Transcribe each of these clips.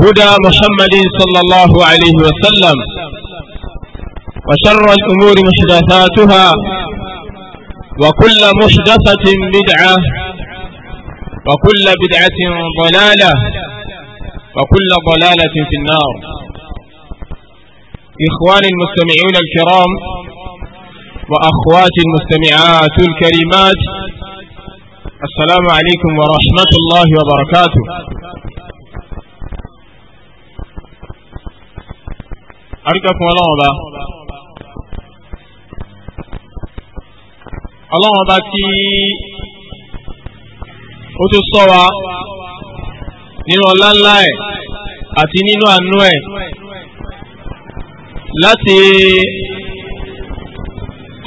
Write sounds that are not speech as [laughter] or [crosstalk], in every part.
هدى محمد صلى الله عليه وسلم وشر الأمور محدثاتها وكل محدثة بدعة وكل بدعة ضلالة وكل ضلالة في النار إخواني المستمعون الكرام وأخواتي المستمعات الكريمات السلام عليكم ورحمة الله وبركاته àríkà fún ọlọ́wọ́n ọba ọlọ́wọ́n ọba kí ó tó sọ wa nínú ọlá ńlá ẹ̀ àti nínú àánú ẹ̀ láti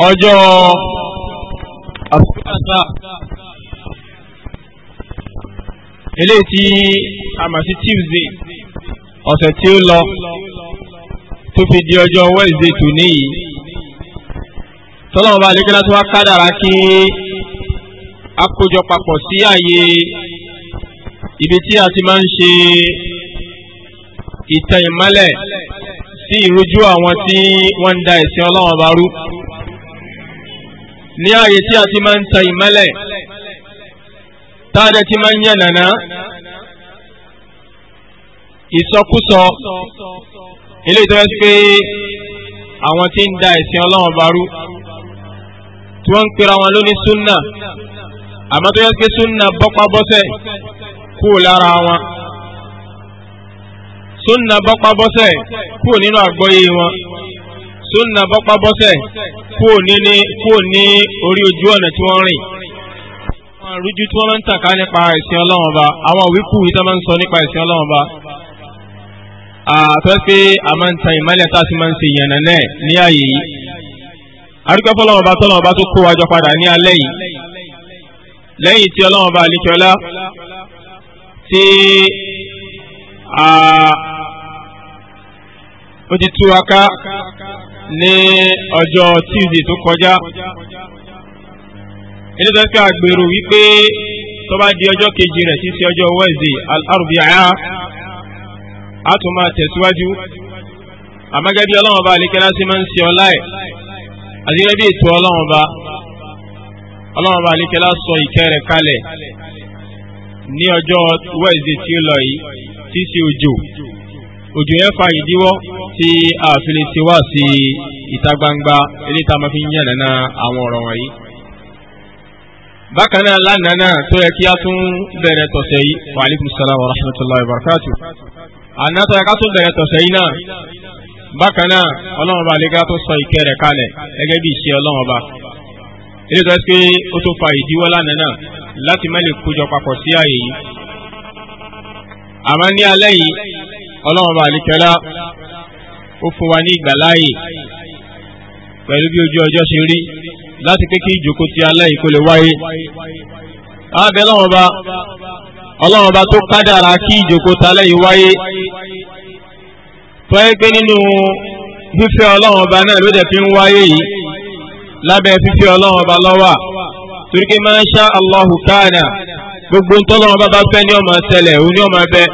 ọjọ́ àbúkàtà eléyìí tí a mà sí tuesday ọ̀sẹ̀ tí ó lọ tó fi di ọjọ́ wẹ́ẹ̀sì tòní yìí tọ́lọ́mọba àlékẹ́lá tó wá kádàrá kí akójọ papọ̀ sí àyè ibi tí a ti máa ń ṣe ìtàn ìmọ́lẹ̀ sí ìrújú àwọn tí wọ́n ń da ẹ̀sìn ọlọ́wọ́n bá rú ní ààyè tí a ti máa ń tan táàdẹ̀ tí máa ń yànnàná ìsọkúsọ ilé ìtọ́jú sí pé àwọn tí ń da ẹ̀sìn ọlọ́wọ́n barú tí wọ́n ń pera wọn lóní súnà àmọ́ tó yẹ kí súnà bọ́pábọ́sẹ̀ kú lára wọn súnà bọ́pábọ́sẹ̀ kú nínú àgbọ́yé wọn súnà bọ́pábọ́sẹ̀ kú ní orí ojú ọ̀nà tí wọ́n rìn àwọn àrújú tí wọ́n máa ń tàka nípa ẹ̀sìn ọlọ́wọ́n ba àwọn òwíkú yìí tó máa ń sọ nípa ẹ̀sìn ọlọ́wọ́n ba àtọ́sí àmọ́ ń tan ìmọ́lẹ̀ tá a sì máa ń ṣe ìyànnà náà ní ààyè yìí arúgbó fọlọ́wọ́n bá tọ́lọ́wọ́n bá tó kó wájọ padà ní alẹ́ yìí lẹ́yìn tí ọlọ́wọ́n bá alikẹ́ọ́lá tí ó ti tú wa ká ní ọjọ́ tíìzì tó kọjá ilé fẹ́ àgbèrò wípé tó di ọjọ́ kejì rẹ̀ sí ọjọ́ wẹ́ẹ̀sì al-arbi'a a tún máa tẹ̀síwájú àmọ́gẹ́bí ọlọ́run ọba àlékẹ́lá sí máa ń ṣe ọlá ẹ̀ àti gẹ́gẹ́ bí ètò ọlọ́run ọba ọlọ́run ọba àlékẹ́lá sọ ìkẹ́ rẹ̀ kalẹ̀ ní ọjọ́ wẹ́ẹ̀sì tí ó lọ yìí tí í ṣe òjò òjò yẹn fa ìdíwọ́ tí a fi lè ṣe wá sí ìta gbangba eléta máa fi ń yànnàná àwọn ọ̀rọ̀ wọ̀nyí. bákan náà lánàá náà tó yẹ kí a tún bẹ̀rẹ̀ tọ̀sẹ̀ yìí wa alaikum salaam wa rahmatullahi wa barakatuh ànátọ̀ ẹ̀ka tó bẹ̀rẹ̀ tọ̀sẹ̀ yìí náà bákan náà ọlọ́run ọba àlégá tó sọ ìkẹ́ rẹ̀ kalẹ̀ gẹ́gẹ́ bí ìṣe ọlọ́run ọba ilé tó ṣe ó tó fa ìdíwọ́ lánàá náà láti má lè kójọ papọ̀ sí ààyè yìí àmọ́ ní alẹ́ yìí ọlọ́run ọba ó fún wa ní ìgbàláàyè pẹ̀lú bí ojú ọjọ́ ṣe rí láti pé kí ìjókòó ti alẹ́ yìí kó lè wáyé àbẹ̀ ọlọ́run ọlọ́run ọba tó kádàrá kí ìjòkó talẹ́ yìí wáyé tó yẹ pé nínú fífẹ́ ọlọ́run ọba náà ló dẹ̀ fi ń wáyé yìí lábẹ́ fífẹ́ ọlọ́run ọba lọ́wà torí pé máa ń ṣá Allahu káàdà gbogbo ntọ́lọ́run ọba bá fẹ́ ní ọmọ ṣẹlẹ̀ òun ní ọmọ ẹbẹ́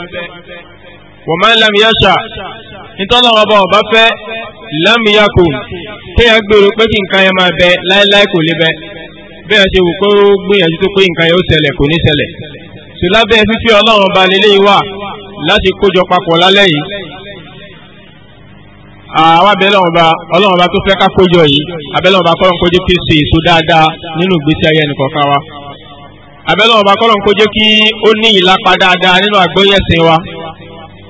wọ́n máa ń lam yáṣà ntọ́lọ́run ọba ọba fẹ́ lam yakun kéèyàn gbèrò pé kí nǹkan yẹn máa bẹ láéláé kò lè bẹ bẹ́ẹ̀ ṣe wù kó gbìyànjú tó pé nǹkan yẹn ó ṣẹlẹ̀ kò ní ṣẹlẹ̀ sì lábẹ́ fífi ọlọ́run ọba lélẹ́yìí wà láti kójọ papọ̀ lálẹ́ yìí àwọn abẹ́lẹ̀ ọba ọlọ́run ọba tó fẹ́ ká kójọ yìí abẹ́lẹ̀ ọba kọ́lọ́n kó jẹ́ kí ṣe èso dáadáa nínú ìgbésí ayé ẹnìkọ̀ọ̀kan wa abẹ́lẹ̀ ọba kọ́lọ́n kó jẹ́ kí ó ní ìlapa dáadáa nínú àgbọ́yé ẹ̀sìn wa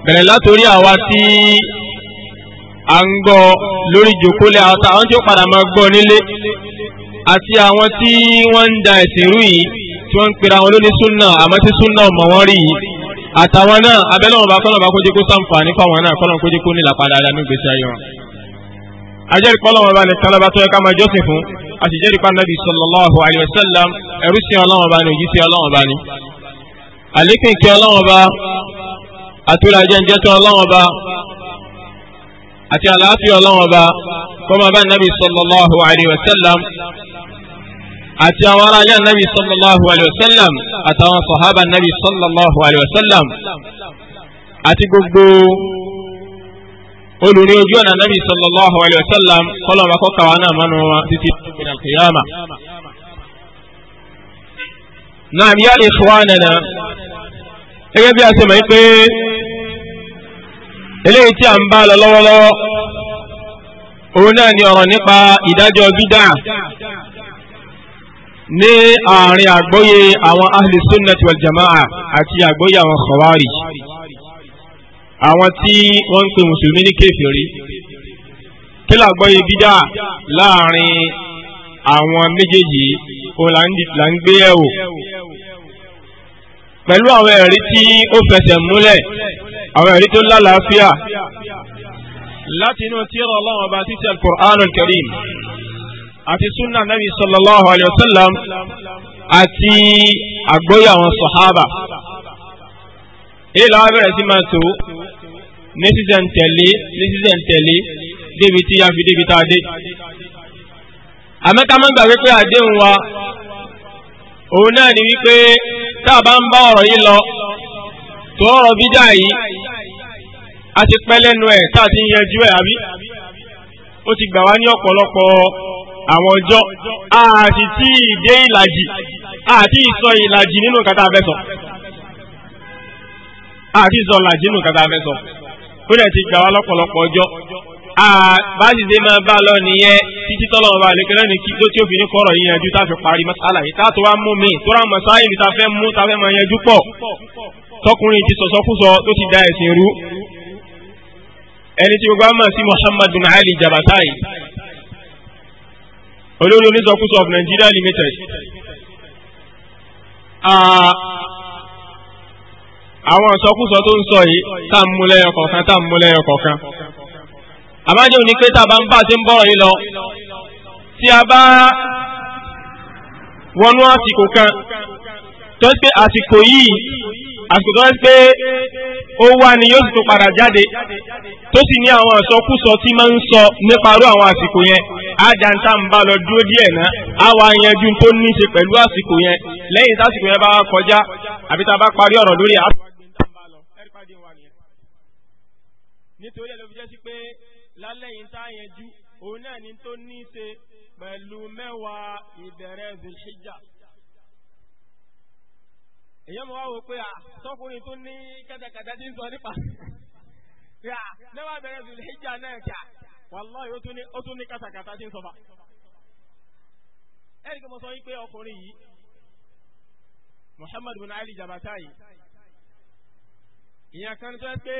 bẹ̀rẹ̀ látòrí àwa tí à ń gbọ́ lórí jòkólẹ̀ àwọn tí ó padà máa gbọ́ nílé àti àwọn tí wọ́n ń da ẹ̀sìn rú yìí tí wọ́n ń pera wọn lóní súnà àmọ́ tí súnà ọmọ wọn rí yìí àtàwọn náà abẹ́lẹ́ wọn bá kọ́nà bá kó jẹ́ kó sàǹfààní fáwọn náà kọ́nà kó jẹ́ kó nílà padà dà ní ìgbésí ayé wọn. ajẹ́rì kọ́lọ́ wọn bá ní kálábà tó yẹ ká máa jọ́sìn fún àṣìjẹ́rì pa nàbì sallallahu alaihi ẹ̀rú sí ọlọ́wọ́n ní àti àwọn ará ilé anabi sallallahu alayhi wa sallam àtàwọn sahaba anabi sallallahu alayhi wa sallam àti gbogbo olùrí ojú ọ̀nà anabi sallallahu alayhi wa sallam kọ́lọ̀ bá kọ́kà wà náà mánu wọn títí ìpínlẹ̀ kìyàmà. naam ya ikhwanana gẹ́gẹ́ bí a ṣe mọ̀ pé eléyìí tí a ń bá lọ lọ́wọ́lọ́wọ́ òun náà ni ọ̀rọ̀ nípa ìdájọ́ bídà ní àárín àgbọ́yé àwọn ahli sunnati wal jama'a àti àgbọ́yé àwọn khawarij àwọn tí wọ́n ń pè mùsùlùmí ní kèfèrí kí làgbọ́yé bídà láàrin àwọn méjèèjì òun là ń gbé ẹ̀wò pẹ̀lú àwọn ẹ̀rí tí ó fẹsẹ̀ múlẹ̀ àwọn ẹ̀rí tó lálàáfíà látinú tírà Ọlọ́run ọba títí al-Qur'anul Karim àti sunna nabi sallallahu alayhi wa sallam àti àgbóyè àwọn sọ̀hábà èyí làwọn bẹ̀rẹ̀ sí máa tó ní sísẹ̀ ń tẹ̀lé ní sísẹ̀ ń tẹ̀lé débi tí a fi débi tá a dé. àmẹ́ta máa ń gbà wípé àdéhùn wa òun náà ni wípé tá a bá ń bá ọ̀rọ̀ yìí lọ tó ọ̀rọ̀ bídà yìí a ti pẹ́ lẹ́nu ẹ̀ tá a ti yanjú ẹ̀ àbí ó ti gbà wá ní ọ̀pọ̀lọpọ̀ àwọn ọjọ́ àti tí ìdé ìlàjì àti ìsọ ìlàjì nínú kàtà abẹ́sọ̀ àti ìsọ ìlàjì nínú kàtà abẹ́sọ̀ ó dẹ̀ ti gbà wá lọ́pọ̀lọpọ̀ ọjọ́ àbáṣiṣe máa bá lọ nìyẹn títí tọ́lọ̀ ọba àlekẹ́lẹ́ ní kí ló tí ó fi ní kọ́rọ̀ yín yanjú tá a fi parí masala yìí tá a tó wá mú mi tó ra masala yìí tá a fẹ́ mú tá fẹ́ máa yanjú pọ̀ tọkùnrin ti sọ̀sọ́kúsọ tó ti da ẹ̀sìn rú ẹni tí gbogbo àmọ̀ sí Muhammadu Ali Jabatai olórí onísọkúsọ of Nigeria Limited àwọn ìsọkúsọ tó ń sọ yìí tá à ń mú lẹ́yọ kọ̀ọ̀kan tá à ń mú lẹ́yọ kọ̀ọ̀kan àbájẹ́ òní pé tá a bá ń bá a ti ń bọ̀rọ̀ yìí lọ tí a bá wọnú àsìkò kan tó ń pé àsìkò yìí àsìkò pé ó wá ni yóò sì tó padà jáde tó sì ní àwọn àsọkúsọ tí máa ń sọ nípa irú àwọn àsìkò yẹn ájàntà ń bá lọ dúró díẹ̀ náà á wá yanjú tó ní í ṣe pẹ̀lú àsìkò yẹn lẹ́yìn tásìkò yẹn bá kọjá àbí tá a bá parí ọ̀rọ̀ lórí àpò. nítorí ẹ jẹ́ sí pé lálẹ́ yìí tá a yanjú òun náà ni tó ní í ṣe pẹ̀lú mẹ́wàá ìbẹ̀rẹ̀ zulhijjah èyàn mọ̀ wá wò pé à tó ní kẹ́tẹ̀kẹ́tẹ́ ti ń sọ nípa pé à bẹ̀rẹ̀ ìjà náà kà ó tún ní sọ wípé ọkùnrin yìí muhammadu bin Ali Jabata yìí ìyẹn kan tó ẹ pé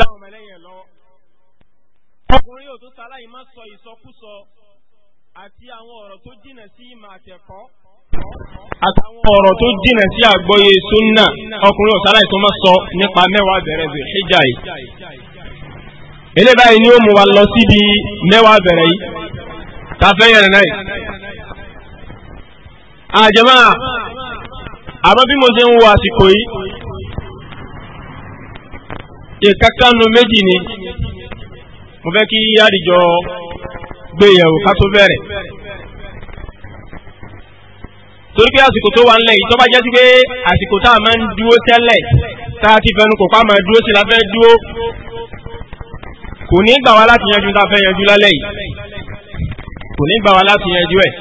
àwọn ọkùnrin yóò tó sáláì má sọ ìsọkúsọ àti àwọn ọ̀rọ̀ tó jìnà sí ìmọ̀ àtẹ̀kọ́ àtàwọn ọ̀rọ̀ tó jìnà sí àgbọ́yé súnà ọkùnrin yóò sáláì tó má sọ nípa mẹ́wàá bẹ̀rẹ̀ zè hijab yìí eléyìí báyìí ni ó mú wa lọ síbi mẹ́wàá bẹ̀rẹ̀ yìí tàfẹ́ yẹn náà yìí ah, àjẹmọ́ àmọ́ bí mo ṣe ń wo àsìkò yìí ìkákanu méjì ni mo fẹ́ kí àdìjọ gbé yẹ̀wò ká tó bẹ̀rẹ̀ torí pé àsìkò tó wà ńlẹ̀ yìí tó bá jẹ́ sí pé àsìkò tá a máa ń dúró tẹ́lẹ̀ tá a ti fẹnu kò pa máa dúró sí la fẹ́ dúró kò ní gbà wá láti yanjú tá a fẹ́ yanjú lálẹ́ yìí kò ní gbà wá láti yanjú ẹ̀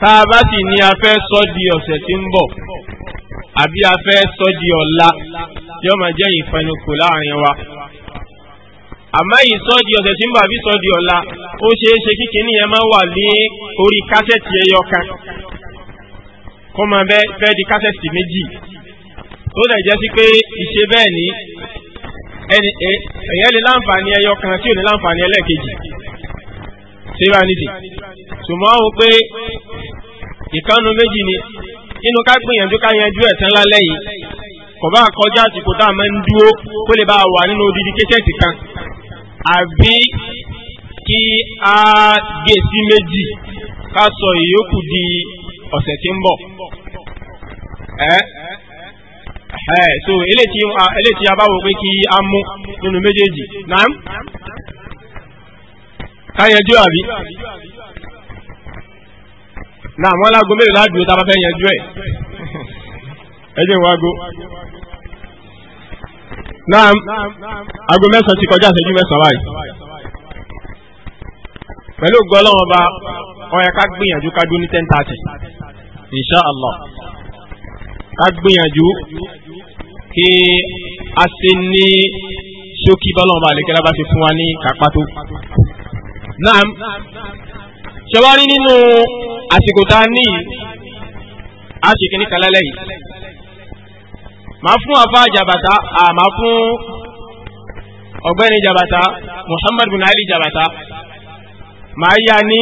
tá a bá sì ní a fẹ́ sọ di ọ̀sẹ̀ tí ń bọ̀ àbí a fẹ́ sọ di ọ̀la yóò máa jẹ́ ìfẹnukò láàrin wa àmọ́ ìsọ́ di ọ̀sẹ̀ tí ń bọ̀ àbí sọ di ọ̀la ó ṣeé ṣe kíkì ní ẹ máa wà ní orí kásẹ̀tì ẹyọ kan kó máa bẹ́ di kásẹ̀tì méjì tó dẹ̀ jẹ́ sí pé ìṣe bẹ́ẹ̀ ni ẹ̀yẹ́ lè láǹfààní ẹyọ kan tí ò ní láǹfààní ẹlẹ́ẹ̀kejì síra nídìí ṣùgbọ́n ó pé ìkánu méjì ni nínú ká gbìyànjú ká yanjú ẹ̀tán lálẹ́ yìí kò bá kọjá àsìkò tá a máa ń dúró kó lè bá wà nínú odidi kéṣẹ́ẹ̀tì kan àbí kí a gé sí méjì ká sọ ìyókù di ọ̀sẹ̀ tí ń bọ̀ ẹ́ ẹ́ so eléyìí tí a bá wò pé kí a mú nínú méjèèjì náà káyẹjú àbí náà wọ́n lágo mélòó ládùú tá a bá fẹ́ yẹjú ẹ̀ [laughs] ẹ jẹ́ ìwágo. naam aago mẹ́sàn-án ti kọjá ìṣẹ́jú mẹ́sàn-án báyìí pẹ̀lú ògo Ọlọ́run ọba ó ká gbìyànjú ká dún ní ten thirty insha allah ká gbìyànjú kí a ṣe ní ṣókí bọ́lá ọba àlekẹ́lá bá ti fún wa ní kápátó. naam ṣẹwárí nínú àsìkò tá a ní yìí a ṣe kíní kan máa fún àfá jàbàtà àmà fún ọ̀gbẹ́ni jàbàtà Muhammad bin Ali jàbàtà máa yá ní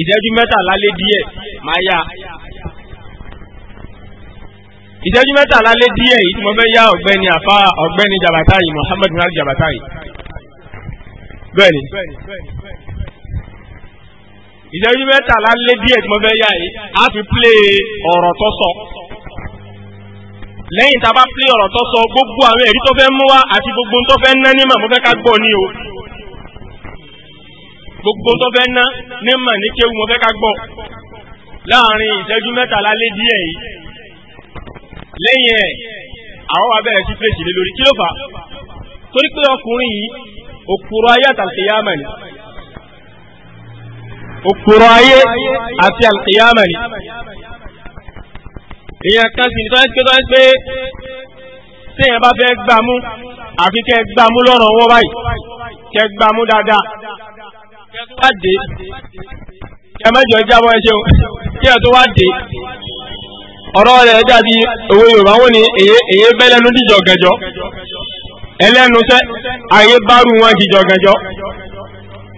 ìṣẹ́jú mẹ́tàlá lé díẹ̀ máa yá ìṣẹ́jú mẹ́tàlá lé díẹ̀ yìí tí mo fẹ́ yá ọ̀gbẹ́ni àfá ọ̀gbẹ́ni jàbàtà yìí Muhammad bin Ali jàbàtà yìí bẹ́ẹ̀ni ìṣẹ́jú mẹ́tàlá lé díẹ̀ tí mo fẹ́ yá yìí á fi plé ọ̀rọ̀ tó lẹ́yìn tá a bá pín ọ̀rọ̀ tó sọ gbogbo àwọn ẹ̀rí tó fẹ́ mú wá àti gbogbo tó fẹ́ ná nímọ̀ mo fẹ́ ká gbọ́ ni o gbogbo tó fẹ́ ná nímọ̀ ní kéwu mo fẹ́ ká gbọ́ láàrin ìṣẹ́jú mẹ́tàlá lé díẹ̀ yìí lẹ́yìn ẹ̀ àwọn wa bẹ̀rẹ̀ sí fèsì lé lórí kí ló fà torí pé ọkùnrin yìí òkúrọ̀ ayé àtàlùkìyàmà ni òkúrọ̀ ayé àti àlùkìyàmà ni èèyàn kan sì ní tọ́jú pé tọ́jú pé téèyàn bá fẹ́ gbà mú àfi kẹ́ gbà mú lọ́rọ̀ wọ́n báyìí kẹ́ gbà mú dáadáa kẹ́ tó wá dé kẹ́ mẹ́jọ jábọ̀ ẹ ṣeun kí ẹ tó wá dé ọ̀rọ̀ rẹ̀ dàbí òwe Yorùbá wọn ni èyí bẹ́lẹ́nu dìjọ gànjọ́ ẹlẹ́nu sẹ́ àyè bárù wọn dìjọ gànjọ́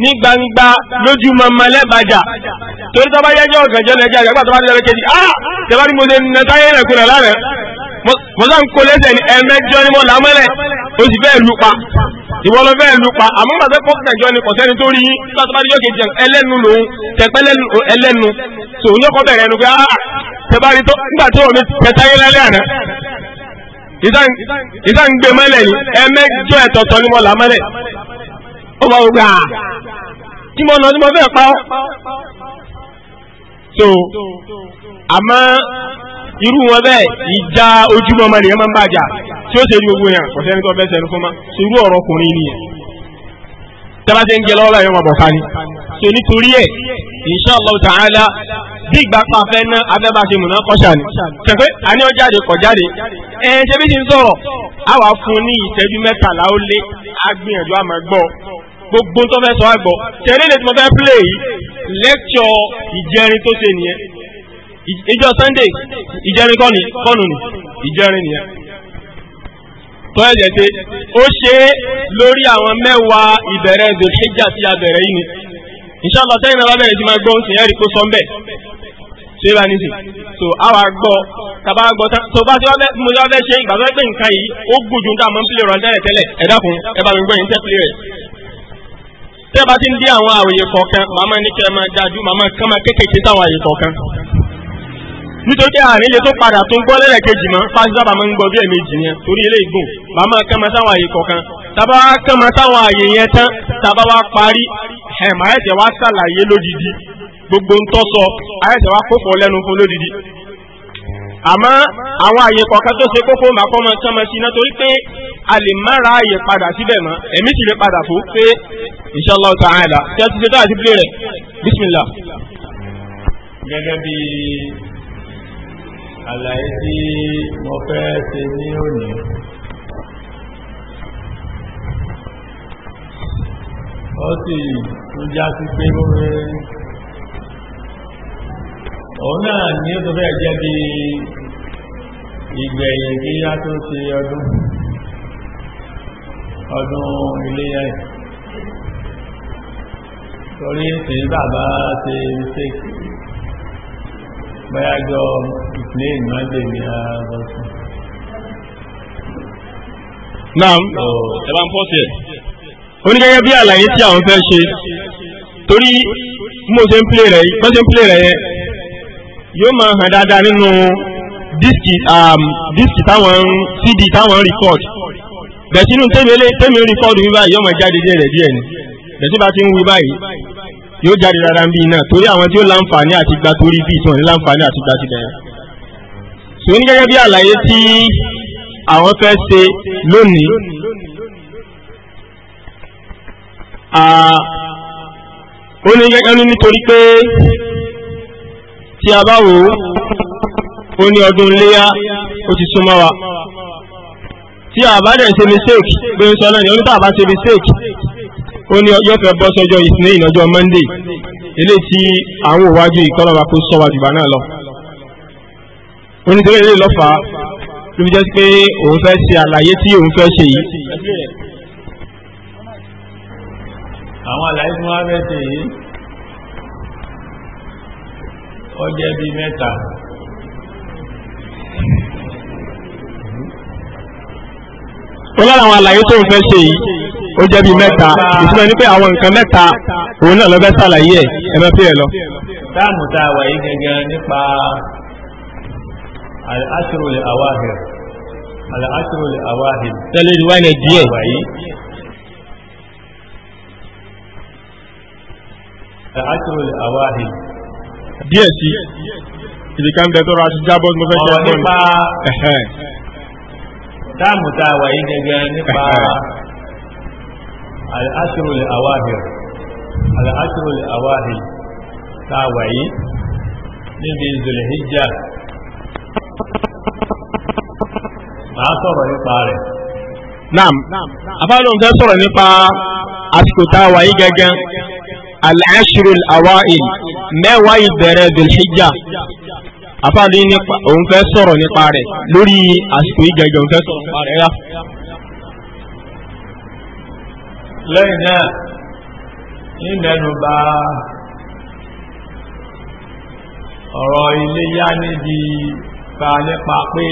ní gbangba lójú mọ̀mọ́ lẹ́bàjà torí tọ́ba yẹjọ́ ọ̀gànjọ́ lẹ́jà àgbà tọ́ba lẹ́jọ́ kejì á ah! tẹ́bá ní mo ṣe nà táyé rẹ̀ kúrẹ̀ lánàá mo ń kó lẹ́sẹ̀ ní ẹ̀mẹ́jọ́ ni mo là mọ́lẹ̀ o sì fẹ́ lu pa ìwọ lọ fẹ́ lu pa àmọ́ bàtẹ́ pọ́kẹ́tẹ̀jọ́ ni kọ̀sẹ́ni tó rí yín tọ́ba lẹ́jọ́ kejì ẹlẹ́nu lòun tẹ̀pẹ́ ẹlẹ́nu tòun yọkọ̀ bẹ̀rẹ̀ ẹnu pé á ah! tẹ́bá rí tó nígbà tí wọ́n mi tẹ́táyé ń gbé mọ́lẹ̀ ni ẹ̀mẹ́jọ́ ẹ̀tọ̀tọ̀ ni mo là mọ́lẹ̀ ọmọ ogun à tí mo lọ ní mo fẹ́ pa ọ́ so àmọ́ irú wọn bẹ́ẹ̀ ìjà ojúmọ́ ọmọ nìyẹn máa ń bàjá tí ó ṣe ní gbogbo yẹn kò sẹ́ni tó bẹ́ẹ̀ sẹ́ni fún ma so irú ọ̀rọ̀ ọkùnrin nìyẹn tẹ́lá ṣe ń jẹ lọ́wọ́ ẹ̀yọ́ ọmọbọ̀ká ni so nítorí ẹ̀ inshallah ta'ala bí ìgbà pa afẹ́ ná afẹ́ bá ṣe mùná kọ́ṣà ni ṣẹ̀pẹ́ àní ó jáde kọ̀ jáde ẹ̀ ṣe bí ti ń sọ̀rọ̀ á fún ní ìṣẹ́jú mẹ́tàlá ó lé agbìyànjú àmọ́ gbọ́ gbogbo tó fẹ́ sọ àgbọ̀ tẹ̀lé lè tí mo fẹ́ plé yìí lẹ́kṣọ̀ ìjẹrin tó ṣe nìyẹn ìjọ Sunday ìjẹrin kọ́ni kọ́nù ni ìjẹrin nìyẹn tó ẹ̀jẹ̀ pé ó ṣe é lórí àwọn mẹ́wàá ìbẹ̀rẹ̀ zulhijja tí a bẹ̀rẹ̀ yìí ni inshallah sẹ́yìn náà bá bẹ̀rẹ̀ sí máa gbọ́ oṣù yẹn rí kó sọ ń bẹ̀ ṣé bá nísì so àwa gbọ́ tàbá gbọ́ tó bá tí wọ́n bẹ́ mo ti wá fẹ́ ṣe ìgbà tó fẹ́ pé nǹkan yìí ó gùn ju nǹkan àmọ́ ń pilẹ̀ rọ̀ tẹ́lẹ̀ tẹ́lẹ̀ ẹ̀dá kun ẹ bá mi gbọ́ yín tẹ́ pilẹ̀ rẹ̀ tẹ́ bá ti ń dí àwọn àròyé kọ̀ọ̀kan màmá ní kẹ́ máa dájú màmá kán máa kéékèèké táwọn àyè kọ̀ọ̀kan nítorí pé àárín ilé tó padà tó ń gbọ́ lẹ́lẹ̀kejì mọ́ fásitì máa ń gbọ́ bí ẹ̀mejì yẹn torí ilé ìgùn màmá kán máa táwọn kọ̀ọ̀kan tàbá wá máa táwọn yẹn tán tàbá wá parí wá gbogbo ń tọ́ sọ wá àmọ́ àwọn àyè kọ̀ọ̀kan tó ṣe kókó máa kọ́ mọ kán mọ sí iná torí pé a lè má ra àyè padà síbẹ̀ mọ́ ẹ̀mí sì lè padà fò pé inshallah ta'ala tí a ti ṣe tó àti bílẹ̀ rẹ̀ bismillah. gẹ́gẹ́ bí àlàyé tí mo fẹ́ ṣe ní òní ó sì tún já sí pé ó rẹ̀ òun náà ní ó tó fẹ́ jẹ́ bí ìgbẹ̀yìn kí á tó ṣe ọdún ọdún iléyà ẹ̀ torí tí bàbá ṣe mistake báyájọ́ ìpínlẹ̀ ìmọ̀dé ní àbọ̀sùn náà ẹ̀bá ń pọ̀ sí ẹ̀ onígẹ́gẹ́ bí àlàyé tí àwọn fẹ́ ṣe torí mo ṣe ń plé rẹ̀ yẹn yóò máa hàn dáadáa nínú dísìkì um, dísìkì táwọn cd táwọn rìkọ́d bẹ̀tí inú tẹ́mi rìkọ́d wí báyìí yóò máa jáde díẹ̀ rẹ̀ díẹ̀ ni bẹ̀tí bá ti ń wí báyìí yóò jáde dáadáa ń bí iná torí àwọn tí ó láǹfààní àti gba torí bí ìtàn ní láǹfààní àti gba ti bẹ̀rẹ̀. sọ ní gẹ́gẹ́ bí àlàyé tí àwọn fẹ́ ṣe lónìí ó ní gẹ́gẹ́ nítorí pé tí a bá wò ó ní ọdún léyá ó ti súnmọ́ wa tí a bá dẹ̀ ṣe mistake bí ó sọ náà ni onítà bá ṣe mistake ó ní ọjọ́ fẹ́ bọ́ sọ́jọ́ ìsinmi ìnájọ́ Monday eléyìí tí àwọn òwájú ìkọlọ́ba kó sọ wa jùgbà náà lọ onítorí eléyìí lọ́fà ló fi jẹ́ pé òun fẹ́ ṣe àlàyé tí òun fẹ́ ṣe yìí. àwọn àlàyé tí wọ́n á fẹ́ ṣe yìí. ọjẹ́ bí mẹ́ta tó lára àwọn àlàyé tó ń fẹ́ ṣe yìí ó jẹ́ bí mẹ́ta ìtumọ̀ ní pé àwọn nǹkan mẹ́ta òun náà lọ́fẹ́ ṣàlàyé ẹ̀ ẹ̀mẹ́ pé ẹ lọ. táàmù tá a yìí gẹ́gẹ́ nípa al-ashrul awahir al tẹ́lẹ̀ ìwà ilẹ̀ díẹ̀ Dị sí ibi ká ń bẹ tọrọ àti jábọ́ mo fẹ́ ṣe ẹ̀kọ́ nípa táàmù tá a wà yìí gẹ́gẹ́ nípa al-ashru al-awahir tá a wà níbi máa nípa naam abáyọ̀ ń fẹ́ sọ̀rọ̀ nípa àsìkò tá a wà gẹ́gẹ́. al-ashru al-awa'il mẹ́wàá ìbẹ̀rẹ̀ dùlhíjà àfáàdé nípa òun fẹ́ sọ̀rọ̀ nípa rẹ̀ lórí àsìkò ìgẹ̀gẹ̀ òun fẹ́ sọ̀rọ̀ nípa rẹ̀ rá. lẹ́yìn náà ní mẹ́nu bà ọ̀rọ̀ iléyá níbi pa nípa pé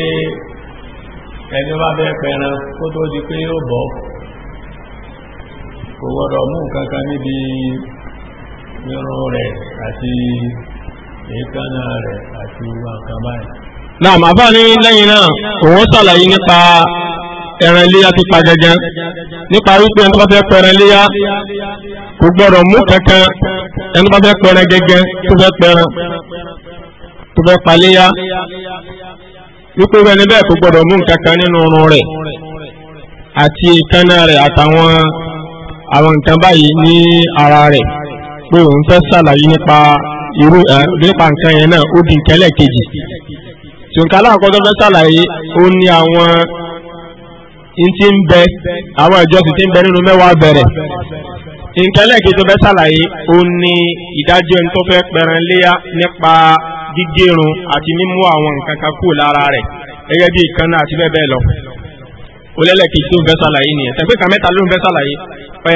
ẹni bá bẹ́ pẹran kó tó di pé ó bọ̀ kò gbọ́dọ̀ mú nǹkan kan níbi irun rẹ̀ àti èékánná rẹ̀ àti ìwà kàbáyì. náà màá bá ní lẹ́yìn náà òun ṣàlàyé nípa ẹran iléyá pípa gẹ́gẹ́ nípa wípé ẹni tó bá fẹ́ pẹran iléyá kò gbọ́dọ̀ mú kankan ẹni tó bá fẹ́ pẹran gẹ́gẹ́ tó fẹ́ pẹran tó fẹ́ paléyá wípé ẹni bẹ́ẹ̀ kò gbọ́dọ̀ mú kankan nínú ọrùn rẹ̀ àti ìkànnà rẹ̀ àtàwọn àwọn nǹkan báyìí ní ara rẹ̀. pé òun fẹ́ ṣàlàyé nípa irú nípa nǹkan yẹn náà ó di nǹkan ẹlẹ́ẹ̀kejì tí nǹkan fẹ́ ṣàlàyé ó ní àwọn ntí ń bẹ àwọn ìjọsìn tí ń bẹ nínú mẹ́wàá bẹ̀rẹ̀ nǹkan ẹlẹ́ẹ̀kejì fẹ́ ṣàlàyé ó ní ìdájọ́ ẹni tó fẹ́ pẹran léyà nípa gígérun àti mímú àwọn nǹkan kan kú lára rẹ̀ gẹ́gẹ́ bí ìkànnà àti bẹ́ẹ̀ bẹ́ẹ̀ lọ tó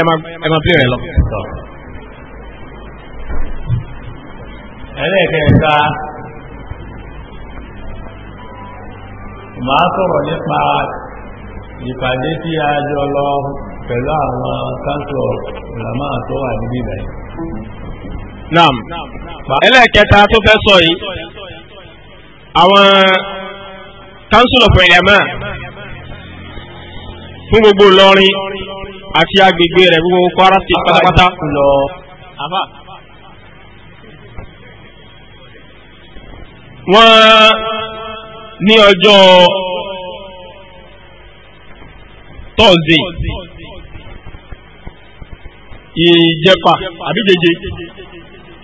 ń fẹ́ nìyẹn ló ẹlẹ́ẹ̀kẹta máa sọ̀rọ̀ nípa ìpàdé tí a jọ lọ pẹ̀lú àwọn káńsọ̀ ìlàmà tó wà níbí ìbẹ̀rẹ̀ naam ẹlẹ́ẹ̀kẹta tó fẹ́ sọ yìí àwọn council of ulama fún gbogbo Ìlọrin àti agbègbè rẹ̀ gbogbo Kwara State pátápátá wọ́n ní ọjọ́ tọ́ọ̀zẹ̀ ìjẹpa àbí jẹjẹ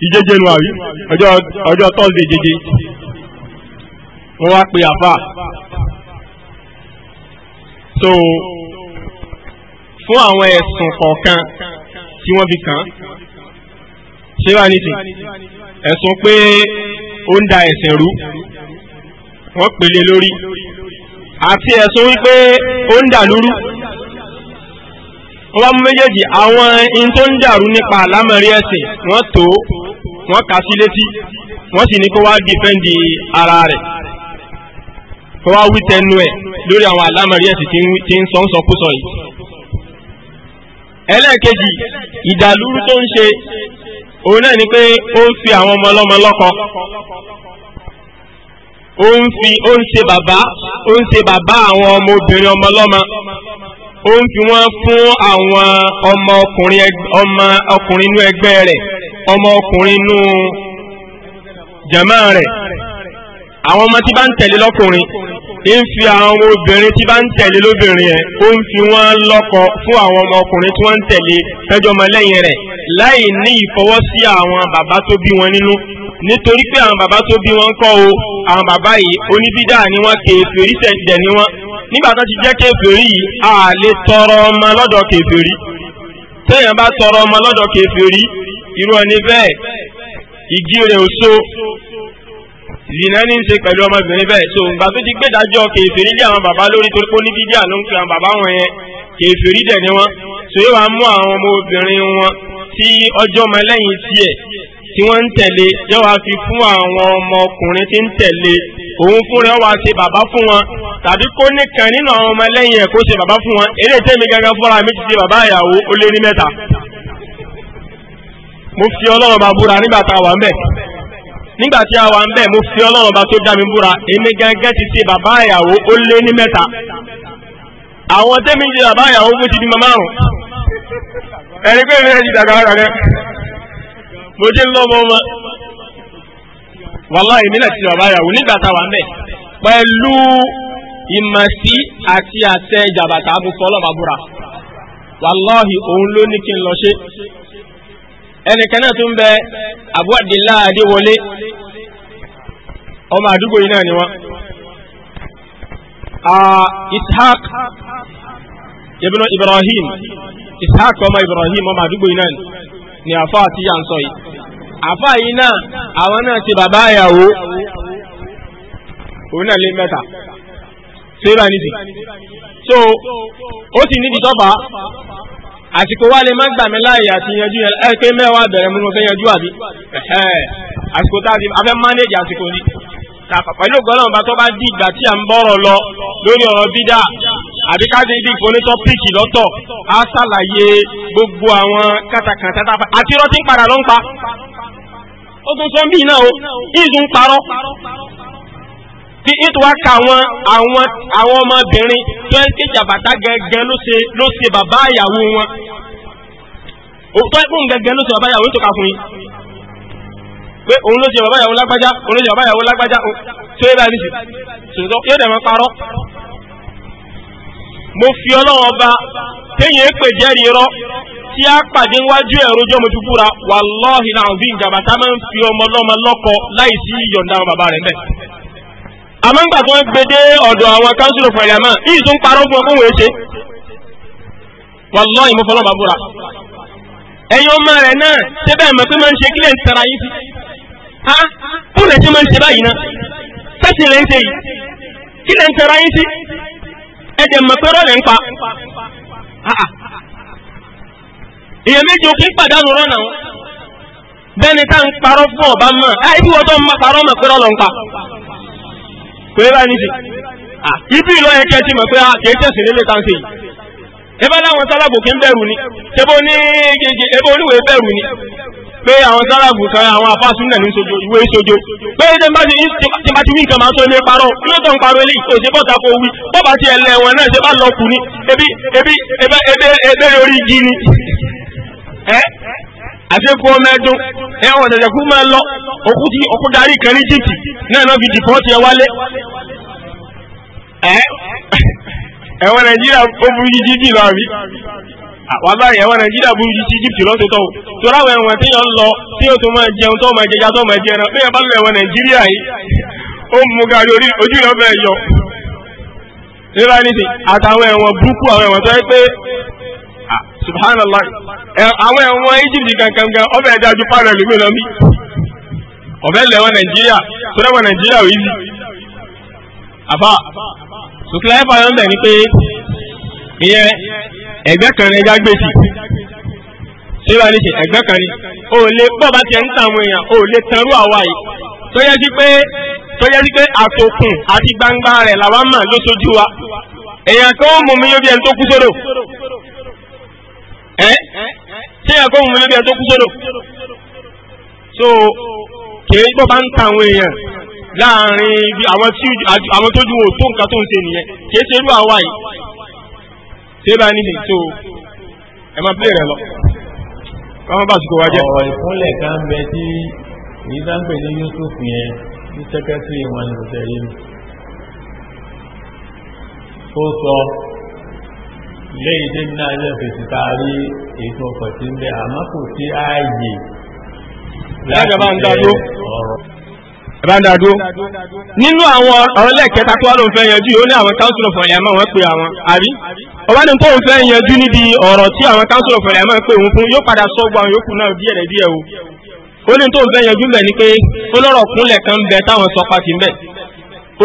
ìjẹjẹ nu àbí ọjọ́ tọ́ọ̀zẹ̀ jẹjẹ wọ́n wá pe àfà so fún àwọn ẹ̀sùn kọ̀ọ̀kan tí wọ́n fi kàn án ṣé wà nìsín ẹ̀sùn pé ó ń da ẹ̀sìn rú wọ́n pèlè lórí àti ẹ̀sùn wípé ó ń dàlúrú wọ́n bá mú méjèèjì àwọn in tó ń dàrú nípa àlámọ̀rí ẹ̀sìn wọ́n tó wọ́n kà sí létí wọ́n sì ní kó wá dìfẹ́ǹdì ara rẹ̀ kó wá wí tẹnu ẹ̀ lórí àwọn àlámọ̀rí ẹ̀sìn tí ń sọ ń sọkúsọ yìí ẹlẹ́ẹ̀kejì ìdàlúrú tó ń ṣe òun náà ni pé ó ń fi àwọn ọmọ ọlọ́mọ lọ́kọ ó ń fi ó ń ṣe bàbá ó ń ṣe bàbá àwọn ọmọ obìnrin ọmọ ọlọ́mọ ó ń fi wọ́n fún àwọn ọmọ ọkùnrin ọmọ ọkùnrin inú ẹgbẹ́ rẹ̀ ọmọ ọkùnrin inú jàmá rẹ̀ àwọn ọmọ tí bá ń tẹ̀lé lọ́kùnrin ń fi àwọn obìnrin tí bá ń tẹ̀lé lóbìnrin yẹn ó ń fi wọ́n lọ́kọ fún àwọn ọmọkùnrin tí wọ́n ń tẹ̀lé fẹ́jọ́ ọmọlẹ́yìn rẹ̀ láì ní ìfọwọ́sí àwọn bàbá tó bí wọn nínú nítorí pé àwọn bàbá tó bí wọn kọ́ o àwọn bàbá yìí oníbídà ni wọ́n kèfèrí sẹ̀ǹdẹ̀ ni wọ́n nígbà tó ti jẹ́ kèfèrí yìí a lè tọrọ ọmọ lọ́dọ̀ kèfèrí téèyàn bá tọrọ ọmọ lọ́dọ̀ kèfèrí irú ẹni bẹ́ẹ̀ ìdí rẹ̀ ò so zina ní í ṣe pẹ̀lú ọmọbìnrin bẹ́ẹ̀ so nǹkan tó ti gbé dájọ́ kèfèrí dé àwọn bàbá lórí torí pé oníbíbí àná ń pe àwọn bàbá wọn yẹn kèfèrí dẹ̀ ni wọ́n so yóò wá mú àwọn ọmọbìnrin wọn tí ọjọ́ ọmọ lẹ́yìn tiẹ̀ tí wọ́n ń tẹ̀lé yóò wá fi fún àwọn ọmọkùnrin tí ń tẹ̀lé òun fún rẹ̀ wá ṣe bàbá fún wọn tàbí kó nìkan nínú àwọn ọmọ lẹ́yìn ẹ̀ kó ṣe bàbá fún wọn eré tẹ́mi gangan fúnra mi ti ṣe bàbá ìyàwó ó lé ní mẹ́ta mo fi ọlọ́run bàbúrà nígbà tá a wà ń bẹ̀ nígbà tí a wà ń bẹ̀ mo fi ọlọ́run ọba tó dá mi búra èmi gángan ti ṣe bàbá ìyàwó ó lé ní mẹ́ta àwọn tẹ́mi ń ṣe bàbá ìyàwó fún ti di márùn ẹni pé mi náà ti dàgbà ara rẹ mo ti ń ọmọ ọmọ èmi náà ti bàbá ìyàwó nígbà tá a wà ń bẹ̀ pẹ̀lú ìmọ̀sí àti àtẹ ìjàbàtà mo fọ́ ọlọ́run ọba búra wàláhì òun ló ní kí n lọ ṣe ẹnìkan náà tún bẹ Abu Abdillah Adéwọlé ọmọ àdúgbò yìí náà ni wọ́n Ishaq ibn Ibrahim Ishaq ọmọ Ibrahim ọmọ àdúgbò yìí náà ni àfa àti yà ń sọ yìí àfa yìí náà àwọn náà ti bàbá ìyàwó òun náà lé mẹ́ta ṣé bá nídìí so ó sì nídìí tọ́ba àsìkò wa lè má gbà mí láàyè àti yanjú yẹn ẹ pé mẹ́wàá bẹ̀rẹ̀ mú fẹ́ yanjú àbí àsìkò tá a ti afẹ́ mánéjì àsìkò ni pẹ̀lú gbọ́dọ̀ bá tó bá di ìgbà tí à ń bọ̀rọ̀ lọ lórí ọ̀rọ̀ bídà àbí ká dé ibi ìfọnitọ́ píìkì lọ́tọ̀ á ṣàlàyé gbogbo àwọn kátàkátà tá a fa àti irọ́ tí ń padà ló ń pa ó tún sọ ń náà o ìzùn parọ́ tí ètò wa ka àwọn àwọn àwọn ọmọbìnrin tó ń kéjà bàtà gẹ́gẹ́ ló ṣe ló ṣe bàbá ìyàwó wọn òótọ́ ẹ̀kún gẹ́gẹ́ ló ṣe bàbá ìyàwó tó kà fún yín pé òun ló ṣe bàbá ìyàwó lágbájá òun ló ṣe bàbá ìyàwó lágbájá tó yẹ báyìí sí ṣòṣọ yóò dẹ̀ mọ́ parọ́ mo fi ọlọ́wọ́ ba téèyàn pè jẹ́rìí irọ́ tí a pàdé wájú ẹ̀rọ jọ́ mo fi búra wàlọ́ọ̀hìn àwọn bí ìjàmbá tá máa ń fi ọmọ ọlọ́mọ lọ́kọ láì sí ìyọ̀ǹda bàbá rẹ̀ bẹ́ẹ̀ àmọ́ ńgbà tí wọ́n gbé dé ọ̀dọ̀ àwọn council of parliament yìí tó ń parọ́ fún ọkùnrin wèé ṣe wàlọ́ọ̀ ìmọ̀fọ́lọ́ bàbúrà ẹ̀yin ọmọ rẹ̀ náà ṣé bẹ́ẹ̀ mọ̀ pé máa ń ṣe kílẹ̀ ń tara yìí sí ha fún ẹ̀ṣẹ́ máa ń ṣe báyìí náà sẹ́sì lè ń ṣe yìí kílẹ̀ ń tara yìí sí ẹ̀jẹ̀ mọ̀ pé rọ́ọ̀lẹ̀ ń pa èèyàn méjì ó kí ń pàdánù rọ́ọ̀nà wọn bẹ́ẹ̀ ni tá à ń parọ́ fún ọ̀bá mọ̀ ẹ́ kò yẹ báyìí nìsí. ibi ìlọ yẹ kẹ́ ẹ ti mọ̀ pé kì í tẹ̀sí lélẹ̀ tá à ń ṣe yìí. ebe láwọn sálàbù kì í bẹ̀rù ni ebe oní gègé ebe oníwèé bẹ̀rù ni pé àwọn sálàbù kan àwọn àfa súnmọ̀ ní sojo ìwé sojo. pé ṣe bá ti bá ti wí nǹkan máa tó ilé parọ́ kí ló tó ń parọ́ eléyìí kò ṣe bọ́ta kó wí bọ́ba ti ẹ̀lẹ́ wọn náà ṣe bá lọ kù ni ebi ebi ebe ebe lórí igi ni àṣekú ọmọ ẹdún ẹ wọn tẹ̀sẹ̀ kú máa lọ òkú ti òkú darí kan ní jìtì náà náà fi dìpọ́tì ẹ wálé ẹ ẹwọ nàìjíríà ó burú jíjí jì lọ àbí àwọn abáyé ẹwọ nàìjíríà burú jíjí jìbìtì lọ́tọ̀ọ̀tọ̀ o torí àwọn ẹ̀wọ̀n tí yàn lọ tí yóò tó máa jẹun tó máa jẹja tó máa jẹun náà bẹ́ẹ̀ bá lọ ẹ̀wọ̀n nàìjíríà yìí ó mú gàrí orí ojú ìlọ́fẹ́ yọ nígbà nídìí àtàwọn ẹ̀wọ̀n burúkú àwọn ẹ̀wọ̀n tó yẹ pé subhanallah àwọn ẹ̀wọ̀n Egypt kankankan ọbẹ̀ ẹ̀dá ju pàrọ̀ ẹ̀lú mi lọ mí ọbẹ̀ lẹ́wọ̀n Nàìjíríà tó lẹ́wọ̀n Nàìjíríà ò easy àbá sùkúlà ẹ̀fà yọ̀ ń bẹ̀ ni pé ìyẹn ẹgbẹ́ kan ní ẹja gbèsè síbà ní ṣe ẹgbẹ́ kan ní o lè pọ̀ bá tiẹ̀ ń ta èèyàn o lè tanrú àwa yìí tó yẹ sí pé tó yẹ sí pé àtòkùn àti gbangba rẹ̀ làwa mà lóṣojú wa èèyàn kan ó mú mi yóò bí ẹni tó kú sódò ẹ́ tí èèyàn kó mú lóbi ẹ̀ tó kú sódò so kèé gbọ́ bá ń ta àwọn èèyàn láàrin ibi àwọn tí àwọn tó ju wò tó nǹkan tó ń ṣe nìyẹn kèé ṣe irú àwa yìí ṣé bá níbi tó ẹ máa bẹ̀rẹ̀ lọ káwọn bá sùkò wájẹ́. ọ̀rọ̀ ìfúnlẹ̀ kan ń bẹ tí èyí tá ń pè ní Yusuf yẹn ní sẹ́kẹ́tìrì wọn ní òṣèré mi. ó sọ lẹ́yìn tí náà yẹ fèsì taari ètò ọkọ̀ tí ń bẹ àmọ́ kò sí ààyè láti bẹ̀rẹ̀ ọ̀rọ̀ ìbádádó nínú àwọn ọ̀rọ̀lẹ́ kẹta tó wá ló ń fẹ́ yanjú yóò ní àwọn council of ọ̀lẹ́mọ̀ wọ́n pe àwọn àrí ọba ní tó ń fẹ́ yanjú níbi ọ̀rọ̀ tí àwọn council of ọ̀lẹ́mọ̀ pé òun fún yóò padà sọ gbọ́ àwọn yòókù náà díẹ̀ díẹ̀ o ó ní tó ń fẹ́ yanjú bẹ̀ ni pé ó lọ́rọ̀ kúnlẹ̀ kan bẹ táwọn sọ pàtì ń bẹ̀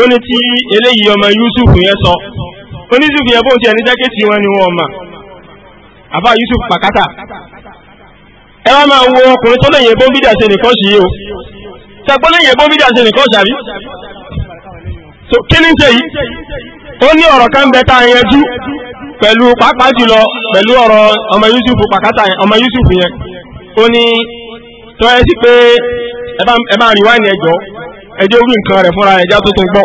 ó ní tí eléyìí ọmọ Yusuf yẹn sọ oníṣùfù yẹn bóun ti ẹni jẹ́ kéṣì wọn ni wọn mà àbá Yusuf pàkátà ẹ wá máa wo ọkùnrin tó lẹ́yìn ebó bídà ṣe nìkan ṣì o tẹ̀gbọ́n lẹ́yìn ebó bídà ṣe nìkan ṣàbí so kí ni ṣe yìí ó ní ọ̀rọ̀ kan bẹ tá a yanjú pẹ̀lú pàápàá jùlọ pẹ̀lú ọ̀rọ̀ ọmọ Yusuf pàkátà ọmọ Yusuf yẹn ó ní tọ́ ẹ ẹ bá rí wáìnì ẹjọ́ ẹjọ́ orí nǹkan rẹ̀ fúnra gbọ́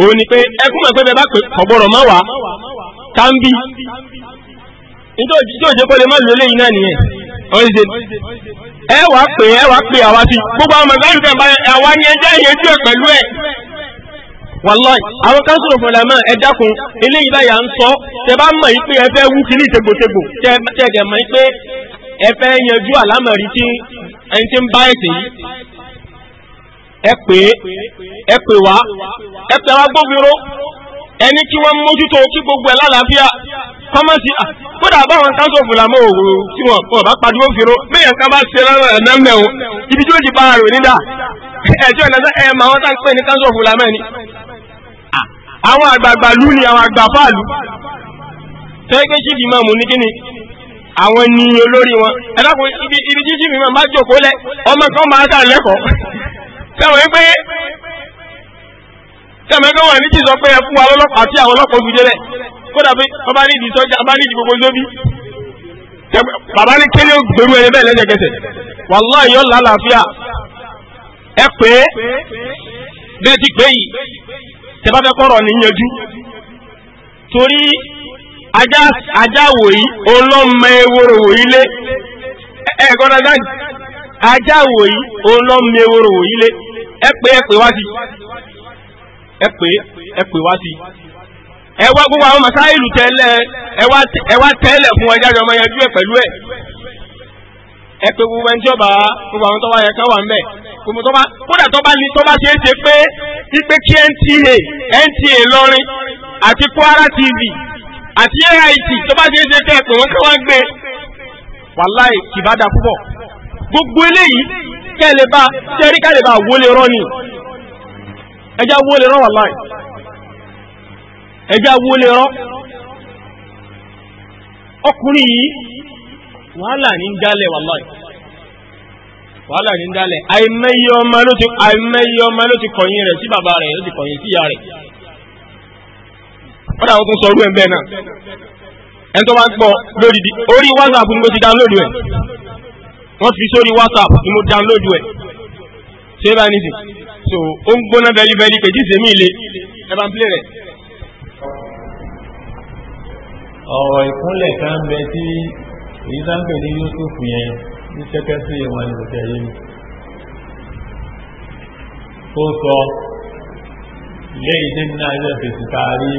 òun ni pé ẹkún mọ̀ pé bẹ́ẹ̀ bá pè ọ̀gbọ̀rọ̀ má wá táǹbì nítorí òjò kó lè má lólè yìí náà nìyẹn ọ̀rẹ́dẹ̀ ẹ wà pé ẹ wà pé àwa ti gbogbo àwọn mọ̀gáàlù tẹ̀ bá àwa ni ẹjẹ́ yẹn tí ò pẹ̀lú ẹ̀ wàláì àwọn kánsìlò fúnra mọ́ ẹ dákun eléyìí báyà ń sọ tẹ bá mọ̀ yìí pé wú kiri tegbòtegbò tẹ ẹ dẹ̀ mọ̀ yìí pé yanjú àlámọ̀rí tí ẹni tí ń bá ẹ̀sìn yìí ẹ pè é ẹ pè wá ẹ pè wá gbófinró ẹni kí wọ́n mójútó kí gbogbo ẹ̀ lálàáfíà kọ́mọ́sí à ah, kódà báwọn káńsọ̀ fúlàmọ́ òwò tí wọ́n pọ̀ bá pariwo fèrò mẹ́yàn ká bá ṣe lọ́rọ̀ ẹ̀ náà mẹ́wọ̀n ibi tí ó di bára rò nídà ẹ̀jọ́ ìnáṣẹ́ ẹ̀ mà wọ́n táǹpẹ́ ní káńsọ̀ fúlàmọ́ ni. Ah, àwọn àgbààgbà lù ni àwọn àgbà fáàlù tẹ́gẹ́ sí ìdìmọ̀ mú ní kíni àwọn ni olórí wọn ẹ̀dàkùn ibi jíjì mi máa jókòó lẹ ọmọ kan máa dà lẹ́kọ̀ọ́ sẹ́wọ̀n yín pé kẹ́mẹ́kẹ́ wọ̀ ní kí sọ pé ẹ a wa lọ́lọ́pàá àti àwọn ọlọ́pàá ogun délẹ̀ kódà pé bàbá ní ìdí sọ́jà bàbá ní ìdí gbogbo lóbi bàbá ní kéde gbèrú ẹni bẹ́ẹ̀ lẹ́sẹ̀kẹsẹ̀ wàláhì yọ ẹ pé bẹ́ẹ̀ ti ẹ pé ẹ pé wá sí ẹ pé ẹ pé wá sí ẹ wá gbogbo àwọn masáìlù tẹ́lẹ̀ ẹ wá tẹ́lẹ̀ fún ẹ jáde ọmọ yẹn dúró pẹ̀lú ẹ ẹ pé gbogbo ẹni tí ọba gbogbo àwọn tó wá yẹ ká wà ń kódà tó bá ní ṣe é ṣe pé pípé kí NTA NTA lọrin àti Kwara TV àti AIT tó bá ṣe é ṣe kẹ́ ẹ pé wọ́n ká wá gbé wàláì kìbádà púpọ̀ gbogbo eléyìí kẹ́lẹ̀bá tẹ́rí kẹ́lẹ̀bá wọlé rọ́ ní ẹjá wọlé rọ́ láì ẹjá wọlé rọ́ ọkùnrin yìí wàhálà ní dálẹ̀ wàláì wàhálà ní dálẹ̀ àìmẹ́yẹ ló ti kọ̀yìn rẹ̀ sí bàbá rẹ̀ ló ti kọ̀yìn sí rẹ̀ wọ́n wọ́n tún sọ orú ẹ̀ bẹ́ẹ̀ náà wọ́n fi sórí whatsapp ni mo download ẹ̀ ṣé bá ní sìn so ó ń gbóná bẹ́líbẹ́lí pé jíṣe mí le ẹ bá ń play rẹ̀. ọ̀rọ̀ ìkúnlẹ̀ kan bẹ tí èyí sáńpẹ̀ ní Yusuf yẹn ní sẹ́kẹ́sì wọn ní òkè yìí tó sọ lẹ́yìn tí nínú àjọ fèsì taari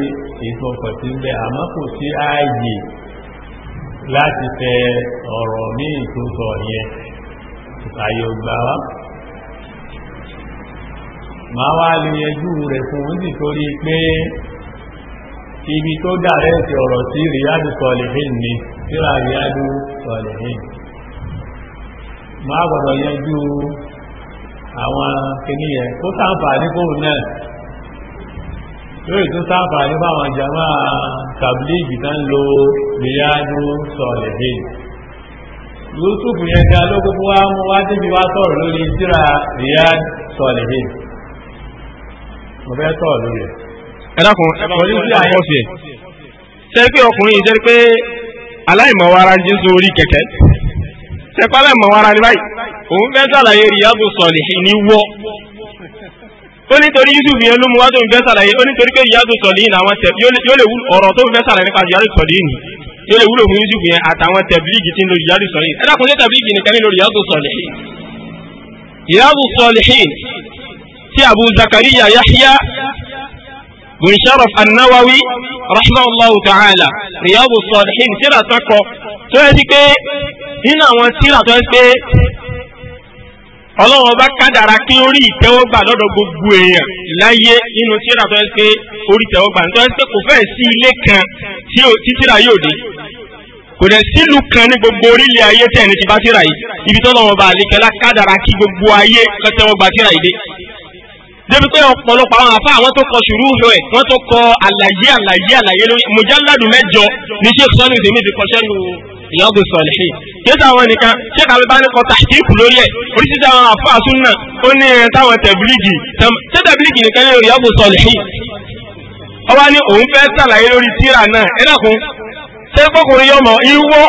ètò ọkọ̀ sí ń bẹ àmọ́ kò sí ààyè láti tẹ ọ̀rọ̀ ní ìtòsọ̀ yẹn àyè ògbà wá máa wá lè yẹjú rẹ̀ fún un sì torí pé ibi tó dàrẹ́ ti ọ̀rọ̀ sí ríyádù sọ̀lẹ̀hìn ni síra ríyádù sọ̀lẹ̀hìn máa gbọ́dọ̀ yẹjú àwọn kìníyẹ tó sáǹfà ní fóun náà yóò tún sáfà ní fáwọn jama tàbílíìgì tán lo mìíyàdú sọ̀lẹ̀ dèjì yusuf yẹn ga ló gbogbo wa mú wá débi wá sọ̀rọ̀ lórí síra riyad sọ̀lẹ̀ dèjì mo fẹ́ sọ̀rọ̀ lórí ẹ̀. ẹ dákun ẹ bá wọlé sí àwọn ọ̀sẹ̀ ṣe pé ọkùnrin yìí jẹ́ pé aláìmọ̀wara jésù orí kẹ̀kẹ́ ṣe pé aláìmọ̀wara ni báyìí òun fẹ́ sàlàyé riyadu sọ̀lẹ̀ ní wọ́ ó nítorí yusuf yẹn ló mú wá tó ń fẹ́ sàlàyé ó nítorí pé ìyá tó sọ̀lì làwọn tẹ̀ yóò lè wúlò ọ̀rọ̀ tó ń fẹ́ sàlàyé nípa ìyá tó sọ̀lì ni yóò lè wúlò fún yusuf yẹn àtàwọn tẹ̀blíìgì tí ń lo ìyá tó sọ̀lì ẹ dákun sí tẹ̀blíìgì nìkan ní lórí ìyá tó sọ̀lì ìyá tó sọ̀lì tí abu zakariya yahya bin sharaf annawawi ta'ala ìyá tó sọ̀lì tíra tó ọlọ́run ọba kádàrá kí ó rí ìtẹ́wọ́gbà lọ́dọ̀ gbogbo èèyàn láyé nínú tíra tó ń pé orí ìtẹ́wọ́gbà nítorí pé kò fẹ́ẹ̀ sí ilé kan tí tíra yóò dé kò dẹ̀ sílùú kan ní gbogbo orílẹ̀ ayé tẹ̀ ní ti bá tíra yìí ibi tó lọ́wọ́ bá àlékẹ́lá kádàrá kí gbogbo ayé lọ́tẹ́wọ́gbà tíra yìí dé. débi pé ọ̀pọ̀lọpọ̀ àwọn àfa àwọn tó kọ sùúrù rẹ̀ wọ́n tó kọ àlàyé àlàyé àlàyé lórí mùjáládù mẹ́jọ ní tí èkó sọ́nù ìdèmí ìbí kọ́ṣẹ́nu ìyàwó sọ̀lẹ̀ṣẹ̀ kéésì àwọn nìkan ṣéka ló bá ní kọ tàkìkù lórí ẹ̀ oríṣiríṣi àwọn àfáàsùn náà ó ní ẹran táwọn tẹ̀bílígì ṣé tẹ̀bílígì nìkan ní ìyàwó sọ̀lẹ̀ṣẹ̀ ọba ní òun fẹ́ sàlàyé lórí tíra náà ẹ dàkún ṣé kọkùnrin yọmọ ìwọ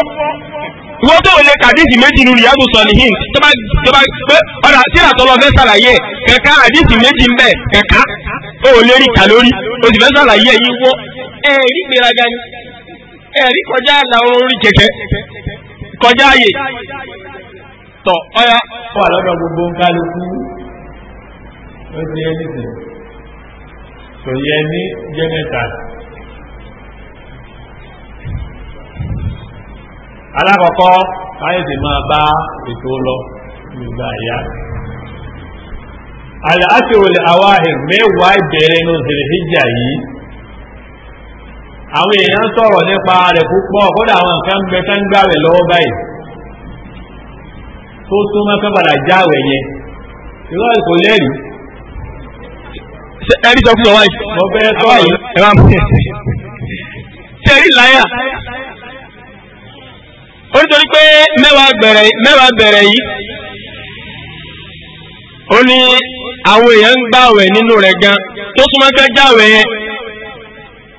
ìwọ tó lè kàdíìsì méjì nínú ìyàwó sọ̀lẹ̀ṣẹ̀ tó bá pé ọ̀dà tíra tó lọ fẹ́ sàlàyé kẹ̀kẹ́ àdíìsì méjì ń bẹ̀ kẹ̀kẹ́ ó lè rí kà lórí o sì fẹ́ sàlàyé ìwọ ẹ̀ẹ́dì gbéraga ni ẹ̀rí kọjá àlà orí kẹ̀kẹ́ kọjá àyè tọ̀ ọ̀yà wà lọ́dọ̀ gbogbo kálukú ó ti ẹni tì kò yẹ ní jẹ́mẹ́ta. alákọ̀ọ́kọ́ káyọ̀dé máa bá ètò lọ nígbà ìyá àlàáṣẹ́ òlè àwáhìn mẹ́wàá ìbẹ̀rẹ̀ inú zèrè hijja yìí àwọn èèyàn sọ̀rọ̀ nípa rẹ̀ púpọ̀ kódà àwọn nǹkan bẹ tán gbà rẹ̀ lọ́wọ́ báyìí tó súnmọ́ kán padà já rẹ̀ yẹn ìwọ́n kò lẹ́rìí. ẹ̀rí sọ fún ọ wáyé. mo fẹ́ sọ yìí. ẹ máa ń bọ̀. ṣé ẹ̀rí láyà? ó ní torí pé mẹ́wàá bẹ̀rẹ̀ mẹ́wàá bẹ̀rẹ̀ yìí ó ní àwọn èèyàn ń gbà rẹ̀ nínú rẹ̀ gan tó súnmọ́ kán já rẹ̀ yẹn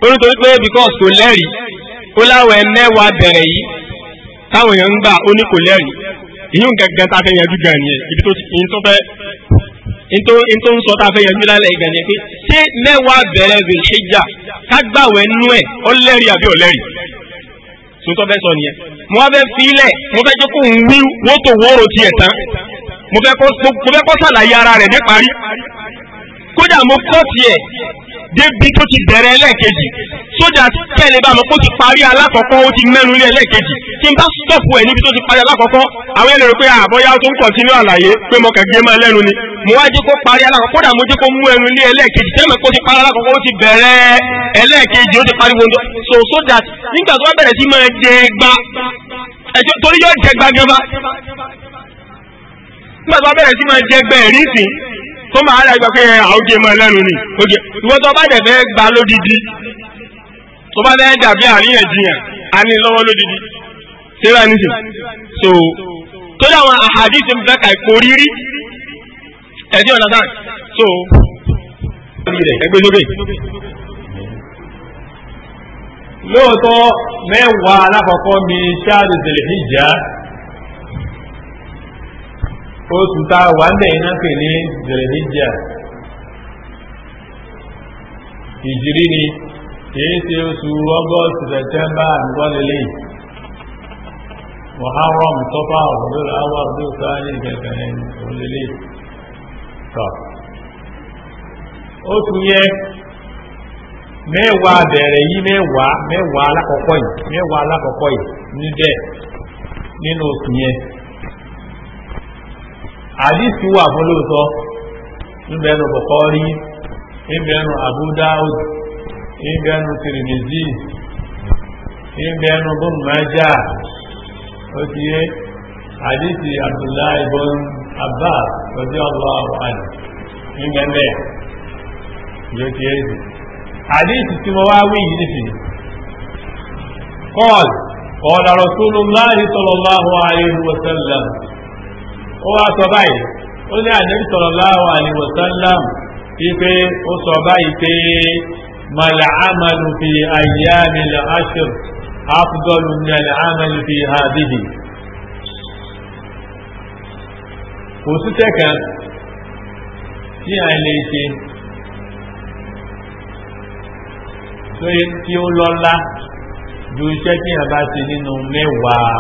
ó pé because kò lẹ́rìí ó láwọn mẹ́wàá bẹ̀rẹ̀ yìí táwọn èèyàn ń gbà ó ní kò lẹ́rìí ìyún gẹ́gẹ́ tá a fẹ́ yanjú gan nìyẹn ibi tó tó fẹ́ nítorí ń sọ tá a fẹ́ yanjú lálẹ́ ìgbà nìyẹn pé ṣé mẹ́wàá bẹ̀rẹ̀ rè ṣe jà ká nú ẹ̀ ó lẹ́rìí àbí ò lẹ́rìí tó tó fẹ́ sọ nìyẹn mo wá fẹ́ filẹ̀ mo fẹ́ jókòó ń wí wótò wóró tiẹ̀ tán mo fẹ́ kó ṣàlàyé ara rẹ̀ níparí kódà mo kọ́ tiẹ̀ débi tó ti bẹ̀rẹ̀ ẹlẹ́ẹ̀kejì sójà kẹ́lẹ́ bá mọ̀ kó ti parí alákọ̀ọ́kọ́ ó ti mẹ́nu ilé ẹlẹ́ẹ̀kejì tí n bá stọ̀pù ẹ̀ níbi tó ti parí alákọ̀ọ́kọ́ àwọn ẹlẹ́rọ pé àbọ̀yá tó ń kọ̀tínú àlàyé pé mo kẹ̀gé máa lẹ́nu ni mo wá jẹ́ kó parí alákọ̀ọ́kọ́ kódà mo jẹ́ kó mú ẹnu ilé ẹlẹ́ẹ̀kejì tẹ́lẹ̀ kó ti parí alákọ̀ọ́kọ́ ó ti bẹ̀rẹ̀ ẹlẹ́ẹ̀kejì ó ti parí gbogbo so that nígbà tó bá bẹ̀rẹ̀ sí máa jẹ gba ẹjọ́ torí yóò jẹ gba gẹ́gẹ́ bá nígbà tó bá bẹ̀rẹ̀ sí máa jẹ gba ẹ̀rí sí tó máa rà gbọ́ pé àwòjẹ mọ́ ẹlẹ́nu ni oge ìwọ́n tó bá dẹ̀ fẹ́ gba lódìdí tó bá fẹ́ dàbí àríyànjiyàn a ní lọ́wọ́ lódìdí síra nísìn so tó dáwọn àhàdí tó ń fẹ́ kà ìkó rírí ẹ̀dí ọ̀nà sáà so ẹgbẹ́ sókè lóòótọ́ mẹ́wàá alákọ̀ọ́kọ́ mi ṣáàdùsẹ̀lẹ̀ hijja otu tá a wà lẹ̀ iná pè ní zèrèníjà ìjírí ni kìí ṣe oṣù ọgọ́ọ̀sì a àgbọ́lélẹ̀ Muharram tọ́fà ọ̀dọ́rọ̀ àwọn ọdún sáájú ìkẹ̀kẹ̀rẹ̀ otu tọ́ oṣù yẹ yi bẹ̀rẹ̀ mewa mẹ́wàá yi mewa yìí yi alákọ̀ọ́kọ́ yìí níbẹ̀ àdísì wà fún lóòtọ́ níbẹ̀ẹ́nu Bukhari níbẹ̀ẹ́nu Abu Dawud níbẹ̀ẹ́nu Tirmidhi níbẹ̀ẹ́nu Ibn ó ti yé àdísì Abdullahi ibn Abbas radiyallahu anhu níbẹ̀ẹ́bẹ̀ yóò ti yé àdísì tí wá wí yìí nìsí ó wá sọ báyìí ó ní ànábì sallallahu alaihi wasallam ipe ó sọ báyìí pé mal'amalu fi ayyamil ashr afdalu min al'amal fi hadhihi kò sí tẹ́kẹ̀ tí a lè ṣe tí ó lọ́lá ju iṣẹ́ tí a bá ṣe nínú mẹ́wàá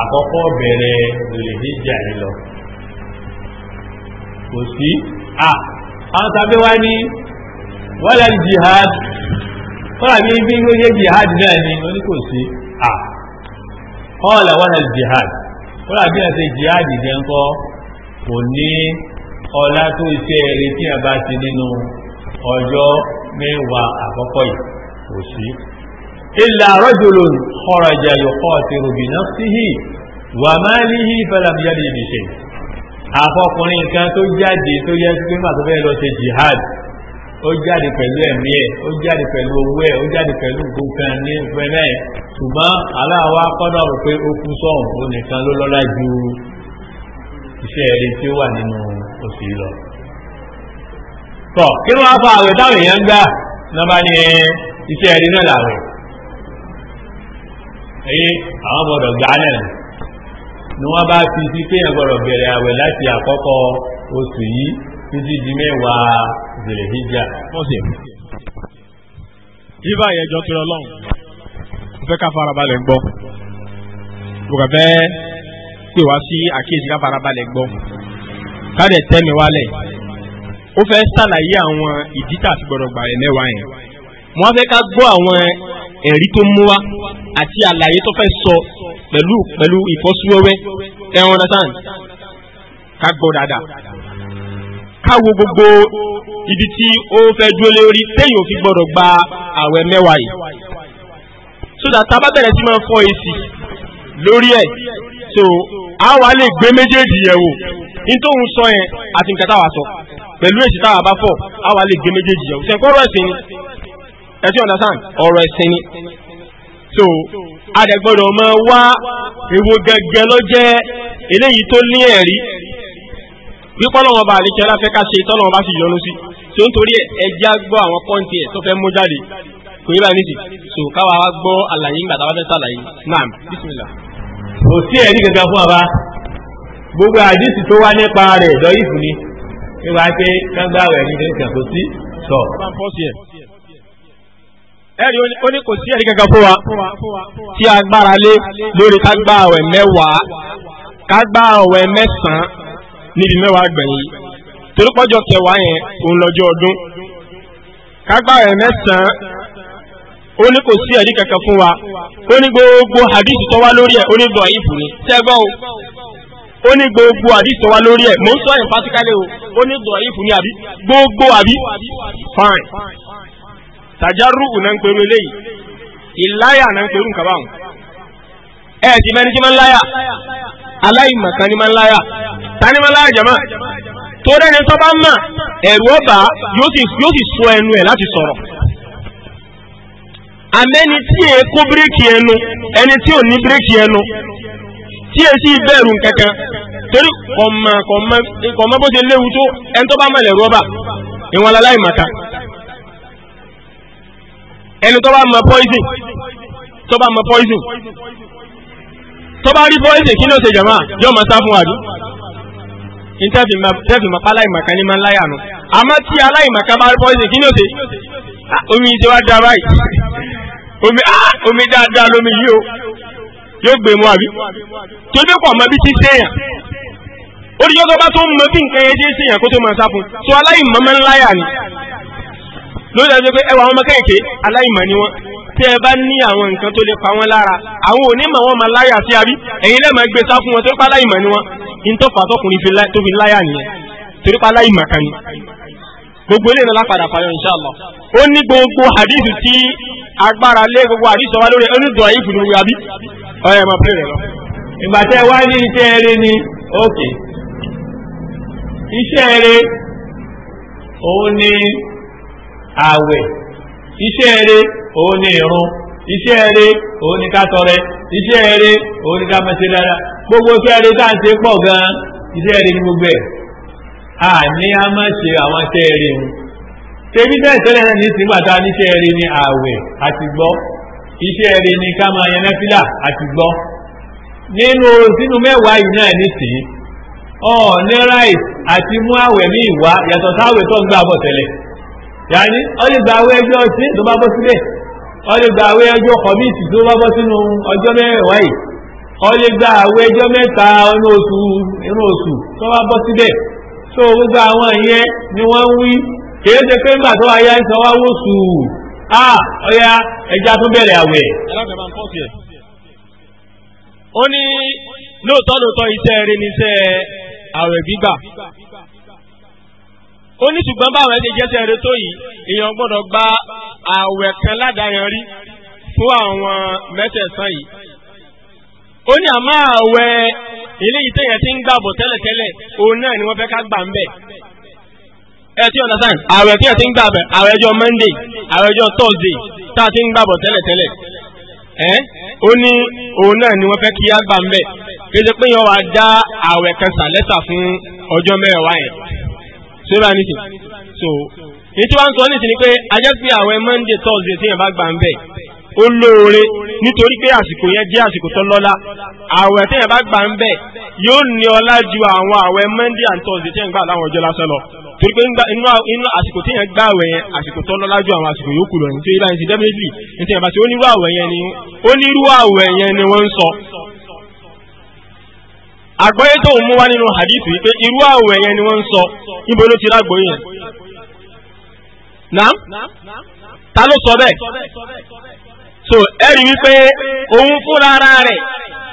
àkọ́kọ́ bẹ̀rẹ̀ lòlèdíjà nílọ kò sí à àwọn tàbí wá ní wọ́lá jihad kọ́lá bí ibi ló yé jihad náà ni oní kò sí à kọ́lá wọ́lá jihad kọ́lá bí ẹ̀sẹ̀ jihad ìjẹ́ńkọ́ kò ní ọlá tó iṣẹ́ eré tí a bá ti nínú ọjọ́ mẹ́wàá àkọ́kọ́ yìí kò sí illa rajulun kharaja yuqatiru bi nafsihi wa malihi falam yadi bi shay àfọkùnrin kan tó jáde tó yẹ pé màá tó fẹ́ lọ ṣe jihad ó jáde pẹ̀lú ẹ̀mí ẹ̀ ó jáde pẹ̀lú owó ẹ̀ ó jáde pẹ̀lú nǹkan ní fẹ́lẹ́ ṣùgbọ́n aláwa kọ́nà rò pé ó kú sọ́hùn ó nìkan ló lọ́lá ju iṣẹ́ eré tí ó wà nínú oṣù lọ. tọ́ kí wọ́n á fa àwẹ̀ táwọn èèyàn ń gbà náà bá ní iṣẹ́ eré náà làwẹ̀ ẹ̀yẹ àwọn gbọ́dọ̀ gbà náà ni wọ́n bá fi sí pé yẹn gbọ́dọ̀ bẹ̀rẹ̀ àwẹ̀ láti àkọ́kọ́ oṣù yìí títí di mẹ́wàá zèrè hijab. ibà yẹn jọ kiri ọlọ́run mo fẹ́ ká farabalẹ̀ gbọ́ mo kàn fẹ́ pè wá sí àkíyèsí ká farabalẹ̀ gbọ́ ká dẹ̀ tẹ́ mi wálẹ̀ ó fẹ́ ṣàlàyé àwọn ìdí tá a fi gbọ́dọ̀ gbà rẹ̀ mẹ́wàá yẹn mo wá fẹ́ ká gbọ́ àwọn ẹ̀rí tó mú wá àti àlàyé tó fẹ́ sọ pẹ̀lú pẹ̀lú ìfọ́síwẹ́wẹ́ ẹ̀wọ̀n nathan ká gbọ́ dáadáa ká wo gbogbo ibi tí ó fẹ́ dúró lórí téèyàn fi gbọ́dọ̀ gba àwẹ̀ mẹ́wàá yìí sódà tá a bá bẹ̀rẹ̀ sí máa fọ èsì lórí ẹ̀ so a wà lè gbé méjèèjì yẹ̀ wò nítòun sọ yẹn àti nǹkan táwa sọ pẹ̀lú èsì táwa bá fọ̀ a wà lè gbé méjèèjì yẹ̀ wò sẹ́ńkọ́rọ̀ ẹ̀sìn ẹ ti understand ọ̀rọ̀ ẹ̀sìn ni so adẹ̀gbọ́dọ̀ máa wá ewu gẹ́gẹ́ ló jẹ́ eléyìí tó ní ẹ̀rí wípọ́ lọ́wọ́ bá àlékẹ́ láfẹ́ ká ṣe tọ́lọ́wọ́ bá sì yọnu sí tí ó ń torí ẹjá gbọ́ àwọn pọ́ǹtì ẹ̀ tó fẹ́ mú jáde kò yí bá ní sí so káwa wá gbọ́ àlàyé ńgbà táwọn fẹ́ sàlàyé naam bismillah. kò sí ẹ̀rí kankan fún ọba gbogbo àdìsí tó wá nípa rẹ̀ lọ́yìí fún ni nígbà pé kágbá rẹ̀ ní kò sí sọ ẹ̀rí ó ní kò sí ẹ̀rí kankan fún wa tí a gbára lé lórí ká gba àwẹ̀ mẹ́wàá ká gba àwẹ̀ mẹ́sàn-án níbi mẹ́wàá gbẹ̀yìn torí pọ́jọ́ kẹwàá yẹn òun lọ́jọ́ ọdún ká gba àwẹ̀ mẹ́sàn-án ó ní kò sí ẹ̀rí kankan fún wa ó ní gbogbo hadith tó wá lórí ẹ̀ ó ní gbọ̀ ìbù ni tẹ́gbọ́ o ó ní gbogbo hadith tó wá lórí ẹ̀ mò ń sọ ẹ̀ pátíkálẹ̀ o ó ní gbọ̀ ìbù fine. Tajaru náà ń pẹ̀lú eléyìí ìláyà náà ń pẹ̀lú nǹkan báwọn ẹ ti mẹni tí máa ń láyà aláìmọ̀kan ni máa ń láyà ta jama tó dẹ́ni tó bá mọ̀ ẹ̀rù ọba yóò sì sọ ẹnu ẹ̀ láti sọ̀rọ̀ àmẹ́ni tí èé kó bíréèkì ẹnu ẹni tí ò ní bíréèkì ẹnu tí èé sì bẹ̀rù kankan torí kọ̀mọ̀ kọ̀mọ̀ bó ṣe léwu tó ẹni tó bá mọ̀ ẹ̀rù ọba ìwọ̀n aláìmọ̀kan ẹni tó bá mọ poison tó bá mọ poison tó bá rí poison kí ló ṣe jàmá yóò máa sá fún wa bí ntẹ́fìmọ̀ pa aláìmọ̀kan ní máa ń láyà nù àmọ́ tí aláìmọ̀kan bá rí poison kí ló ṣe omi ti wá da báyìí omi dáadáa lómi yìí o yóò gbé mu àbí tó dé pọ̀ mọ́ bí ti sèèyàn ó di yọ́tọ̀ bá tó mọ bí nǹkan yẹn ti sèèyàn kó tó máa sá fún so aláìmọ̀ máa ń láyà ni lórí ẹjọ́ pé ẹwà ọmọ kéèké aláìmọ̀ ni wọ́n tí ẹ bá ní àwọn nǹkan tó lè pa wọ́n lára àwọn onímọ̀ wọn máa láyà sí abí ẹ̀yin lẹ́mọ̀ gbé sá fún wọn torí pa aláìmọ̀ ni wọ́n in tó fà tọkùnrin tó fi láyà nìyẹn torí pa aláìmọ̀ kan ni gbogbo eléyìí náà lápadà fàyọ inshallah ó ní gbogbo hadith tí agbára lé gbogbo hadith sọ lórí ẹni dùn àyíkù lórí abí ọyọ ẹmọ pé lọ. ìgbà tẹ wá ní iṣẹ́ eré ni ok iṣẹ́ eré òun ni àwẹ̀ iṣẹ́ eré òun ni ìrun iṣẹ́ eré òun ni ká tọrẹ iṣẹ́ eré òun ni ká mẹ́sẹ̀ dára gbogbo iṣẹ́ eré tá à ń ṣe pọ̀ gan-an iṣẹ́ eré ni gbogbo ẹ̀ a ní a máa ṣe àwọn iṣẹ́ eré wọn tẹbi bẹ́ẹ̀ tẹ́lẹ̀ náà ní ìsìngbà tá a eré ni àwẹ̀ àti gbọ́ iṣẹ́ eré ni ká máa yan nẹ́fílà àti gbọ́ nínú sínú mẹ́wàá yìí náà nísìnyí ọ̀ ní right àti mú àwẹ̀ ní ìwá yàtọ̀ sáwẹ̀ tó ń gbà bọ̀ tẹ́lẹ̀ yàní ọlẹ́ gba awé ẹjọ́ sí tó bá bọ́ sílẹ̀ gba awé ẹjọ́ kọ̀míìtì tó bá bọ́ sínú ọjọ́ mẹ́wàá yìí gba awé ẹjọ́ mẹ́ta ọ̀nà oṣù inú oṣù tó bá bọ́ tó ni ọya ẹja tó ó ní lóòótọ́ lóòótọ́ iṣẹ́ àwẹ̀ Oni ní ṣùgbọ́n báwọn ẹni jẹ́sẹ̀ rẹ tó yìí èèyàn gbọ́dọ̀ gba ààwẹ̀ kan ládàáyan rí fún àwọn mẹ́tẹ̀ẹ̀sán yìí ó ní àmọ́ ààwẹ̀ eléyìí téèyàn ti ń gbàbọ̀ tẹ́lẹ̀tẹ́lẹ̀ òun náà ni wọ́n fẹ́ ká gbà ń bẹ̀ ẹ ti understand ààwẹ̀ tí ẹ ti ń gbà bẹ̀ ààwẹ̀ ọjọ́ Monday ààwẹ̀ ọjọ́ Thursday tá a ti ń gbàbọ̀ tẹ́lẹ̀tẹ́lẹ̀ ẹ ó ní òun náà ni wọ́n fẹ́ kí á gbà ń bẹ̀ kéde pé yẹn wàá dá ààwẹ̀ kan sàlẹ́sà fún ọjọ́ mẹ́wàá yẹn ṣé bá ní sìn so èyí tí ń sọ ní sìn ni pé ajẹ́ pé àwọn monday thursday tí yẹn bá gbà ń bẹ̀ ó lóore nítorí pé àsìkò yẹn jẹ́ àsìkò tó lọ́lá àwẹ̀ tí yẹn bá gbà ń bẹ̀ yóò ní ọlá ju àwọn àwẹ̀ monday and thursday tí yẹn gbà láwọn ọjọ́ lásán lọ torí pé inú àsìkò tí yẹn gbà àwẹ̀ yẹn àsìkò tó lọ́lá ju àwọn àsìkò yòókù lọ nítorí báyìí ti definitely nítorí bá ti onírú àwẹ̀ yẹn ni onírú àwẹ̀ àgbọ́yé tó mú wá nínú hadithu yìí irú àwẹ̀ yẹn ni wọ́n ń sọ níbo ló ti yẹn. ta ló sọ bẹ́ẹ̀? So ẹ̀rí wípé òun fúnra ara rẹ̀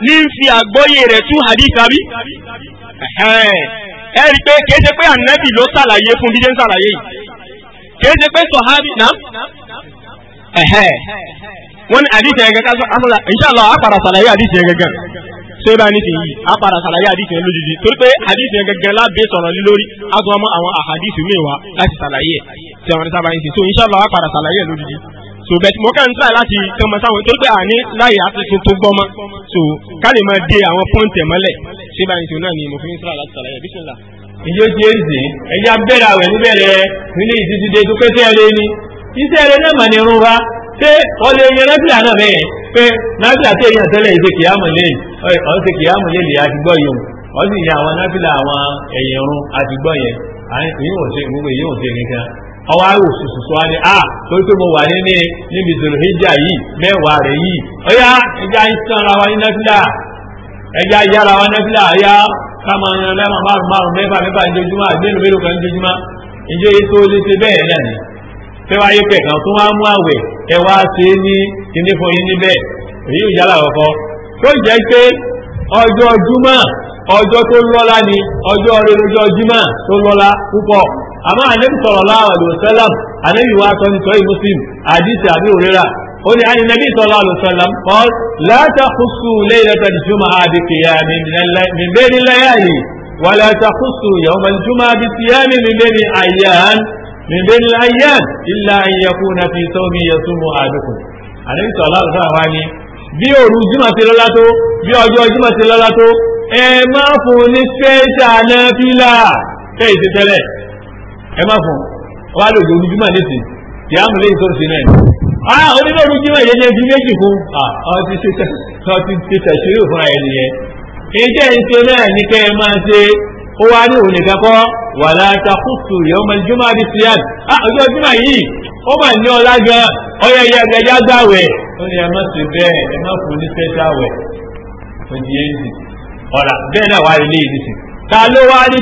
ní fi àgbọ́yé rẹ̀ tú hadith àbí? Ẹ̀rí pé kìí ṣe pé ànábì ló ṣàlàyé fún bí jẹ́ ń ṣàlàyé yìí. Kìí ṣe pé sọ̀hábì nàám? Wọ́n ní hadith yẹn àpàrà ṣàlàyé gẹ́gẹ́. ṣé bá ní sìnyí a padà ṣàlàyé àdìsí yẹn lójijì torí pé àdìsí yẹn gẹ́gẹ́ lábẹ́ sọ̀rọ̀ lé lórí a tún mọ àwọn àhàdìsí mi wá láti ṣàlàyé ẹ̀ tí àwọn ẹ̀sán bá ń sìn so inṣàlá a padà ṣàlàyé ẹ̀ lójijì so bẹ́ẹ̀ mo kàn ń tà láti tọmọ sáwọn torí pé àní láyé àti tuntun gbọ́mọ so ká lè máa de àwọn pọ́ǹtì mọ́lẹ̀ ṣé bá ní náà ni mo fi ń tà láti ṣàlàyé bísíńlá. ìjọ ti ń sìn ẹ̀yà bẹ̀rẹ̀ àwẹ̀ níbẹ̀rẹ̀ nílé ìtìtìdé tó pẹ́ ni iṣẹ́ rẹ̀ náà mà ṣé ọ dị yan náfìlà náà bẹ́ẹ̀ pé náfìlà tí èèyàn tẹ́lẹ̀ ìṣe kìámù lè ọ̀n ṣe kìámù lè lè àdìgbọ́ yòó wọ́n sì yan àwọn àwọn ẹ̀yìn yẹn ṣe gbogbo èyí ṣe nìkan ọwọ́ àrò ah, torí pé mo wà níbi yìí mẹ́wàá rẹ̀ yìí ẹja ara wa ní ẹja wa lẹ́mọ̀ márùn márùn mẹ́fà mẹ́fà ìjọjúmọ́ fẹ́ wáyé kẹ̀kan tó wá mú àwẹ̀ ẹ wá ṣe é ní kíní fún yín níbẹ̀ èyí ò yálà ọ̀kọ́ tó jẹ́ pé ọjọ́ júmọ́ ọjọ́ tó lọ́lá ni ọjọ́ rẹ̀ lọ́jọ́ júmọ́ tó lọ́lá púpọ̀ àmọ́ ànábì sallallahu alaihi wasallam ànábì wa sọ ní muslim àdìsí àbí òrera ó ní àyìn nàbí sallallahu alaihi wasallam kọ́ la takhussu laylatal jumu'a bi qiyamin min bayni layali wa la takhussu yawmal jumu'a bi من بين al إلا أن يكون في fi sawmi yasumu ahadukum àdéhùn sọ̀lá àlùfáà wa ni bí òru jímọ̀ ti lọ́lá tó bí ọjọ́ jímọ̀ ti lọ́lá tó ẹ má fún ní fẹ́ṣà náà fílà tẹ́ ìṣe tẹ́lẹ̀ ẹ má fún wá lòdì òru jímọ̀ nìsín kí á mú lẹ́yìn tó ń sin náà ah onílé òru jímọ̀ yẹn ní ẹbí méjì fún ọ ah, ti ṣe tẹ̀síwò ìjẹ́ ìṣe náà ní kẹ́ ẹ máa ṣe ó wá ní òun nìkan kọ́ wà láta kùtù yọmọ jùmọ̀ àbí siyan á ah, ọjọ́ jùmọ̀ yìí ó mà ní ọlá gan ọyẹ yẹ gẹjá gbàwẹ̀ ó ní ẹ má ṣe bẹ́ẹ̀ ẹ má fún ní special wẹ̀ tó di éjì ọ̀rà bẹ́ẹ̀ náà wà ní ilé ìdísì ta ló wá ní.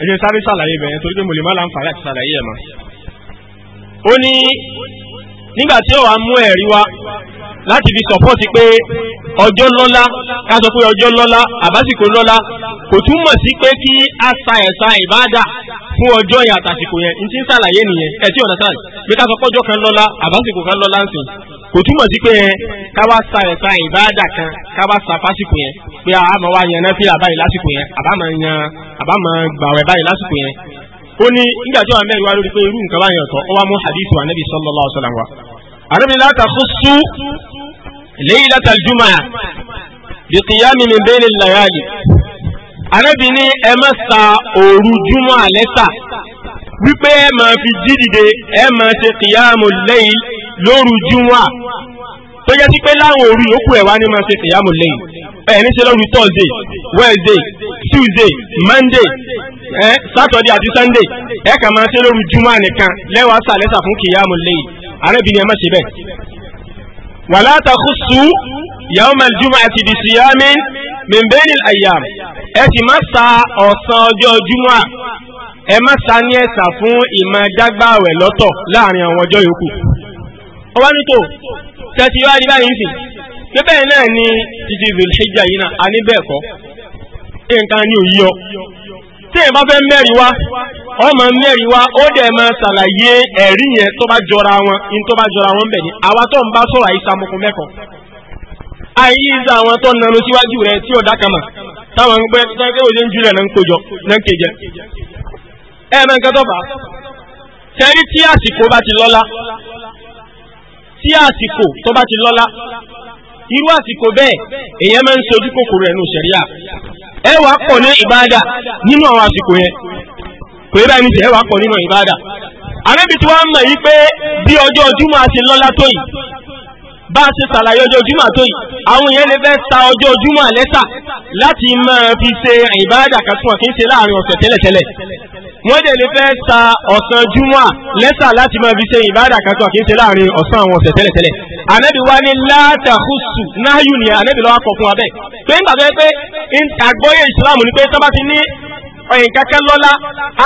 ẹ jẹ́ sáré ṣàlàyé bẹ̀rẹ̀ torí pé mo lè má láǹfààní àti ṣàlàyé ẹ̀ mọ́. ó ní nígbà tí ó wàá mú ẹ̀rí wá láti fi sọ̀pọ́ọ̀tì pé ọjọ́ lọ́lá ká sọ pé ọjọ́ lọ́lá àbásìkò lọ́lá kò túmọ̀ sí pé kí a sa ẹ̀sà ìbáàdà fún ọjọ́ yẹn àtàsìkò yẹn ní ti ń ṣàlàyé nìyẹn ẹ̀ tí ọ̀nà sáà pé ká sọ pé ọjọ́ kan lọ́lá àbásìkò kan lọ́lá ń sìn kò túmọ̀ sí pé ká wá sa ẹ̀sà ìbáàdà kan ká wá sa fásìkò yẹn pé àmọ́ wa yan náfìlà báyìí lásìkò yẹn àbámọ̀ yan àbámọ̀ gbàwẹ̀ báyìí lásìkò yẹn ó ní nígbà tí wọn mẹ́rin wá lórí pé irú nǹkan báyìí ọ̀tọ̀ ó wá mú hadith wa nabi sallallahu alaihi wa wa àrẹ́bí láta kó sú léyìn láta jùmọ̀ bí kìyàmì mi bẹ́ẹ̀ lè láyàlì àrẹ́bí ní ẹ má sa òru jùmọ̀ àlẹ́sà wípé ẹ máa fi jí dìde ẹ máa ṣe kìyàmù lẹ́yìn lóru jùmọ̀ tó jẹ́ sí pé láwọn òru yòókù ẹ̀ wá ní máa ṣe kìyàmù lẹ́yìn ẹ̀ ní ṣe Thursday Wednesday Tuesday Monday ẹ Saturday àti Sunday ẹ kàn máa ṣe lóru jùmọ̀ nìkan lẹ́wàá sàlẹ́sà fún kìyàmù lẹ́yìn arábìnrin ẹ má ṣe bẹ́ẹ̀. wala takhussu yawmal jumu'ati bi siyamin min bainil ayyam ẹ sì má sa ọ̀sán ọjọ́ júmọ́ à ẹ má sa ní ẹ̀sà fún ìmọ̀ dágbàwẹ̀ lọ́tọ̀ láàrin àwọn ọjọ́ yòókù. ó wá ní tó tẹ̀sí wá ní báyìí sì pé náà ni títí zulhijja yìí náà a ní bẹ́ẹ̀ kọ́ tí èèyàn bá fẹ́ mẹ́rin wá ọmọ mẹ́rin wá ó dẹ̀ máa ṣàlàyé ẹ̀rí yẹn tó bá jọra wọn in tó bá jọra wọn bẹ̀ ni àwa tó ń bá sọ̀rọ̀ àìsàmùkù mẹ́kọ̀ọ́ àìyíza àwọn tó nanu síwájú rẹ̀ tí ọ̀dà kan mà táwọn ń gbẹ́ tẹ́kẹ́ òye ń jùlẹ̀ náà ń kojọ náà ń kejẹ. ẹ mẹ́ nǹkan tó fà á tí àsìkò bá ti lọ́lá tí àsìkò tó bá ti lọ́lá irú àsìkò bẹ́ẹ̀ èèyàn máa ń sojú kòkòrò ẹ̀nu ṣẹ̀ríà ẹ wàá pọ̀ ní ìbáadà nínú àwọn àsìkò yẹn kò yẹ báyìí ní sẹ́ ẹ wàá pọ̀ nínú ìbáadà àrẹ́bí tí wọ́n mọ̀ yí pé bí ọjọ́ ojúmọ́ àti lọ́lá tó yìí bá a ṣe ṣàlàyé ọjọ́ ojúmọ́ àtó yìí àwọn èèyàn lè fẹ́ ta ọjọ́ ojúmọ́ àlẹ́sà láti máa fi ṣe ìbáadà kan fún ọ ṣe láàrin ọ̀sẹ̀ tẹ́lẹ̀tẹ́lẹ̀ wọ́n dẹ̀ lè fẹ́ ta ọ̀sán júmọ́ lẹ́sà láti máa fi ṣe ìbáàdà kankan kì í ṣe láàrin ọ̀sán àwọn ọ̀sẹ̀ tẹ́lẹ̀tẹ́lẹ̀ ànábì wa ní látàkùsù náàyù ni ànábì lọ́wọ́ kọ̀ fún wa bẹ́ẹ̀ pé ń gbàgbé pé àgbọ́yé Islam ni pé sábà ti ní ọ̀yìn kankan lọ́lá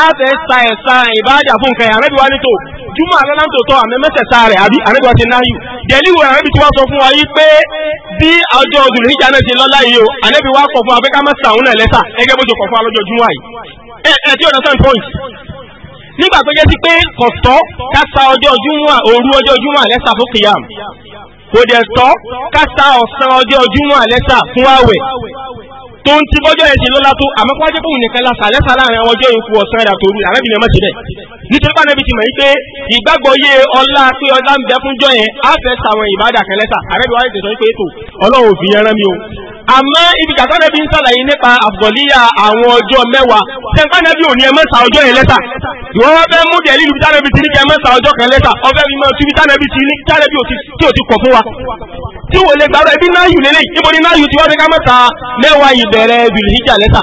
á fẹ́ sa ẹ̀sà ìbáàdà fún nǹkan ànábì wa ní tò júmọ́ àlọ́lá ń tòótọ́ àmì mẹ́sẹ̀sà rẹ̀ àbí ànábì wa ti náàyù dẹ̀lí wo ànábì tí wọ́n sọ fún wa yìí pé bí ọjọ́ òdùnú ìjà náà ti lọ́lá yìí o ànábì wa kọ̀ fún wa pé ká má sàún náà lẹ́sà ẹgẹ́ bó ṣe kọ̀ fún wa lọ́jọ́ júmọ́ yìí ẹ ti understand point nígbà tó jẹ́ sí pé kọ̀tọ́ ká sa ọjọ́ júmọ́ òru ọjọ́ júmọ́ àlẹ́sà fún kìyàm kò dẹ̀ tọ́ ká ọ̀sán ọjọ́ júmọ́ àlẹ́sà fún àwẹ̀ tó ń ti bọ́jọ́ ẹ̀sìn lọ́la tó àmọ́ kó wájú fóun nìkan lásà lẹ́sà láàrin àwọn ọjọ́ ikú ọ̀sán ẹ̀dà tó rú àrẹ́bìn ni ọmọ ti bẹ̀. nítorí pàdé bí ti mọ̀ yìí pé ìgbàgbọ́ yé ọlá pé ọlá ń bẹ fúnjọ́ yẹn á fẹ́ sàwọn kan lẹ́sà àrẹ́bìn wáyé tẹ̀sán pé ètò ọlọ́run òfin yẹn mi o. àmọ́ ibi kàtàkì bí ń sàlàyé nípa àfọ̀líyà àwọn ọjọ́ mẹ́wàá tẹ̀ǹkánẹ́bí ò ní ẹ mọ́ta ọjọ́ yẹn lẹ́sà ìwọ́n wá fẹ́ mú dẹ̀lí ibi tánẹ́bí ti ní kẹ́ mọ́ta ọjọ́ kan lẹ́sà ọfẹ́ mi mọ́ tí ibi tánẹ́bí ti ní tánẹ́bí tí wò lè gbàrọ̀ ẹbí náà yù lélẹ̀ ibo ni náà yù tí wọ́n fi ká mọ́ta mẹ́wàá ìbẹ̀rẹ̀ bìlìhíjà lẹ́tà.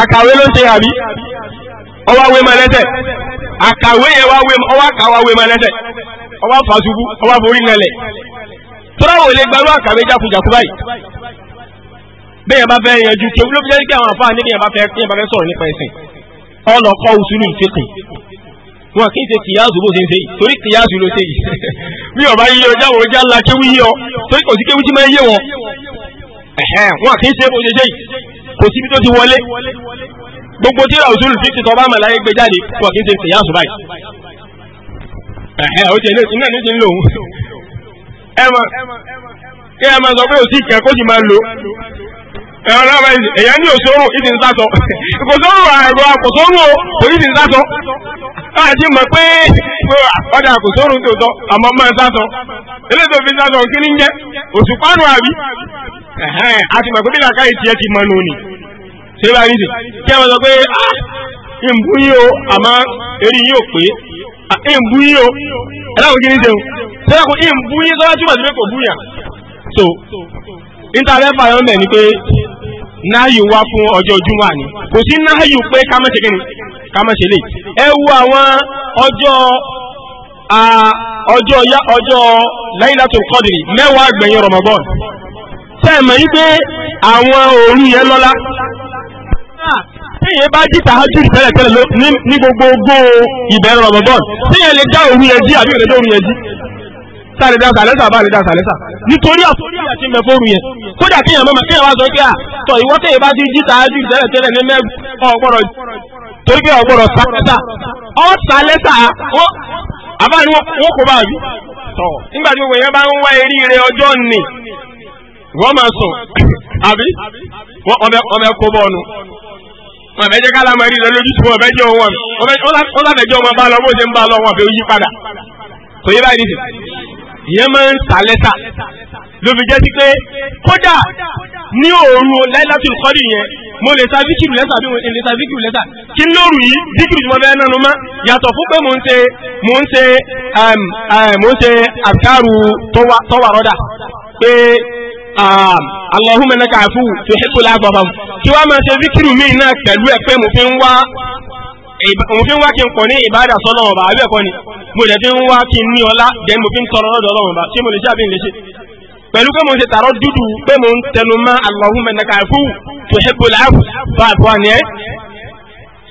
àkàwé ló ń ṣe àbí ọwọ́ awé máa lẹ́sẹ̀ àkàwé yẹn ọwọ́ àkàwé awé máa lẹ́sẹ̀ ọwọ́ àfàṣubú ọwọ́ àforí nẹlẹ̀ tọ́lá wò lè gbàrọ̀ àkàwé jákujàku báyìí bẹ́ẹ̀ bá fẹ́ yanjú kí olóbi jẹ́ kí àwọn àfáà yẹn bá fẹ́ sọ̀rọ̀ nípa ẹ̀sìn ọlọ́kọ́ wọn kì í ṣe kìyàsù bó ṣe ń ṣe yìí torí kìyàsù ló ṣe yìí [laughs] bí ọba yíyọ ọjà wò ọjà ńlá kéwú yíyọ torí kò sí kéwú tí máa yé wọn wọn kì í ṣe bó ṣe ṣe yìí kò síbi tó ti wọlé gbogbo tí ra òṣèlú fi ti tọ́ba àmàlà yẹn gbé jáde wọn kì í ṣe kìyàsù báyìí ó ti ilé iná ní ti ń lò ó ẹ mọ kí ẹ máa sọ pé òsì kẹ kó sì máa lò ẹ̀rọ náà osoro ní òṣòro ìdí nsásọ kò o ìdí nsásọ káàdì mọ̀ pé ọjà kò sóru tó sọ àmọ́ mọ́ nsásọ eléyìí tó fi nsásọ kí ni ń jẹ́ òṣùpánu àbí àti mọ̀ pé bí làkàyè tiẹ̀ ti mọ̀ ah, o ama eré yìí ò ah, o ẹ̀dá kò kí ni o ṣé kò ìbú yìí sọ́wọ́ túmọ̀ sí so. níta fẹ́ fàyọ́ mẹ́ ni pé náàyù wá fún ọjọ́ júmọ́ àní kò sí náàyù pé kí ni lè ẹ wo àwọn ọjọ́ ọjọ́ ya ọjọ́ Lailatul Qadr mẹ́wàá gbẹ̀yìn Ramadan sẹ́ẹ̀mọ̀ yí pé àwọn òru yẹn lọ́lá bá tẹ́lẹ̀tẹ́lẹ̀ ní ìbẹ̀rẹ̀ lè dá yẹn jí àbí sáré dá sàlẹ́sà bá lè dá sàlẹ́sà nítorí àforíyà ti mẹ fóònù yẹn kódà kéèyàn mọ́mọ́ kéèyàn wá sọ pé à ah, tọ̀ ìwọ tẹ̀yẹ bá ti jí tàájú tẹ́lẹ̀ tẹ́lẹ̀ ní mẹ́gbù ọ̀gbọ́dọ̀ torí pé ọ̀gbọ́dọ̀ sàlẹ́sà ọ̀ ó àbáyé wọn kò bá a bí tọ̀ nígbà tí gbogbo yẹn bá ń wá eríire ọjọ́ nì wọ́n máa sùn àbí ọmọ ẹ̀kọ́ bọ́ọ̀nù wọn bẹ jẹ ká lamọ ẹrí lọ lójú tí wọn bẹ jẹ òun wọn wọn láti jẹ ọmọ bá lọ bó ṣe ń bá lọ wọn fi yí padà kò yé báyìí ìyẹn máa ń ta lẹ́tà lómi jẹ́ sí pé kódà ní òru láìláṣù kọ́lì yẹn mo lè ta zikiru lẹ́tà bí mo lè ta zikiru lẹ́tà kí n lóru yìí zikiru tí mo fẹ́ nánu mọ́ yàtọ̀ fún pé mo ń ṣe mo ń ṣe mo ń ṣe àbíkárù tọ́wà rọ́dà pé Allahumma innaka afuwwun tuhibbul afwa kí wàá máa ṣe zikiru míì náà pẹ̀lú ẹ̀ pé mo fi ń wá òun fi ń wá kí n pọ̀ ní ìbáàdà sọ́lọ́wọ̀n ọba àbí ẹ̀kọ́ ni mo dẹ̀ fi ń wá kí n ní ọlá dẹ́n mo fi ń tọrọ lọ́dọ̀ ọlọ́wọ̀n ọba ṣé mo lè ṣe àbí lè pẹ̀lú pé mo ṣe tààrọ́ dúdú pé mo ń tẹnu mọ́ Allahumma innaka afuw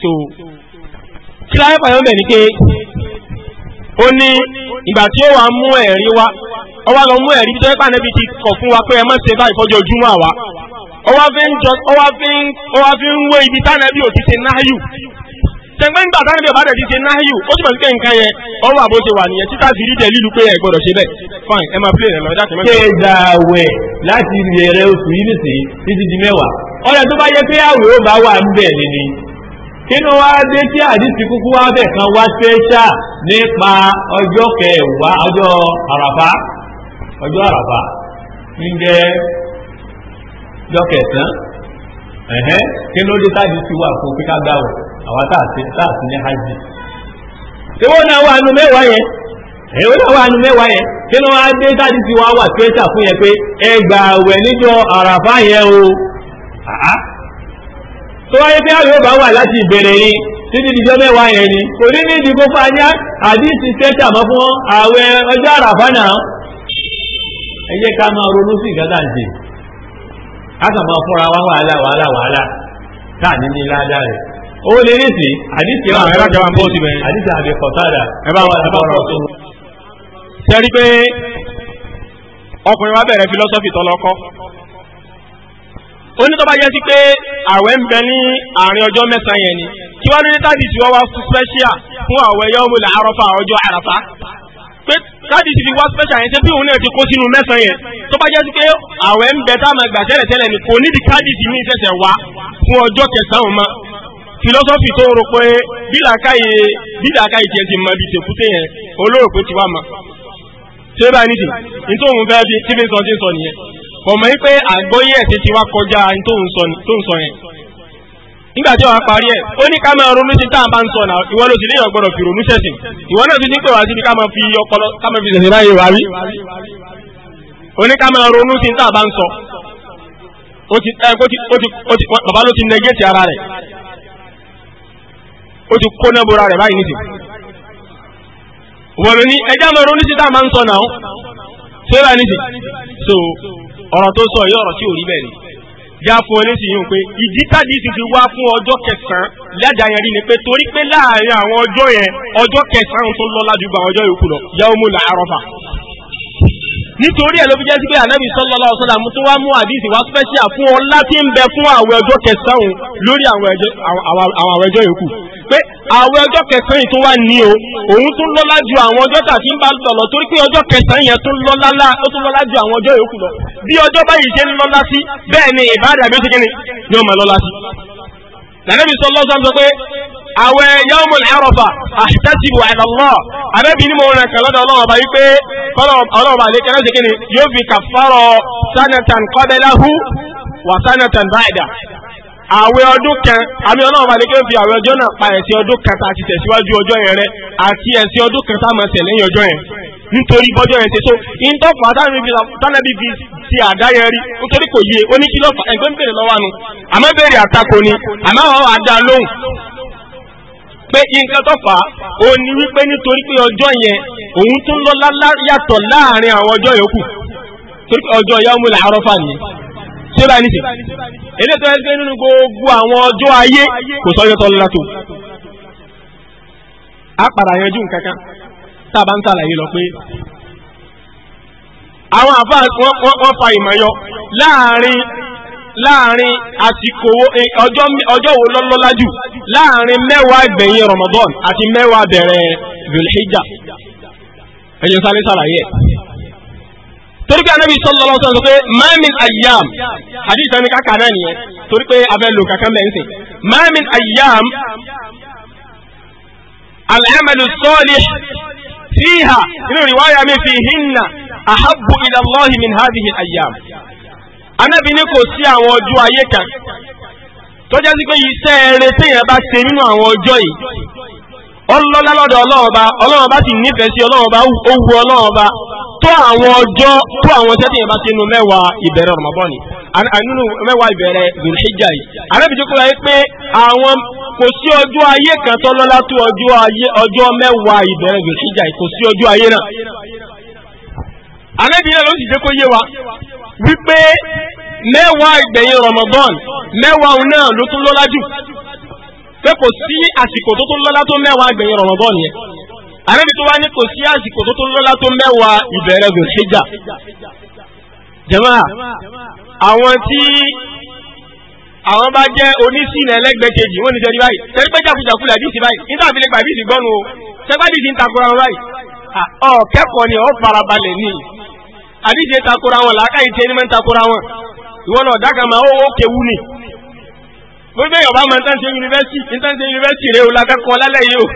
so kí láyé fàyọ́ bẹ̀ ni pé ó ní ìgbà tí ó wà mú ẹ̀rí wá ó wá lọ mú ẹ̀rí bí tẹ́lẹ́pà nẹ́bi ti kọ̀ fún wa pé ẹ má ṣe báyìí fọ́jọ́ ojúmọ́ àwa ó wá fi ń wé ibi tánẹ́bí ò náà yù tẹ̀gbẹ́ ń gbà ọba ti ṣe ó túbọ̀ sí nǹkan yẹn ọwọ́ àbó ṣe wà nìyẹn títà sí lílu pé ẹ gbọ́dọ̀ ṣe bẹ́ẹ̀ fine ẹ máa play lọ jáde mẹ́ta. láti oṣù yìí nìsín títí di mẹ́wàá ọ̀rẹ́ tó bá yẹ pé àwẹ̀ ó bá wà ń bẹ̀ nìní. kínú wa dé tí àdìsí kúkú wa bẹ̀ kan wá àwọn táàsì táàsì ní hajj ìwọ náà wà nù e yẹn èyí náà wà nù mẹ́wàá yẹn kí ló wá dé táàdì tí wàá wà tíwẹ́tà fún yẹn pé ẹ gbà níjọ yẹn o tó wáyé pé àwọn yóò wà láti ìbẹ̀rẹ̀ ni títí dijọ́ mẹ́wàá yẹn ni kò ní ní ìdìbò fani àdìsí tẹ́tà mọ́ fún àwẹ̀ ọjọ́ ó lè ní sí àdìsí náà ẹ̀rọ ìjọba ń bọ́ síbẹ̀ àdìsí àbí kọ̀tàdà ẹ bá wọn ẹ̀bá ọ̀rọ̀ tó. sẹ́rí pé ọkùnrin wa bẹ̀rẹ̀ fílọ́sọ́fì tọ́lọ́kọ́ ó yẹ sí pé àwẹ̀ ń bẹ ní àárín ọjọ́ mẹ́sàn-án yẹn ni kí wọ́n ní tàbí tí wọ́n wá special fún àwẹ̀ yọ́mù làárọ̀fà ọjọ́ àràfà pé tàbí tí wọ́n special yẹn ṣe bí òun náà ti kó sínú mẹ́sàn-án yẹn tó bá yẹ sí pé àwẹ̀ ń bẹ táwọn àgbà tẹ́lẹ̀ ni kò nídìí tàbí tí mi ìṣẹ̀ṣẹ̀ wá fún ọjọ́ kẹsàn-án mọ́ philosophy tó ń ro pé bílàkàyè bílàkàyè tiẹ̀ ti mọ ibi tèkúté yẹn olóró pé ti wá mọ̀ tí ó bá ní sè nítòhún fẹ́ fi tí fi ń sọ tí ń sọ nìyẹn kọ̀mọ̀ yìí pé àgbọ́yé ẹ̀sìn ti wá kọjá nítòhún sọ yẹn nígbà tí wàá parí ẹ̀ ó ní ká máa ronú sí tá à ń bá ń sọ náà ìwọ ló sì léyìn ọgbọ́dọ̀ fi ronú sẹ̀sìn ìwọ náà ti ní pé wàá síbi ká máa fi ọpọlọ ká máa fi sẹ̀sìn láyé wá rí ó ní ká máa ronú sí tá à bá ń sọ ó ti bàbá ló ti nẹgẹ́tì ara rẹ̀ ó ti kó náà bora rẹ̀ báyìí nìsín wọ̀lú ní ẹjá mọ̀ ronú títà máa ń sọ náà ṣé bá nìsín so ọ̀rọ̀ tó sọ yìí ọ̀rọ̀ tí ò rí bẹ́ẹ̀ ni yá fún ẹni sì yín pé ìdí tàbí ti fi wá fún ọjọ́ kẹsàn-án yẹn rí ni pé torí pé láàárín àwọn ọjọ́ yẹn ọjọ́ kẹsàn-án tó lọ́lá ọjọ gba ọjọ́ yòókù lọ nitori Arafa nítorí ẹ̀ ló fi jẹ́ sí pé ànábì fún ń fún àwọn ọjọ́ kẹsàn-án pé àwọn ọjọ́ kẹsàn-án yìí tó wà ní o òun tún lọ́lá ju àwọn ọjọ́ tàbí ń bá sọ̀lọ̀ torí pé ọjọ́ kẹsàn-án yẹn tún lọ́lá ó tún lọ́lá ju àwọn ọjọ́ yòókù lọ bí ọjọ́ báyìí ṣe ń lọ́lá sí bẹ́ẹ̀ ni ìbáàdà bí ó ti kíni yóò máa lọ́lá sí. lànàbí sọ lọ́sọ̀ sọ pé àwẹ̀ yawmul arafa ahtasibu ala Allah àbẹ́bí ni mo rẹ̀ kàn lọ́dọ̀ ọlọ́run ọba yìí pé ọlọ́run àlẹ́ kẹ́lẹ́ ṣe kíni yóò fi kàfárọ̀ sanatan qablahu wa sanatan ba'da àwẹ̀ ọdún kan àmì ọlọ́run àdéké fi àwẹ̀ ọjọ́ náà pa ẹ̀sìn ọdún kan tá a ti tẹ̀síwájú ọjọ́ yẹn rẹ àti ẹ̀sìn ọdún kan tá a ọjọ́ yẹn nítorí bọ́jọ́ yẹn ṣe tó fi ti àdá yẹn rí nítorí kò yé ń bèrè lọ́wọ́ àánú àmọ́ bèrè àtakò ni àmọ́ àwọn àdá lóhùn pé nǹkan tó fà á ó ní ṣé báyìí nìsín èdè tó yẹ pé nínú gbogbo àwọn ọjọ́ ayé kò sọ́yọ́ tó lọ́la tó a padà yanjú nǹkan kan tá a bá ń ṣàlàyé lọ pé àwọn àfáà wọ́n fa ìmọ̀yọ láàrin láàrin àsìkò ọjọ́ wo lọ́lọ́lá jù láàrin mẹ́wàá ìgbẹ̀yìn Ramadan àti mẹ́wàá bẹ̀rẹ̀ Dhul Hijjah ẹ̀yìn sáré ṣàlàyé ẹ̀ torí pé anabi sallallahu alaihi wasallam sọ pé ma min ayyam hadith sani kaka náà nìyẹn torí pé abẹ́ lò kankan bẹ́ẹ̀ nsìn ma min ayyam al-amalu salih fiha nínú riwaya mi fihinna ahabbu ila Allahi min hadhihi ayyam anabi ní kò sí àwọn ọjọ́ ayé kan tọ́jà sí pé iṣẹ́ eré téèyàn bá ṣe nínú àwọn ọjọ́ yìí ọlọ́lá lọ́dọ̀ ọlọ́ọ̀ba ọlọ́ọ̀ba sì nífẹ̀ẹ́ sí ọlọ́ọ̀ba ó wu ọlọ́ọ̀ba tó àwọn ọjọ́ tó àwọn ọjọ́ tí yẹn bá ti nu mẹ́wàá ìbẹ̀rẹ̀ Ramadan ni nínú mẹ́wàá ìbẹ̀rẹ̀ zulhijja yìí arábìjọ́ kó láyé pé àwọn kò sí ọjọ́ ayé kan tó lọ́lá tó ọjọ́ mẹ́wàá ìbẹ̀rẹ̀ zulhijja yìí kò sí ọjọ́ ayé náà arábìjọ́ ló sì jẹ́ kó yé wa wípé mẹ́wàá ìgbẹ̀yìn Ramadan mẹ́wàá náà ló tún lọ́lá jù pé kò sí àsìkò tó tún lọ́lá tó mẹ́wàá ìgbẹ̀yìn Ramadan yẹn àrẹ́bí tó wá ní kò sí àsìkò tó tó lọ́lá tó mẹ́wàá ìbẹ̀rẹ̀ zulhijja jẹ́mà àwọn tí àwọn bá jẹ́ onísìnà ẹlẹ́gbẹ́ kejì wọ́n ní sẹ́ni báyìí sẹ́ni pé jàkújàkú là bí ti báyìí níta àfi lè gbà o sẹ́pà bí ti ń takora wọn báyìí ọ kẹ́kọ̀ọ́ ni ọ farabalẹ̀ ni àdíje takora wọn làákàyè tí ẹni máa ń takora wọn ìwọ náà dáka máa ó kéwu ni wọ́n bẹ́ẹ̀ yọ̀ bá máa ń tán ṣe yunifásitì ń tán ṣe yunifásitì rẹ o làkẹ́kọ̀ọ́ lálẹ́ yìí o [laughs]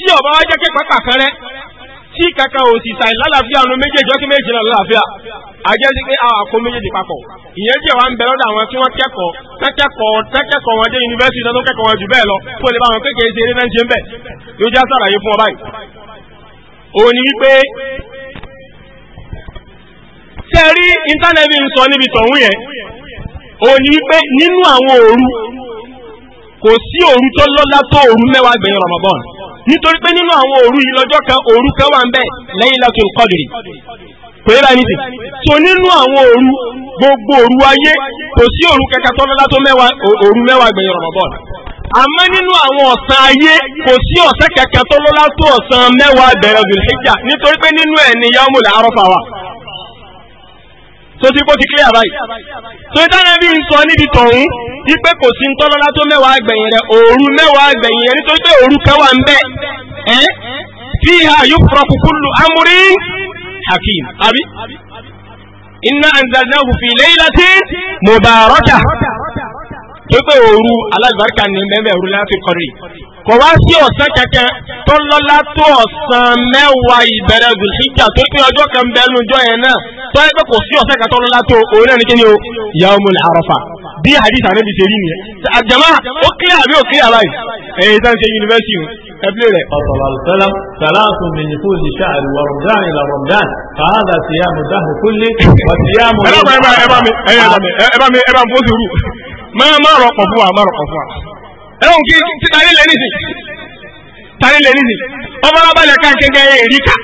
tí ọba wa jẹ́ kẹ́kọ̀ọ́ kàkẹ́rẹ́ tí kankan ò sì sàì lálàáfíà ọ̀nà méjèèjì ọkí méjèèjì náà lálàáfíà àjẹ́ sí pé àwọn àkó méjèèjì papọ̀ ìyẹn jẹ́ wa ń bẹ lọ́dọ̀ àwọn tí wọ́n kẹ́kọ̀ọ́ tẹ́kẹ́kọ̀ọ́ tẹ́kẹ́kọ̀ọ́ wọn dé yunifásitì tó kẹ́kọ̀ọ́ wọn jù bẹ́ẹ̀ lọ fún ilé báwọn kékeré ṣe eré náà ṣe ń bẹ̀ yóò já sàlàyé fún ọ báyìí. òun ni wípé ṣe rí íńtánẹ́ẹ̀tì ń sọ níbi tọ̀hún yẹn òun ni wípé nínú àwọn òru kò sí òru tó lọ́lá tó òru mẹ́wàá gbẹ̀yìn Ramadan nítorí pé nínú àwọn òru yìí lọ́jọ́ kan òru kan wà ń bẹ Laylatul Qadr kò yẹ báyìí nìsín so nínú àwọn òru gbogbo òru ayé kò sí òru kẹkẹ tó lọ́lá tó mẹ́wàá òru mẹ́wàá gbẹ̀yìn Ramadan àmọ́ nínú àwọn ọ̀sán ayé kò sí ọ̀sán kẹkẹ tó lọ́lá tó ọ̀sán mẹ́wàá bẹ̀rẹ̀ Dhul Hijjah nítorí pé nínú ẹ̀ ni Yawmul tó ti kó ti clear báyìí tó ti dáná bí n sọ níbi tọ̀hún wípé kò sí ntọ́lọ́lá tó mẹ́wàá gbẹ̀yìn rẹ̀ òru mẹ́wàá gbẹ̀yìn rẹ̀ nítorí pé òru kẹwàá ń bẹ ẹ́ fiha yufraku kullu amrin hakim àbí inna anzalnahu fi laylatin mubarakah tó pé òru alábàárìkà ní mẹ́mẹ́ òru láti kọrí kò wá sí ọ̀sán kankan tó lọ́lá tó ọ̀sán mẹ́wàá ìbẹ̀rẹ̀ zùlhíjà tó pé ọjọ́ kan bẹ́ẹ̀ nu ọjọ́ yẹn náà tó yẹ pé kò sí ọ̀sán kan lọ́lá tó òun náà ní kíni o yaumul arafa bí hadith àná bìí ṣe rí nìyẹn àjàmá ó kílẹ̀ àbí ó kílẹ̀ àbáyé ẹ̀yìn tá ń ṣe yunifásitì ẹ̀bílẹ̀ rẹ̀. ọ̀sọ̀lọ́sọ́lá sàlátù min kulli sha'r wa ramadan ila ramadan fàádà síyàmù dáhùn kulli wà síyàmù. ẹ bá mi ẹ bá mi ẹ bá mi ẹ bá mi ẹ bá mi máa má rọpò fún wa má rọpò fún wa ẹ̀rọ nkí ti tari lè nìsí tari lè nìsí ọmọlábalẹ̀ ká kéńké èrí ká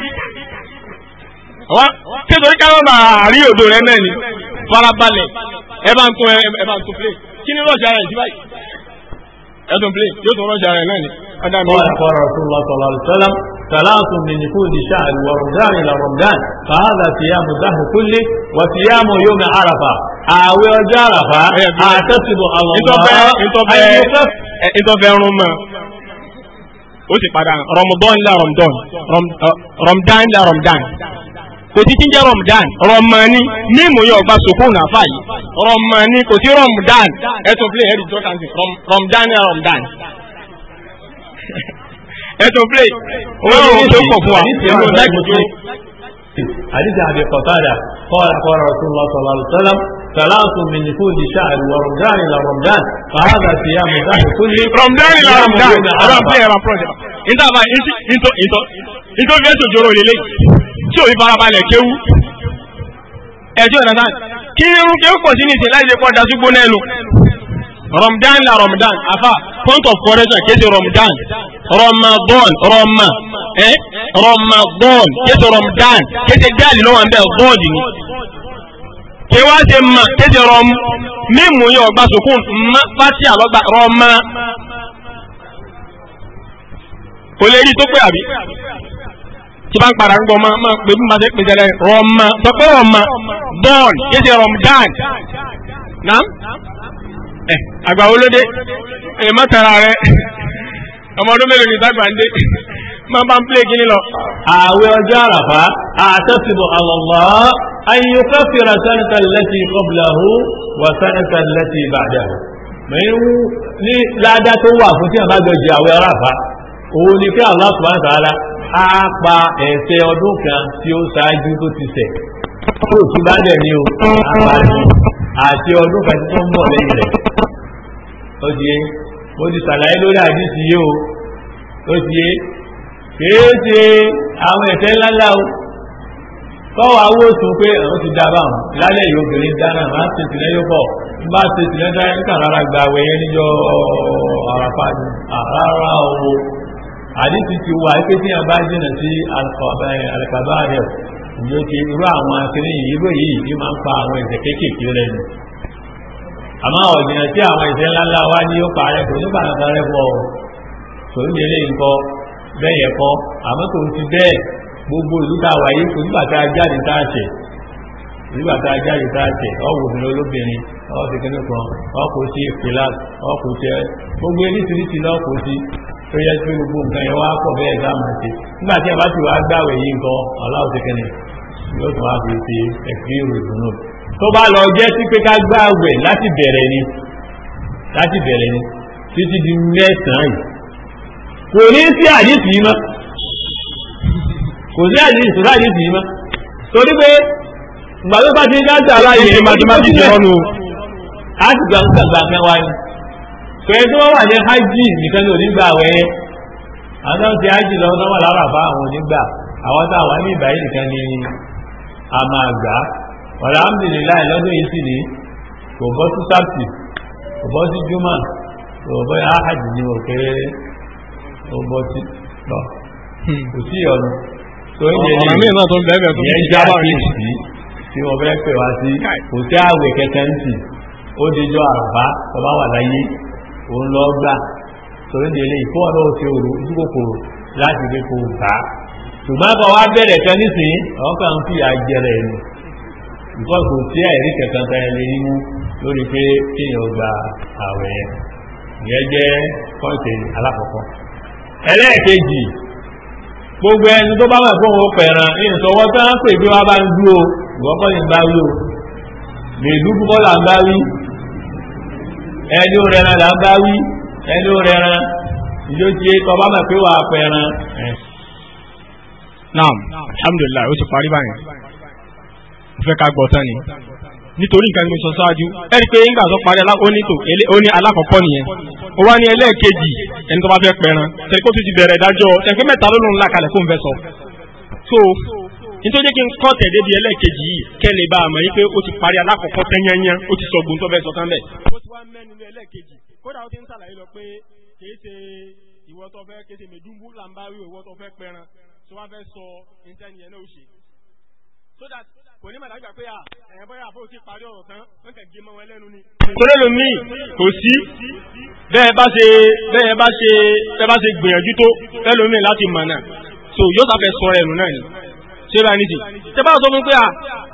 wa kétorí ká lọ́ba àrí òdo rẹ mẹ́ni farabalẹ̀ ẹ bá ń tún ẹ bá ń tún play kí ni rọ́ọ̀ṣì ara ẹ̀ báyìí ẹ tún play yóò tún rọ́ọ̀ṣì ara náà ni. ọ̀dà mi. wọ́n yà kọ́ ọ̀rọ̀ tó lọ́sọ̀lọ́ ثلاث من نفوذ شهر ورمضان إلى رمضان فهذا صيام الدهر كله وصيام يوم عرفة àwẹ̀ جارفة. àràfá àtẹ́sìbò àwọn ìtọ́fẹ́ ẹ̀rùn mọ́ ó sì padà rọmọdán ńlá rọmọdán rọmọdán ńlá rọmọdán kò tí tí ń jẹ́ rọmọdán rọmọdán mímú yóò gba sòkó nàfà yìí rọmọdán kò sí rọmọdán ẹ̀tún fílẹ̀ ẹ̀rù jọ́tàn sí rọmọdán ńlá rọmọdán ẹjọ play wọn yóò tó kọ fún wa ẹjọ láìpẹ tó. àdìsí àbí kọ̀tàdà kọ́ra kọ́ra rasulullah sallallahu alaihi wasallam ثلاث من نفوذ شهر ورمضان إلى رمضان فهذا صيام الدهر كله رمضان إلى رمضان انت ما انت انت انت انت بيان تجورو للي o يفعل بالك يو ẹjọ́ ìrànlá kí irun kí ó pọ̀ sí ní ìsìn láì lè pọ̀ dájú gbóná ẹnu Ramadan la Ramadan afa point of correction kéde Ramadan Ramadan Roma ẹ́ Ramadan kéde Ramadan kéde dáàlì lọ́wọ́ bẹ́ẹ̀ bọ́ọ̀dì ni kéwàá ṣe mà kéde Rom mímú yóò gba sukùn má fásí àlọ́gbà Roma kò lè rí tó ọmọ ọdún mélòó ni sábà ń dé máa bá ń plé kí ni lọ. ààwẹ̀ ọjọ́ àràfá àtẹ́sìbò àlọ́lọ́ ayíkọ́ fìrà sẹ́nìtà lẹ́tì kọ́bìláhù wà sẹ́nìtà lẹ́tì ìbàdàn. mẹ́rin ní ládá tó wà fún tí a bá jọ jẹ ààwẹ̀ àràfá òun ni pé Allah subhanahu wa á pa ẹ̀ṣẹ̀ ọdún kan tí ó ṣáájú tó ti ṣẹ̀. kúrò tí bá dẹ̀ ní o àpàdé àti ọdún kan tí wọ́n ń lẹ́yìn rẹ̀. ó di mo ti sàlàyé lórí àdísì yìí o tó ti yé kìí àwọn ẹ̀fẹ́ o kọ́wọ́ awó pe pé àwọn ti dá báwọn lálẹ́ yìí obìnrin dáná máa ń ṣe tìlẹ́ yóò pọ̀ ń bá ṣe tìlẹ́ dáná níta rárá gba àwẹ̀ yẹn níjọ àràfà ni o ti wà pé tí a bá jìnà sí alùpàbá rẹ̀ ìyókè irú àwọn akérè yìí irú èyí yìí máa ń pa àwọn kéékèèké àmọ́ ọ̀jìnà tí àwọn ìṣẹ́ ńláńlá wá ní ó parẹ́ kò ní bàtàkà rẹ̀ pọ̀ bẹ́ẹ̀ àmọ́ gbogbo ìlú tá a wà yìí kò ní bàtà tá a ṣẹ̀ nígbà tá a jáde tá a ṣẹ̀ ọ̀wọ̀ obìnrin olóbìnrin ọ̀wọ̀ ti kíní kan ọ̀kọ̀ sí ìpìlá sí ẹ gbogbo eríṣiríṣi lọ́kọ̀ sí tó yẹ kí gbogbo nǹkan yẹn wá pọ̀ bẹ́ẹ̀ nígbà tí a bá ti wá yìí nǹkan tó bá lọ jẹ́ sí pé ká gbá àwẹ̀ ni láti bẹ̀rẹ̀ ni títí di mẹ́sàn-án yìí kò ní sí àdìsí yìí mọ́ kò sí àdìsí kò àdìsí yìí mọ́ torí pé gbàgbé bá ti a ti gba gbàgbà mẹ́wàá ni pẹ̀lú tó wà ní hajj nìkan ní onígbà àwọn ti hajj lọ́wọ́ náà àwọn onígbà àwọn ní ìbáyé nìkan alhamdulilayi lọ́dún yìí sì ní kò bọ́ sí sáàtì kò bọ́ sí júmọ̀ kò bọ́ sí áhàjì ní òkè ó bọ́ sí lọ hmm. kò sí ọ̀nà tó ń yẹ ní ìyẹn jábà ní ìsí tí wọ́n fẹ́ pè wá sí kò sí àwẹ̀ kẹkẹ ń sì ó dijọ́ àbá ọba wà láyé òun lọ gbà torí délé ìfọ́ọ̀nà òsì òru ìdúkòkòrò láti fi kò gbà ṣùgbọ́n bọ̀ wá bẹ̀rẹ̀ tẹ́ nísìnyí fi àjẹrẹ ẹ̀nu because kò sí ẹ̀rí kẹsàn-án tá ẹ lè ní mú lórí pé kéèyàn gba àwẹ̀ yẹn ìyẹn jẹ́ pọ́ǹtì alákọ̀ọ́kọ́ ẹlẹ́ẹ̀kejì gbogbo ẹni tó bá wà fún òun pẹ̀ràn ìyẹn sọwọ́ tí wọ́n pè bí wọ́n bá ń dúró ìwọ́pọ̀ ní bá wí o lè dúkú bọ́là ń bá wí ẹni ó rẹran là ń bá wí ẹni ó rẹran ìjó tí tọ́ bá mọ̀ pé wà á pẹ̀ràn. naam alhamdulilayi o ti parí báyìí fẹ́ ká gbọ́ tán ni nítorí nǹkan tí ṣáájú ẹ pé nígbà tó parí onítò ó alákọ̀ọ́kọ́ nìyẹn ó wá ní ẹlẹ́ẹ̀kejì ẹni tó bá fẹ́ pẹran tẹ̀lé kó ti bẹ̀rẹ̀ ìdájọ́ tẹ̀lé mẹ́ta ló lòun làkàlẹ̀ kó fẹ́ sọ. so nítorí kí n kọ́ tẹ̀lé di ẹlẹ́ẹ̀kejì yìí kẹ́lẹ̀ bá a mọ̀ yìí pé ó ti parí alákọ̀ọ́kọ́ tẹ́yẹ́yẹ́ ó ti sọ gbogbo tó fẹ́ sọ tán bẹ́ẹ̀. so that kò ní màdájú pé à ẹ̀yìn bọ́yá àfọ́ ti parí ọ̀rọ̀ tán wọ́n kẹ̀ gé mọ́ wọn lẹ́nu ni. torí lomi kò sí bẹ́ẹ̀ bá ṣe bẹ́ẹ̀ bá ṣe bẹ́ẹ̀ bá ṣe gbìyànjú tó bẹ́ẹ̀ lomi láti mọ̀ náà so yóò sáfẹ́ sọ ẹnu náà ni ṣé bá ní ti ṣe bá sọ fún pé à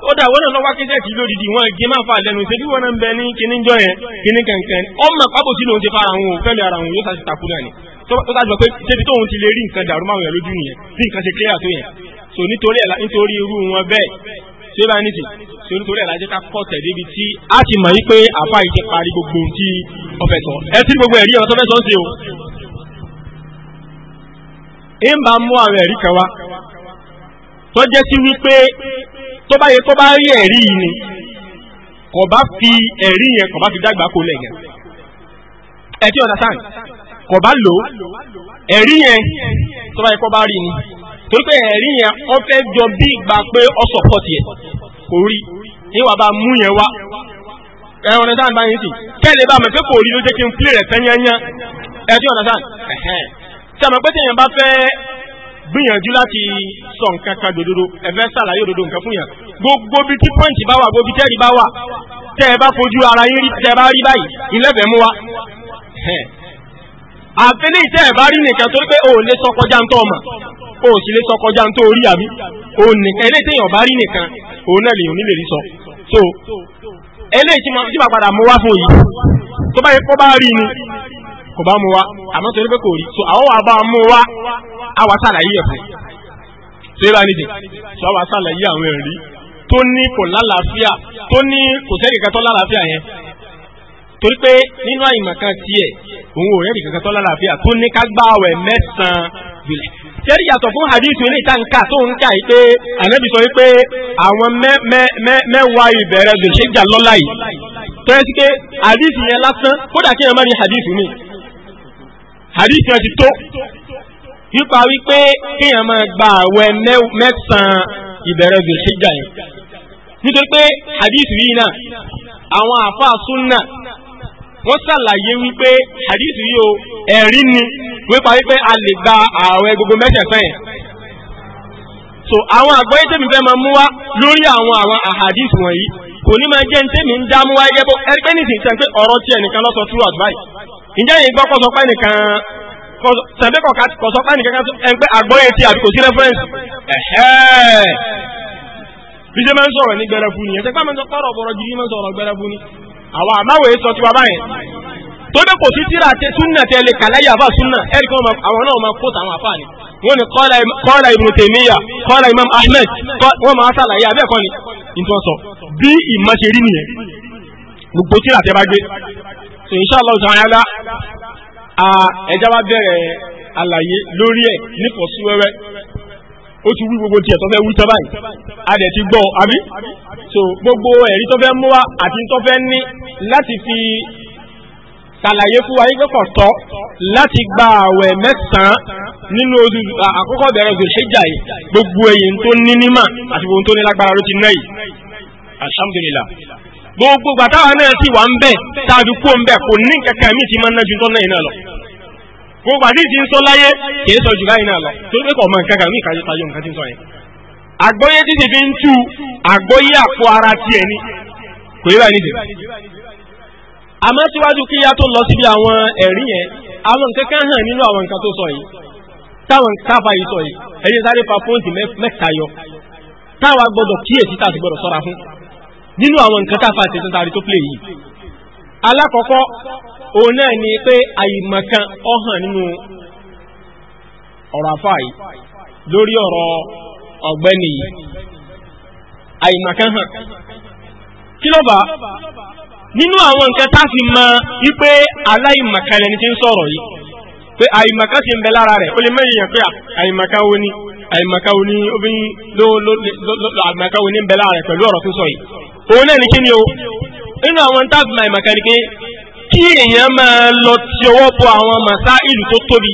ó dà wọ́n náà lọ́wọ́ kíkẹ́ kí lódìdí wọn gé máa fa lẹ́nu ṣe bí wọ́n náà ń bẹ ní kíní jọ yẹn kíní kankan ọmọ pápò sí lòun ti fa àwọn òfẹ́lẹ̀ ara òun yóò sá sí takú náà ni tó dájú pé débi tóun ti lè rí nǹkan dàrú máa yẹn lójú nìyẹn bí nǹkan ṣe clear tó yẹn so nítorí ẹ̀ nítorí irú wọn bẹ́ẹ̀ ṣé bá ní sì ṣe nítorí ẹ̀ lájẹ́ ká kọ́ tẹ̀lé ibi tí a ti mọ̀ yí pé àfa yìí ti parí gbogbo ohun tí ọbẹ̀ sọ ẹ sí gbogbo ẹ̀rí ọ̀tọ́ fẹ́ sí o. ń bá mú àwọn ẹ̀rí kan wá tó jẹ́ sí wípé tó bá yẹ tó bá rí ẹ̀rí yìí ni kò bá fi ẹ̀rí yẹn kò bá fi dàgbà kó lẹ̀ yẹn ẹ ti understand kò bá lò ẹ̀rí yẹn tó bá yẹ kó bá rí ni torí pé ẹ̀rí yẹn ọ fẹ́ jọ bí ìgbà pé ọ sọ̀pọ̀ tiẹ̀ kò rí ní wàá bá mú yẹn wá ẹ̀rọ ọ̀nà sáà bá yín sì kẹ́lẹ́ bá mi pé kò rí ló jẹ́ kí n pílẹ̀ rẹ̀ tẹ́yẹ́yẹ́ ẹ̀rí ọ̀nà sáà tí a mọ̀ pé tẹ̀yẹ̀ bá fẹ́ gbìyànjú láti sọ nǹkan kan dòdòdó ẹ̀fẹ́ sàlàyé òdòdó nǹkan fún yàn gbogbo bí tí pọ́ǹtì bá wà gbogbo bí tẹ́rì bá wà tẹ́ ẹ bá fojú ara yín rí tẹ́ ẹ bá rí báyìí ìlẹ́fẹ̀ mú wa. àfẹ́lẹ́ ìtẹ́ ẹ̀ bá rí nìkan torí pé òun lè sọ kọjá ń tọ́ ọmọ o sì lè sọ kọjá tó rí àbí òun nìkan eléyìí téèyàn bá rí nìkan òun náà lèèyàn nílè rí sọ so eléyìí tí màá padà mú wá fún yìí tó bá yẹ kó bá rí ni kò bá mú wá àmọ́ torí pé kò rí so àwọn wàá bá mú wá àwa sàlàyé ẹ̀fọ́ tó yẹ bá nídìí so àwa sàlàyé àwọn ẹ̀rí tó ní kò lálàáfíà tó ní kò sẹ́ẹ̀dì kan tó lálàáfíà yẹn torí pé nínú àyìnbọn kan tiẹ̀ òun ò rẹ́ẹ̀dì kankan tó lálàáfíà tó ní ká gbààwẹ̀ mẹ́sàn-án sẹ́rí yàtọ̀ fún hadith ilé ìtànkà tó ń kà yìí pé ànábì sọ wípé àwọn mẹ́wàá ìbẹ̀rẹ̀ zulhijja lọ́la yìí tó yẹ sí pé hadith yẹn lásán kódà kí ẹ má ní hadith mi hadith yẹn ti tó nípa wípé kí ẹ máa gba àwẹ̀ mẹ́sàn-án ìbẹ̀rẹ̀ zulhijja yìí nítorí pé hadith yìí náà àwọn àfa sunna wọ́n ṣàlàyé wípé hadith yìí o ẹ̀rí ni wípa wípé a lè gba ààwẹ̀ gbogbo mẹ́sẹ̀ẹ̀sán yẹn so àwọn àgbọ́yé tèmi fẹ́ máa mú wá lórí àwọn àwọn ahadith wọ̀nyí kò ní máa jẹ́ tèmi ń dá mú wá yẹ bó ẹgbẹ́ ní ìsìn sẹ́ńpé ọ̀rọ̀ tí ẹnìkan lọ́sọ tú advice ǹjẹ́ yìí gbọ́ kọ́sọ pé nìkan sẹ́ńpé kọ́sọ pé nìkan ẹgbẹ́ àgbọ́yé tí àbí kò sí reference ẹ̀hẹ́ bí ṣe máa ń sọ̀rọ̀ ní gbẹrẹfu ni ẹ̀sẹ̀ pàmò ń sọ pọ̀rọ̀ bọ̀rọ̀ gidi máa ń sọ̀rọ̀ gbẹrẹfu ni àwọn àmáwèé sọ ti wa báyìí tó dé kò sí tíra tẹ súnà tẹ lè kàlàyé àfa súnà ẹ̀rí kan àwọn náà máa kó tàwọn àfa ni wọ́n ní kọ́lá ibùn tèmíyà kọ́lá imam ahmed wọ́n máa sàlàyé abẹ́ẹ̀kọ́ ni nítorí sọ bí ìmọ̀ ṣe rí nìyẹn gbogbo tíra tẹ bá gbé so inshallah ta'ala ẹja wa bẹ̀rẹ̀ àlàyé lórí ẹ̀ nípò sí ó ti wí gbogbo tiẹ̀ tó fẹ́ wí tán a dẹ̀ ti gbọ́ àbí so gbogbo ẹ̀rí tó fẹ́ mú wa àti tó fẹ́ ní láti fi ṣàlàyé fún wa yí pé kò tọ́ láti gba àwẹ̀ mẹ́sàn-án nínú oṣù àkọ́kọ́ bẹ̀rẹ̀ oṣù ṣéjà yìí gbogbo ẹ̀yìn tó ní nímà àti gbogbo tó ní lágbára ló ti ná yìí alhamdulillah gbogbo gbàtàwà náà sì wà ń bẹ̀ tá a fi kú ń bẹ̀ kò ní kankan mí ti máa ń nájú tó náà yìí náà lọ gbogbo àdìsí ń sọ láyé kì í sọ jù báyìí náà lọ torí pé kò mọ nǹkan kan ní ìkàyé tayọ nǹkan tí ń sọ yẹn. àgbọ́yé títí fi ń tú àgbọ́yé àpò ara tiẹ̀ ni kò yẹ báyìí nìyẹn. àmọ́ síwájú kí yá tó lọ síbi àwọn ẹ̀rí yẹn àwọn nǹkan kan hàn nínú àwọn nǹkan tó sọ yìí táwọn káfa yìí sọ yìí ẹ̀yin sáré fa fóònù mẹ́ta yọ táwa gbọ́dọ̀ kíyèsí tá a ti gbọ́dọ̀ sọ́ra fún nínú àwọn nǹkan táfa àti alákọ̀ọ́kọ́ òun náà ni pé àìmọ̀kan ọ̀hàn nínú ọ̀rọ̀ àfáà lórí ọ̀rọ̀ ọ̀gbẹ́ni àìmọ̀kan hàn kí ló nínú àwọn nǹkan tá fi mọ wípé aláìmọ̀kan lẹni tí ń sọ̀rọ̀ yìí pé àìmọ̀kan ti ń bẹ lára rẹ̀ ó lè mẹ́rin yẹn pé àìmọ̀kan wo ni àìmọ̀kan wo ni obìnrin ló àìmọ̀kan wo ni ń bẹ lára rẹ̀ pẹ̀lú o nínú àwọn tá a fi máa ìmọ̀kan lọ ti ọwọ́ bọ àwọn màsá ìlú tó tóbi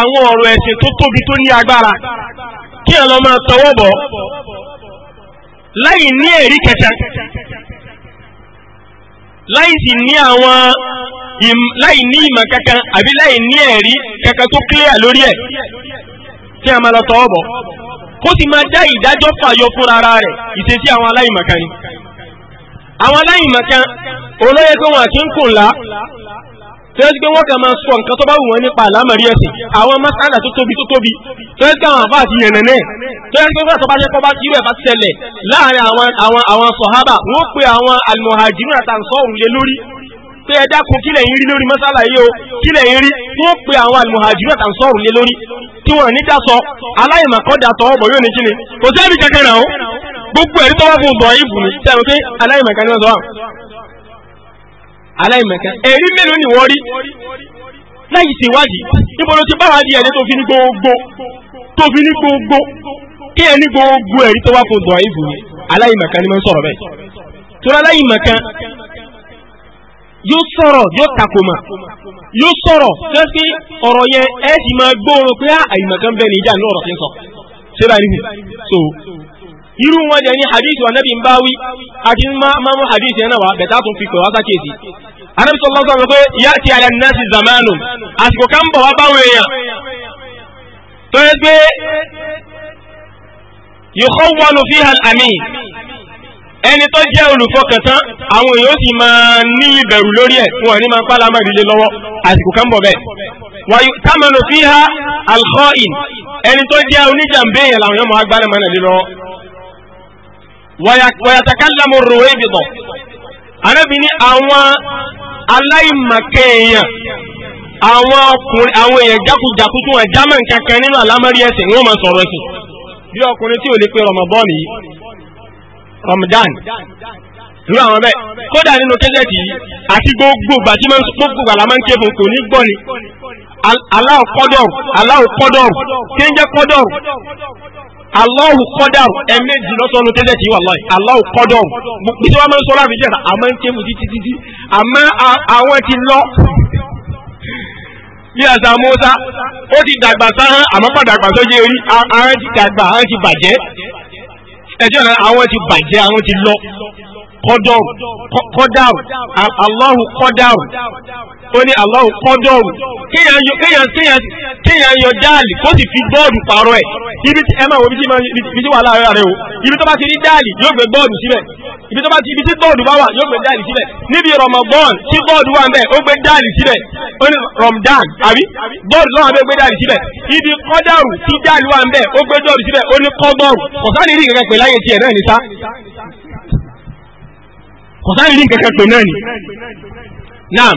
àwọn ọ̀rọ̀ ẹ̀sìn tó tóbi tó ní agbára kí lọ máa tọwọ́ bọ̀ láì ní ẹ̀rí kẹta láì ní ìmọ̀ kankan àbí láì ní clear lórí ẹ̀ a máa lọ tọwọ́ bọ̀ kó sì máa dá ìdájọ́ fàyọ fúnra rẹ̀ ìṣesí àwọn aláìmọ̀kan ni. àwọn aláìmọ̀kan olóyè pé wọn kì ń kùn lá tí ó ti pé wọ́n kàn máa sọ nǹkan tó bá wù wọ́n nípa àlámọ̀rí ẹ̀sìn àwọn masala tó tóbi tó tóbi tó yẹ kí àwọn àbá àti yẹ̀nẹ̀ náà tó yẹ kí wọ́n sọ bá jẹ́ kọ́ bá ti irú ẹ̀ bá ṣẹlẹ̀ láàrin àwọn àwọn àwọn sọ̀hábà wọ́n pe àwọn almuhajirun àtàǹsọ́ òun lé lórí pé ẹ dákun kílẹ̀ yín rí lórí masala yìí o kílẹ̀ yín rí wọ́n pe àwọn almuhajirun àtàǹsọ́ òun lé lórí tí wọ́n ní dasọ aláìmọ̀kọ́ dasọ ọ̀bọ̀ yóò ní kíni kò sẹ́ẹ̀bì kankan náà gbogbo ẹ̀rí tó wá fún dọ̀ ìfún mi sẹ́yìn pé aláìmọ̀kan ni wọ́n sọ wà aláìmọ̀kan ẹ̀rí mélòó ni wọ́n rí láyìí ṣèwádìí níbo ló ti bá wa di ẹni tó fi ní gbogbo tó fi ní gbogbo kí ẹni gbogbo ẹ̀rí tó wá fún dọ̀ ìfún mi aláìmọ̀kan ni wọ́n sọ̀rọ̀ bẹ́ẹ̀ torí aláìmọ̀kan yóò sọ̀rọ̀ yóò takoma yóò sọ̀rọ̀ lẹ́sí ọ̀rọ̀ yẹn ẹ̀ sì máa gbóòrò pé ah, àìmọ̀kan bẹ́ẹ̀ ni ìjà ní ọ̀rọ̀ ti ń sọ ṣé báyìí so irú wọn dẹ̀ ní hadith wa nabi ń bá wí àti máa mú hadith yẹn náà wá bẹ̀tà tún fi pè wá sákèsì. anabi sọlá sọ pé yá ti àlẹ́ nẹ́ẹ̀sì zamanu àsìkò kan bọ̀ wá báwọn èèyàn tó yẹ pé yukhawwalu fiha al-amin ẹni tó jẹ́ olùfọkàntán àwọn èèyàn sì máa ní ìbẹ̀rù lórí ẹ̀ fún ọ̀ní máa ń pàlà máa rílé lọ́wọ́ àsìkò kan bọ̀ bẹ́ẹ̀. wàyí támanu fiha al-kha'in ẹni tó jẹ́ oníjàmbéèyàn làwọn èèyàn máa gbára máa lè wàyàtàkàlámù ròhébìbọ̀ anábì ní àwọn aláìmọ̀kẹ́ èèyàn àwọn ọkùnrin àwọn èèyàn jákujàku tí wọn jámọ̀ nǹkankan nínú àlámọ́rí ẹ̀sìn ni wọ́n máa sọ̀rọ̀ ẹ̀sìn bí ọkùnrin tí ò lè pe rọmọbọ́ọ̀lù yìí rọmọdán irú àwọn bẹ́ẹ̀ kódà nínú kẹ́sẹ̀tì yìí àti gbogbo gbàtí máa gbogbo gbàlá ń ké fún kò ní gbọ́ aláwọ̀ kọ́dọ̀rù aláwọ̀ kọ́dọ̀rù kéńjẹ́ kọ́dọ̀rù Allahu kọ́dàrù ẹ̀mẹ́jì lọ́sọ̀ ló tẹ́lẹ̀ tí wà lọ́yìn Allahu kọ́dàrù bí wọ́n máa ń sọ láàrin jẹ́ta àmọ́ ń ké mu títí títí àmọ́ àwọn ti lọ bí àṣà Mùsá ó ti dàgbà sáhán àmọ́ pàdàgbà tó jẹ́ àwọn ti dàgbà àwọn ti bàjẹ́ ẹ̀jẹ̀ náà àwọn ti bàjẹ́ àwọn ti lọ kọ́dọ̀rù kọ́dàrù Allahu kọ́dàrù ó ní Allahu kọ́dọ̀rù kéèyàn yọ dáàlì kó sì fi bọ́ọ̀dù pààrọ̀ ẹ̀ ibi tí ẹ máa wo ibi tí wà láàárẹ̀ rẹ̀ o ibi tó bá ti rí dáàlì yóò gbé bọ́ọ̀dù síbẹ̀ ibi tó bá ti ibi tí bọ́ọ̀dù bá wà yóò gbé dáàlì síbẹ̀ níbi Ramadan tí bọ́ọ̀dù wà ńbẹ̀ ó gbé dáàlì síbẹ̀ ó ní Ramadan àbí bọ́ọ̀dù náà wà gbé síbẹ̀ ibi kọ́dàrù tí dáàlì wà ńbẹ̀ ó gbé dọ́ọ̀dù síbẹ̀ ó ní kọ́dọ̀rù ọ̀sán kọ̀sáré ní kankan pè náà ni. naam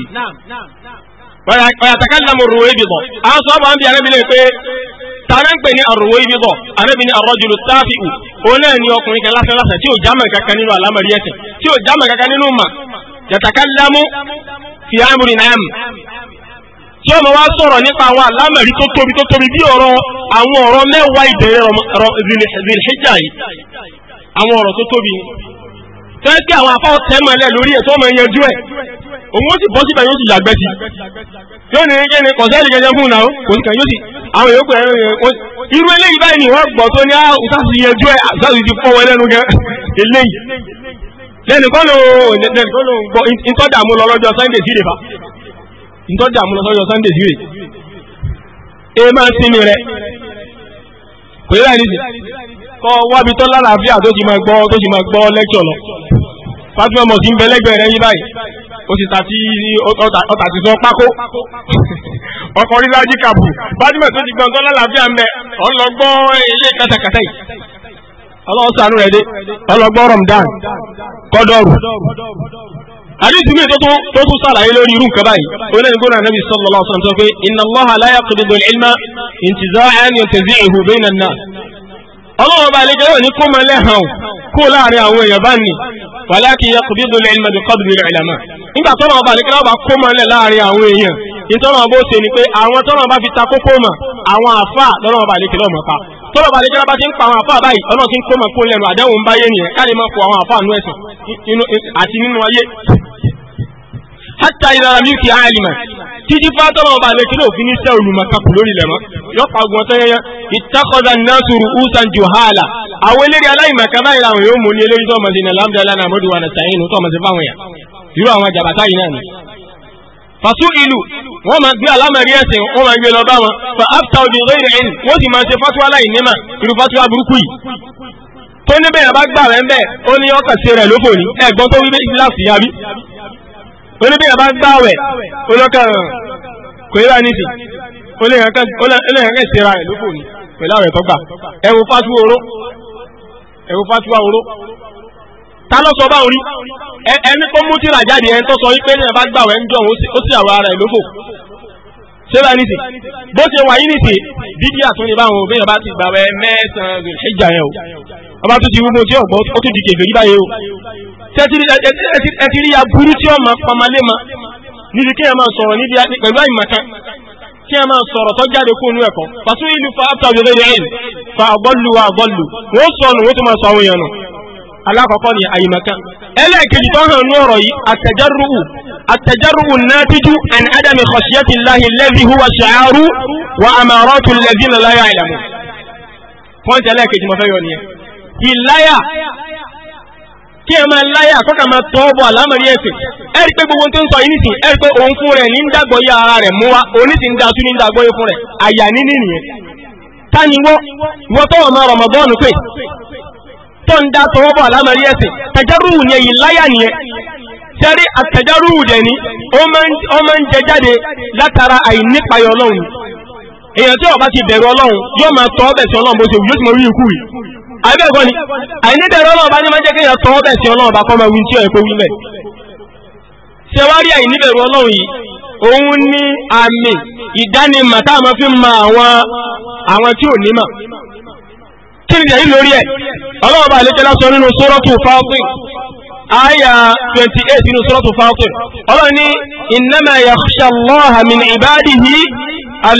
ọ̀yàtàkà lamu ruwe bi bọ̀ àwọn sọ́ọ̀bù àwọn bí arábìnrin pé tààrà ń pè ní àrùwé ibi bọ̀ arábìnrin àrọ́jùlù sáfìhù òun náà ni ọkùnrin kan lásán lásán tí ò jámọ̀ kankan nínú àlámọ̀rí ẹ̀sìn tí ò jámọ̀ kankan nínú mà yàtàkà lamu fi amúrin náà mu tí ọmọ wa sọ̀rọ̀ nípa àwọn àlámọ̀rí tó tóbi tó tóbi bí ọ̀rọ̀ àwọn ọ̀rọ̀ mẹ́wàá ìbẹ̀rẹ̀ Dhul-Hijjah yìí àwọn ọ̀rọ̀ tó tó ẹ́ àwọn afá ọ̀tẹ́ máa lórí ẹ̀ tó máa yanjú ẹ̀ òun ó sì bọ́ síbẹ̀ yóò sì yàgbẹ́ sí yóò ní kí ni kọ̀sẹ́ẹ̀lì gẹ́gẹ́ fún kò sí yóò sì àwọn yòókù ẹ̀rọ yẹn irú eléyìí báyìí ni wọ́n gbọ́ tó ní àwùsáàsì ah, yanjú ẹ̀ àwùsáàsì ti fọwọ́ gẹ́ [laughs] eléyìí lẹ́nu mú lọ kọ́ wábi tó lálàáfíà tó ti máa gbọ́ tó ti máa gbọ́ lẹ́kṣọ̀ lọ. Fatima mọ̀ sí ń bẹ lẹ́gbẹ̀ẹ́ rẹ yín báyìí ó sì tàti ọ̀tà ti sọ pákó [laughs] ọkọ̀ rí lájí kàbù Fatima tó ti gbọ́n tó lálàáfíà ń bẹ ọlọ́gbọ́ ilé kàtàkàtà yìí ọlọ́run sànú rẹ̀ dé ọlọ́gbọ́ Ramadan kọ́dọ̀rù àdìsí mi tó tún sàlàyé lórí irú nǹkan báyìí sọ ọlọ́run ọba àlejò yóò ní kó mọ lẹ́hàn o kó láàrin àwọn èèyàn bá ní wàláàkì yakubidu al-ilma bi qadri al-ulama nígbà tọ́nà ọba àlejò yóò bá kó mọ lẹ́ láàrin àwọn èèyàn ìtọ́nà ọba ó ṣe ni pé àwọn tọ́nà ọba fi ta kókó mọ̀ àwọn àfa lọ́nà ọba àlejò yóò mọ̀ pa tọ́nà ọba àlejò yóò bá ti ń pa àwọn àfa báyìí ọlọ́run ti ń kó mọ̀ kó lẹ́nu àdáwò ń báyé nìyẹn ká hátà ìlànà mi kì í àlìmọ̀ títí fátọ́mọ̀ ọba àlẹ́ kílò òfin ní sẹ́ olùmọ̀kàkù lórí ilẹ̀ mọ́ yọ pàgùn ọ̀tọ́ yẹn ìtàkọ́dà nàṣùrù usan juhala àwọn eléré aláìmọ̀kà báyìí làwọn yóò mú ní eléré tó ọmọdé ní alámdàlá náà mọ́dún wọn àtàyìn nù tó ọmọdé fáwọn yà irú àwọn jàbátá yìí náà ni. fasu ìlú wọn máa gbé alámọ̀rí ẹ̀sìn wọn máa gbé lọ bá wọn fa afta obi lórí ẹ̀yìn wọn sì máa ṣe fatuwa láì nímà irú fatuwa burúkú yìí tó ní bẹ́ẹ̀ bá gbà rẹ̀ ń bẹ́ẹ̀ ó ní oníbẹ̀yà bá gbàwẹ̀ olókàrán kò yíra níbi olóyìnká ìṣera rẹ̀ lókò ní pẹ̀lú àwẹ̀ tó gbà ẹ̀wò fatuwa oró ẹ̀wò fatuwa oró ta lọ sọ báwọn rí ẹni tó mú tíra jáde ẹni tó sọ yí pé náà bá gbàwẹ̀ ń dọ̀hún ó sì àwọn ara ẹ̀ lókò ṣẹ́ra níbi bó ṣe wà yí níbi dídí àtúnni báwọn obìnrin bá ti gbàwẹ̀ mẹ́sàn-án Dhul Hijjah yẹn o ọba tó ti wúgbó tí ọ̀gbọ́n ó tún di kèfèrí báyìí o tẹ́tìrí ya burú tí ó ma pamalema níbi kí ẹ máa sọ̀rọ̀ níbi pẹ̀lú àìmọ̀kan kí ẹ máa sọ̀rọ̀ tó jáde kó inú ẹ̀kọ́ pàṣẹ ìlú fa after the very end fa àbọ́lù wa àbọ́lù wọ́n sọnù wọ́n tún máa sọ àwọn èèyàn nù alákọ̀ọ́kọ́ ni àyìmọ̀kan ẹlẹ́ẹ̀kejì tó hàn ní ọ̀rọ̀ yìí àtẹ̀járùú àtẹ̀járùú nàtíjú an adami khashiyati llahi alladhi huwa shi'aru wa amaratu alladhina la ya'lamun pọ́ǹtì ẹlẹ́ẹ̀kejì kí ẹ máa láyà kọ́kà máa tọ́ bọ̀ àlámọ̀rí ẹ̀sìn ẹ rí pé gbogbo tó ń sọ yìí nìsín ẹ rí pé òun fún rẹ̀ ní ń dàgbọ́ yá ara rẹ̀ mú wa òun ń da tún ní ń dàgbọ́ yé fún rẹ̀ àyà ta ni wọ́n máa pé tó ń da tọ́wọ́ bọ̀ àlámọ̀rí ẹ̀sìn tajarruhu ni èyí láyà sẹ́rí dẹ̀ ni ó máa ń jẹ jáde látara àìnípayọ̀ ọlọ́run èèyàn tí ti bẹ̀rù ọlọ́run yóò máa tọ́ ọlọ́run bó ṣe wù àbẹ́ẹ̀kọ́ ni àìníbẹ̀rẹ̀ ọlọ́ọ̀bá ní máa jẹ́ kéèyàn tọ́ ọ́bẹ̀ sí ọlọ́ọ̀bá kọ́ máa wí tí ọ̀ẹ́kọ́ wí mẹ́ ṣe wá rí àìníbẹ̀rù ọlọ́run yìí òun ní àmì ìdánimọ̀ tá a máa fi ma àwọn àwọn tí ò ní mà kí ni dẹ̀yìn lórí ẹ̀ ọlọ́ọ̀bá àlejòlá sọ nínú sórọ́tù fáwọ́tìn àyà twenty eight nínú sórọ́tù fáwọ́tìn ọlọ́run ní innama yakhsha min ibadihi al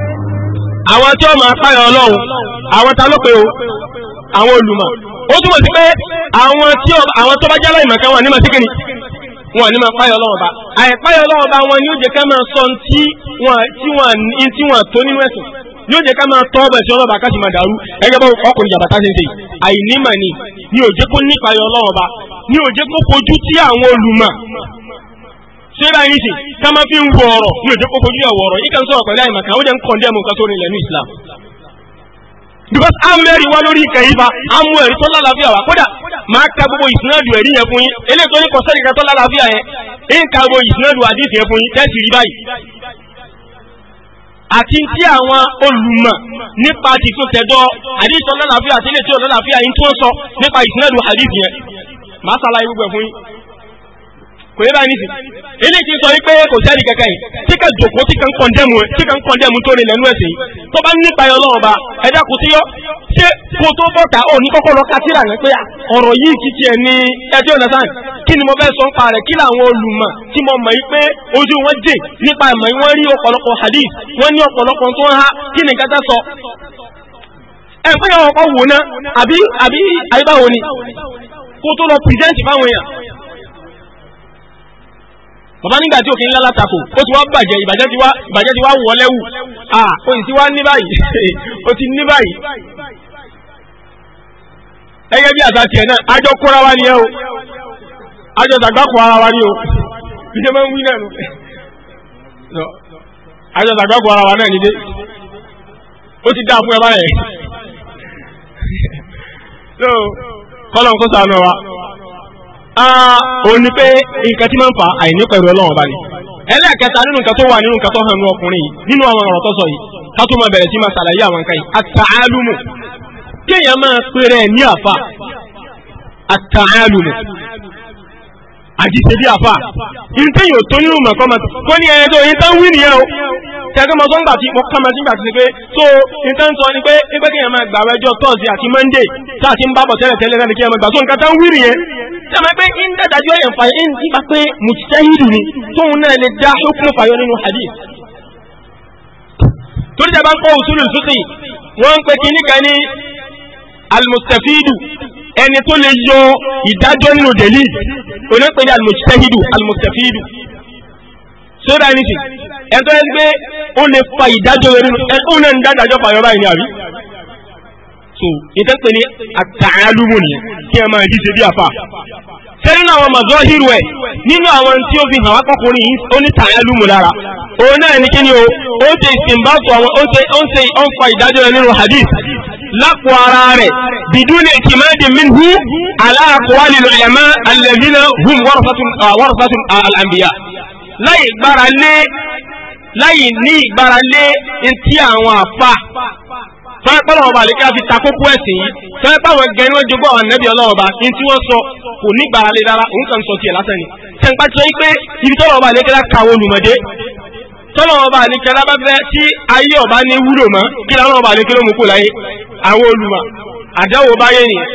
àwọn tí ó máa páyà ọlọ́run àwọn ta ló pé o àwọn olùmọ̀ ó túmọ̀ sí pé àwọn tí àwọn tó bá jẹ́ láì màkà wọn ní màá síkìrì wọn ní máa páyà ọlọ́run ba àìpáyà ọlọ́run ba wọn ni ó jẹ́ ká máa sọ tí wọn tí wọn ní tí wọn tó nínú ẹ̀sìn ni ó jẹ́ ká máa tọ́ ọbẹ̀ sí ọlọ́ba ká sì máa dàrú ẹgbẹ́ bá ọkùnrin jàbá tá a ṣe ń ṣe àìnímọ̀ ni ni ò jẹ́ kó nípayà ọlọ́run ba ni ò jẹ́ kó fojú tí àwọn olùmọ̀ ṣé bá yín sí ká máa fi ń wọ ọ̀rọ̀ ní òjò kókó yíyà wọ ọ̀rọ̀ yìí kan sọ̀rọ̀ pẹ̀lú àyèmàkà ó jẹ́ ń kọ̀ ní ẹ̀mú kan tó rìn lẹ́nu Islam. because a mẹ́rin wá lórí ìkẹ́ yìí bá a mú ẹ̀rí tó lálàáfíà wá kódà máa ka gbogbo ìsinádù ẹ̀rí yẹn fún yín eléyìí tó ní kọ́sẹ́ẹ̀kì kan tó lálàáfíà yẹn ń ka gbogbo ìsinádù àdìsí yẹn fún yín tẹ́sí rí báyìí àti tí àwọn olùmọ̀ nípa tìtún tẹ̀dọ́ àdìsọ lọ́làfíà àti ilé tí ò lọ́làfíà yìí tó ń sọ nípa ìsinádù àdìsí yẹn màá ṣàlàyé gbogbo ẹ̀ fún yín kò yẹ báyìí nísìn eléyìí ti sọ yìí pé kò sẹ́ni kankan yìí tí ka jòkó tí ka ń kọ̀ndẹ́mu tí ka ń kọ̀ndẹ́mu tó rin lẹ́nu ẹ̀sìn yìí tó bá nípa yọ lọ́wọ́ ba ẹ̀dá kò sí yọ ṣé kò tó bọ̀ ta ọ̀ ní kọ́kọ́ lọ kátìrà rẹ pé ọ̀rọ̀ yìí kì í tiẹ̀ ní ẹjọ́ nàṣán kí ni mo fẹ́ sọ nípa rẹ̀ kí làwọn olùmọ̀ tí mo mọ̀ yìí pé ojú wọn dè nípa ìmọ̀ yìí wọ́n rí ọ̀pọ̀lọpọ̀ hadith wọ́n ní ọ̀pọ̀lọpọ̀ tó ń ha kí ni nǹkan sọ ẹ̀fẹ́ yẹn ọkọ̀ wò ná àbí àbí àyíbáwo ni kó tó lọ pìrìsẹ́ǹtì fáwọn èèyàn bàbá nígbà tí òfin ńlá látakò ó ti wá bàjẹ́ ìbàjẹ́ ti wá ìbàjẹ́ ti wá wọlé si à ó ti wá ní báyìí [laughs] ó ti ní báyìí. bí ẹ o àjọ tàgbákò ara wa ni o ìjọ máa ń wí náà ara wa náà ó ti fún ẹ báyẹn. [laughs] kọ́lọ̀ onupe ni pé nǹkan tí máa ń fa àìní pẹ̀lú ọlọ́run ọba ni ẹlẹ́ẹ̀kẹta nínú nǹkan tó wà nínú nǹkan tó hàn ní ọkùnrin yìí nínú àwọn ọ̀rọ̀ tó sọ yìí ká tó máa bẹ̀rẹ̀ sí máa ṣàlàyé àwọn nǹkan yìí àtàálùmù kéèyàn máa pèrè ní àdìsẹ́ bí àfà ìrìntẹ́ yóò tó nínú mọ̀kọ́ mọ̀ kó ní ẹ̀yẹ́ tó yín tán wí nìyẹn o tẹ́gbẹ́ mọ́ sọ́ngbà tí mọ́ kàmá sígbà tí pé tó ìrìntẹ́ ń sọ ni pé pé kí ẹ̀yàn máa gbà wẹ́jọ́ tọ́sí àti mọ́ndé tá a ti ń bábọ̀ tẹ́lẹ̀ tẹ́lẹ̀ náà kí ẹ̀yàn máa gbà tó nǹkan tán wí nìyẹn tí a máa pé ń dàdájọ́ ẹ̀yàn fàyọ ń nípa pé mùsítẹ́hìdù ni tóun náà lè dá ṣókùn fàyọ nínú hadith torí tẹ́ bá ń kọ́ usulul fiqh wọ́n ń pe kinní kan ní almustafidu ẹni tó lè yọ ìdájọ́ nínú dẹ̀lí onípe ní alimọ̀tẹ́hìdù so that anything ẹni tó yẹ pé ó lè fa ìdájọ́ rẹ nínú ẹni tó náà ń dájọ́ fàyọ báyìí ní àrí so ìtẹ́ pé ní àtàlùmù nìyẹn kí ẹ máa díje bí àfà ṣé nínú àwọn màzọ́ hírù ẹ̀ nínú àwọn tí ó fi hàn wá yìí ó ní tàlùmù lára òun náà ní kí ni o ó ń ṣe ìsìnbáṣọ àwọn ó ń fa ìdájọ́ rẹ nínú hadith lápò ara rẹ̀ bidúni kìmáàdì minhu aláàkọ́wálì lọ́yẹ̀mọ́ alẹ́bínà hum wọ́rọ̀sátún alàmbíyà láì gbára lé láì ní ìgbára lé ntí àwọn àfa fẹ́ẹ́pẹ́lọ́ ọba àlekẹ́ àfi takókó ẹ̀sìn yìí fẹ́ẹ́pẹ́wọ̀n gẹ̀ẹ́rẹ́ wọ́n jogún àwọn ànábì ọlọ́wọ́ ọba ní tí wọ́n sọ kò ní ìgbára lé rárá òun kàn sọ tiẹ̀ lásán ni tẹ̀ǹpá ti sọ yí pé ibi tọ́lọ́ ọba àlekẹ́ ká tọ́lọ́wọ́ bá ní kẹlá bá fẹ́ tí ayé ọba ní wúlò mọ́ kí lọ́wọ́ bá ní kí ló mú kó láyé àwọn olùmọ̀ àdáwò báyé nìyẹn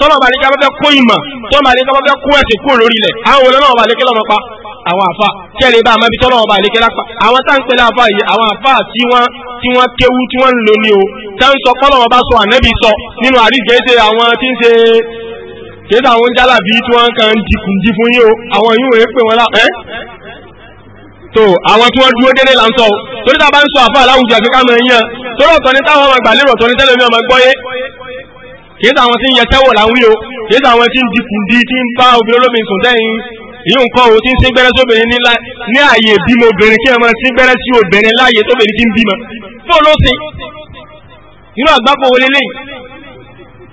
tọ́lọ́wọ́ bá ní kí wọ́n fẹ́ kó ìmọ̀ tọ́lọ́wọ́ bá ní kí wọ́n fẹ́ kó ẹ̀sìn kó lórí ilẹ̀ àwọn olùmọ̀ bá ní kí lọ́mọ pa àwọn àfa kí ẹ lè bá àmọ́bí tọ́lọ́wọ́ bá ní kí lápá àwọn tá ń pẹ̀lẹ́ àfa yìí àwọn àfa tí wọ́n tí wọ́n kéwú tí wọ́n ń lò ní o tá ń sọ kọ́lọ́wọ́ bá sọ ànẹ́bí sọ nínú àríjẹ́ àwọn tí ń ṣe kéde àwọn jálàbí tí wọ́n kàn ń dikùn dikùn yìí o àwọn yìí wọ́n pè wọ́n lá ẹ́ tó àwọn tí wọ́n dúró délé là ń sọ o torí tá a bá ń sọ àfa láwùjọ àfi ká máa yàn torí ọ̀tọ̀ ni táwọn ọmọ ìgbàlérò ọ̀tọ̀ ni tẹ́lẹ̀ mi ọmọ gbọ́ yé kìí sàwọn tí ń yẹ sẹ́wọ̀ là ń wí o kìí sàwọn tí ń dikùndí tí ń bá obìnrin olómi sùn tẹ́yìn ìyóò nǹkan o tí ń sín gbẹ́rẹ́ sóbìnrin ní ààyè bímọ obìnrin kí ẹ máa sín gbẹ́rẹ́ sí obìnrin láàyè tóbìnrin tí ń bímọ fún olóṣìn inú àgbákò wọlé lẹ́yìn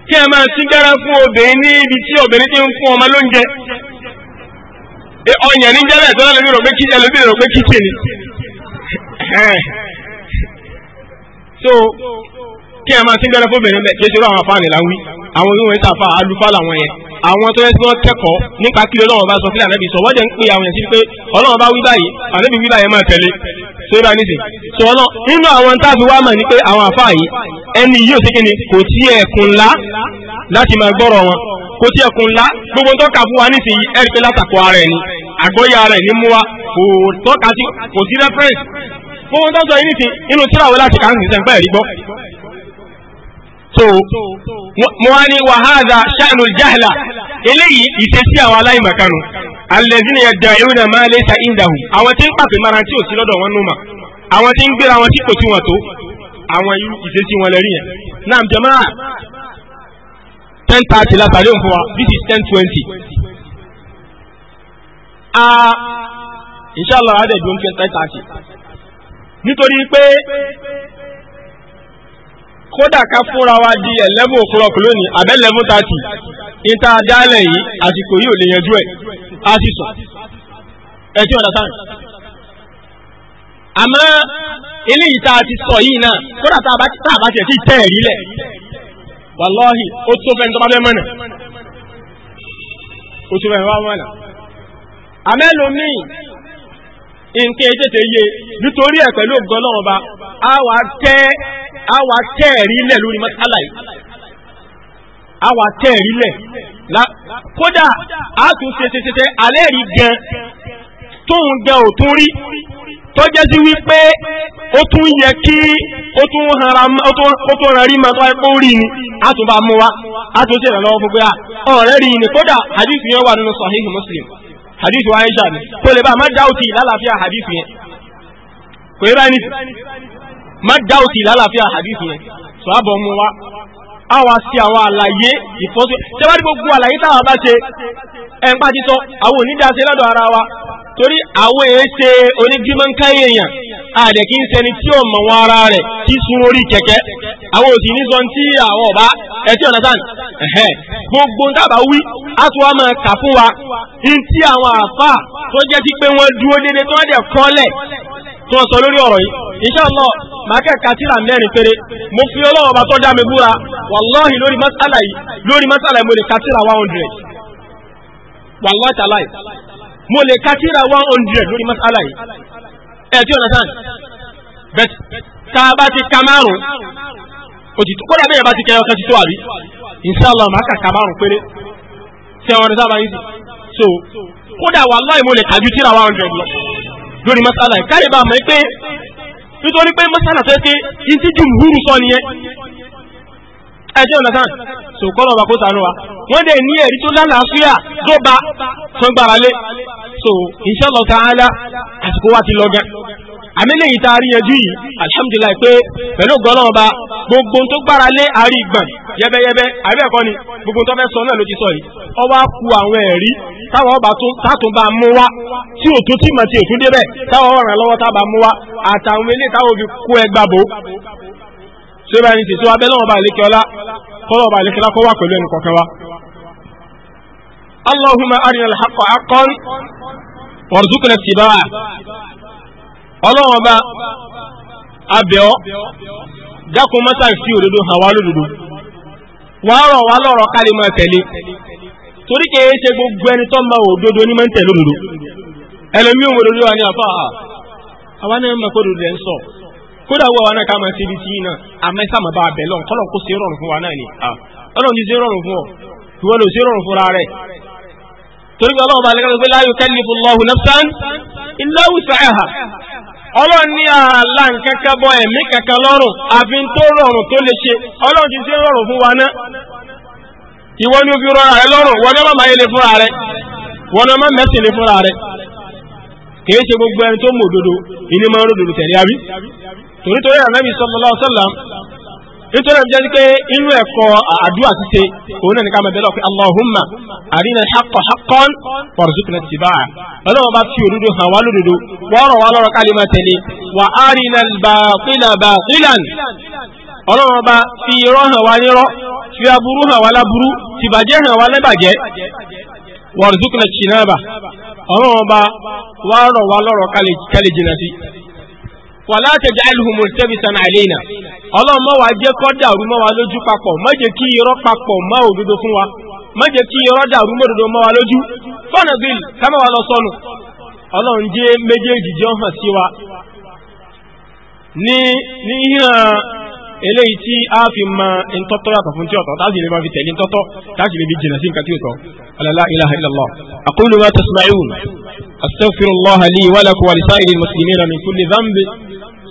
kí ẹ máa sín gbẹ́rẹ́ fún obìnrin ní ibi tí obìnrin ti ń fún ọmọ lóúnjẹ ọyàn ní jẹ́lẹ̀ tó lẹ́nu rò pé kí ẹlòmíì rò pé so kí ẹ máa ti ń gbẹ́rẹ́ fún obìnrin bẹ́ẹ̀ kí ẹ ṣe rú àwọn afáàní láwí àwọn oníwọ̀n ń sàfà alùfáà làwọn yẹn àwọn tó yẹ kí wọ́n kẹ́kọ̀ọ́ nípa kí Ọlọ́run bá sọ sílẹ̀ ànábì sọ wọ́n jẹ́ ń pè àwọn yẹn sí pé Ọlọ́run bá wí báyìí ànábì wí báyìí máa tẹ̀lé tó yẹ bá ní sè so ọ̀nà nínú àwọn táàbí wa mà ní pé àwọn àfáà yìí ẹni yóò ṣe kí ni kò tí ẹ̀kún ńlá láti máa gbọ́rọ̀ wọn kò tí ẹkùn ńlá gbogbo tó kà fún wa nísìnyí ẹ̀rí pé látàkọ ara ẹ̀ ni àgbọ́yé ara ẹ̀ ní mú wa kò tọ́ka sí kò sí reference gbogbo tó sọ yìí nísìnyí inú tíráwé láti kà ń sìn sẹ́ńpẹ́ ẹ̀rí gbọ́. so mo wá ní wàhálà ṣáàlù jahla eléyìí ìṣesí àwọn aláìmọ̀kánu alẹ́sìn yẹn da ìwé náà máa lé sa ìdáhù àwọn tí ń pàpè mara tí ò sí lọ́dọ̀ wọn nù àwọn tí ń gbéra wọn tí kò tí wọn tó àwọn ìṣesí wọn lẹ́rí yẹn náà jẹ́mọ́ra ten thirty la sàlẹ̀ òun fún wa this is ten twenty. inshallah adẹ̀dùn ń kẹ́ ten thirty. nítorí pé kódà ká fúnra wa di eleven o'clock lónìí àbẹ́ eleven thirty níta dálẹ̀ yìí àsìkò yìí ò lè yanjú ẹ̀ á sì sùn ẹ ti ọ̀dà sáà. àmọ́ eléyìí tá a ti sọ yìí náà kódà tá a bá tiẹ̀ sí tẹ̀ rí lẹ̀ wàlọ́hì ó tó fẹ́ tó bá fẹ́ mọ̀nà ó tó fẹ́ tó bá mọ̀nà. àmẹ́lòmíì nǹkan ètètè yé nítorí ẹ̀ pẹ̀lú ògùn ọlọ́run ọba a wà tẹ́ a wà tẹ́ ẹ̀rí lẹ̀ lórí mọ́sálà yìí a wà tẹ́ ẹ̀rí lẹ̀ kódà a tún alẹ́ rí gan tóun gan ò tún rí tó jẹ́ sí wípé ó tún yẹ kí ó tún hara ó tún rí ma tó ẹ̀kọ́ rí ni a tún bá mú wa a tún ṣe ìrànlọ́wọ́ fún à ọ̀rẹ́ rí ni nínú sahih muslim hadith wa aisha ni lè ba má dáwùtì lálàáfíà hadith yẹn kò má lálàáfíà hadith yẹn sọ àbọ̀ a wá sí àwọn àlàyé ìfọ́sí tẹ́wájú gbogbo àlàyé táwọn bá ṣe ẹ̀ ń pàtí sọ àwọn onídàáṣe lọ́dọ̀ ara wa torí àwọn èyí ṣe onígbímọ̀nkáyé èèyàn àdẹ̀ kí n sẹni tí ò mọ̀ wọn ara rẹ̀ kí sun orí kẹ̀kẹ́ àwọn òsì ní sọ tí àwọn ọ̀bá ẹtí ọ̀nà tán gbogbo ń dábàá wí á máa kà fún wa ní tí àwọn àfà tó jẹ́ sí pé wọ́n dúró déédéé tó wọ́n dẹ̀ kọ́lẹ̀ tí wọ́n sọ lórí ọ̀rọ̀ yìí inshallah máa kẹ́ka tí ra mẹ́rin péré mo fi ọlọ́wọ́ bá tọ́já mi búra wàláhì lórí masala yìí lórí masala yìí mo lè ka tí ra one hundred wàláhì tàláì mo lè ka tí ra one hundred lórí masala yìí ẹ̀ tí ọ̀nà sáà bẹ́ẹ̀ tá a bá ti ka márùn-ún òtítọ́ kódà bẹ́ẹ̀ bá ti kẹ́ ọkàn títọ́ àbí inshallah máa kàkà márùn-ún tí àwọn ọ̀nà sáà bá yìí so kódà wàláhì mo lè kàjú tí ra one hundred lọ lórí masala yìí káyọ̀ bá mọ̀ pé nítorí pé masala tó yẹ pé ìtí jù húrù sọ nìyẹn ẹjẹ́ ọ̀nà kan so kọ́lọ̀ ọba kó sànú wa wọ́n dẹ̀ ní ẹ̀rí tó lálàáfíà tó bá tó gbára lé so inshallah ta'ala àsìkò wa ti lọ gan àmìlẹ̀ yìí tá a rí yanjú yìí alhamdulillah pé pẹ̀lú gọ́lọ́wọ́n ba gbogbo tó gbára lé àárí ìgbọ̀n yẹ́bẹ́yẹ́bẹ́ àbí ẹ̀kọ́ ni gbogbo tó fẹ́ sọ náà ló ti sọ yìí ọ wá ku àwọn ẹ̀rí táwọn ọba tó bá mú wá tí ò tó tí mà tí ò tún débẹ̀ táwọn ọ̀ràn lọ́wọ́ tá mú wá àtàwọn ilé táwọn fi kó ẹgbà bò ṣé báyìí ti tó abẹ́ lọ́wọ́ bá lékè ọlọ́run ọba abẹ́ọ́ dákun mọ́sá fi òdodo hàn lódodo wàá rọ̀ wá lọ́rọ̀ ká lè máa torí kìí ṣe gbogbo ẹni tó máa òdodo ń òun wa ní àhà àwa náà òdodo ẹ̀ ń sọ kódà wọ́n wa náà ká máa ṣe ibi a lọ́n kọ́lọ̀ kó ṣe rọrùn fún wa náà ni ọlọ́run ti torí pé ọlọ́run bá lè kọ́ pé la yukallifullahu nafsan illa wus'aha ọlọ́run ní àlá nkankan bọ ẹ̀mí kankan lọ́rùn àfi tó rọrùn tó lè ṣe ọlọ́run ti ṣe rọrùn fún wa náà ìwọ ni ó fi rọra rẹ lọ́rùn wọn náà má yẹlé fúnra rẹ wọn náà má mẹ́sìn lé fúnra rẹ kìí ṣe gbogbo ẹni tó mọ òdodo ìní máa ń ròdòdò tẹ̀lé àbí torítorí ànábì nítorí àbújá sí pé inú ẹ̀kọ́ àdúrà ṣíṣe òun náà ní ká máa bẹ̀rẹ̀ pé Allahumma àrínà haqqa haqqan warzuqna ittiba'a ọlọ́wọ́ bá fi òdodo hàn wá lódodo wọ́ọ̀rọ̀ wá lọ́rọ̀ ká lè máa tẹ̀lé wa àrínà al-batila batilan ọlọ́wọ́ bá fi irọ́ hàn wá nírọ́ fi aburú hàn wá láburú tìbàjẹ́ hàn wá lẹ́bàjẹ́ warzuqna ijtinaba ọlọ́wọ́ bá wá rọ̀ wá lọ́rọ̀ ká jìnà sí wàlá àtẹ̀jẹ́ àìlùmọ̀ tẹ́bìtàn àìlẹ́yìnà ọlọ́run mọ́ wa jẹ́ kọ́ dàrú mọ́ wa lójú papọ̀ má jẹ́ kí irọ́ papọ̀ mọ́ òdodo fún wa má jẹ́ kí irọ́ dàrú mọ́ òdodo mọ́ lójú fọ́nà bíi kámọ́ lọ sọnù ọlọ́run jẹ́ méjèèjì jọ hàn sí ní ní eléyìí a fi mọ ntọ́tọ́ yàtọ̀ fún lè fi tẹ̀lé ntọ́tọ́ lè fi sí nǹkan ilaha ma tasma'un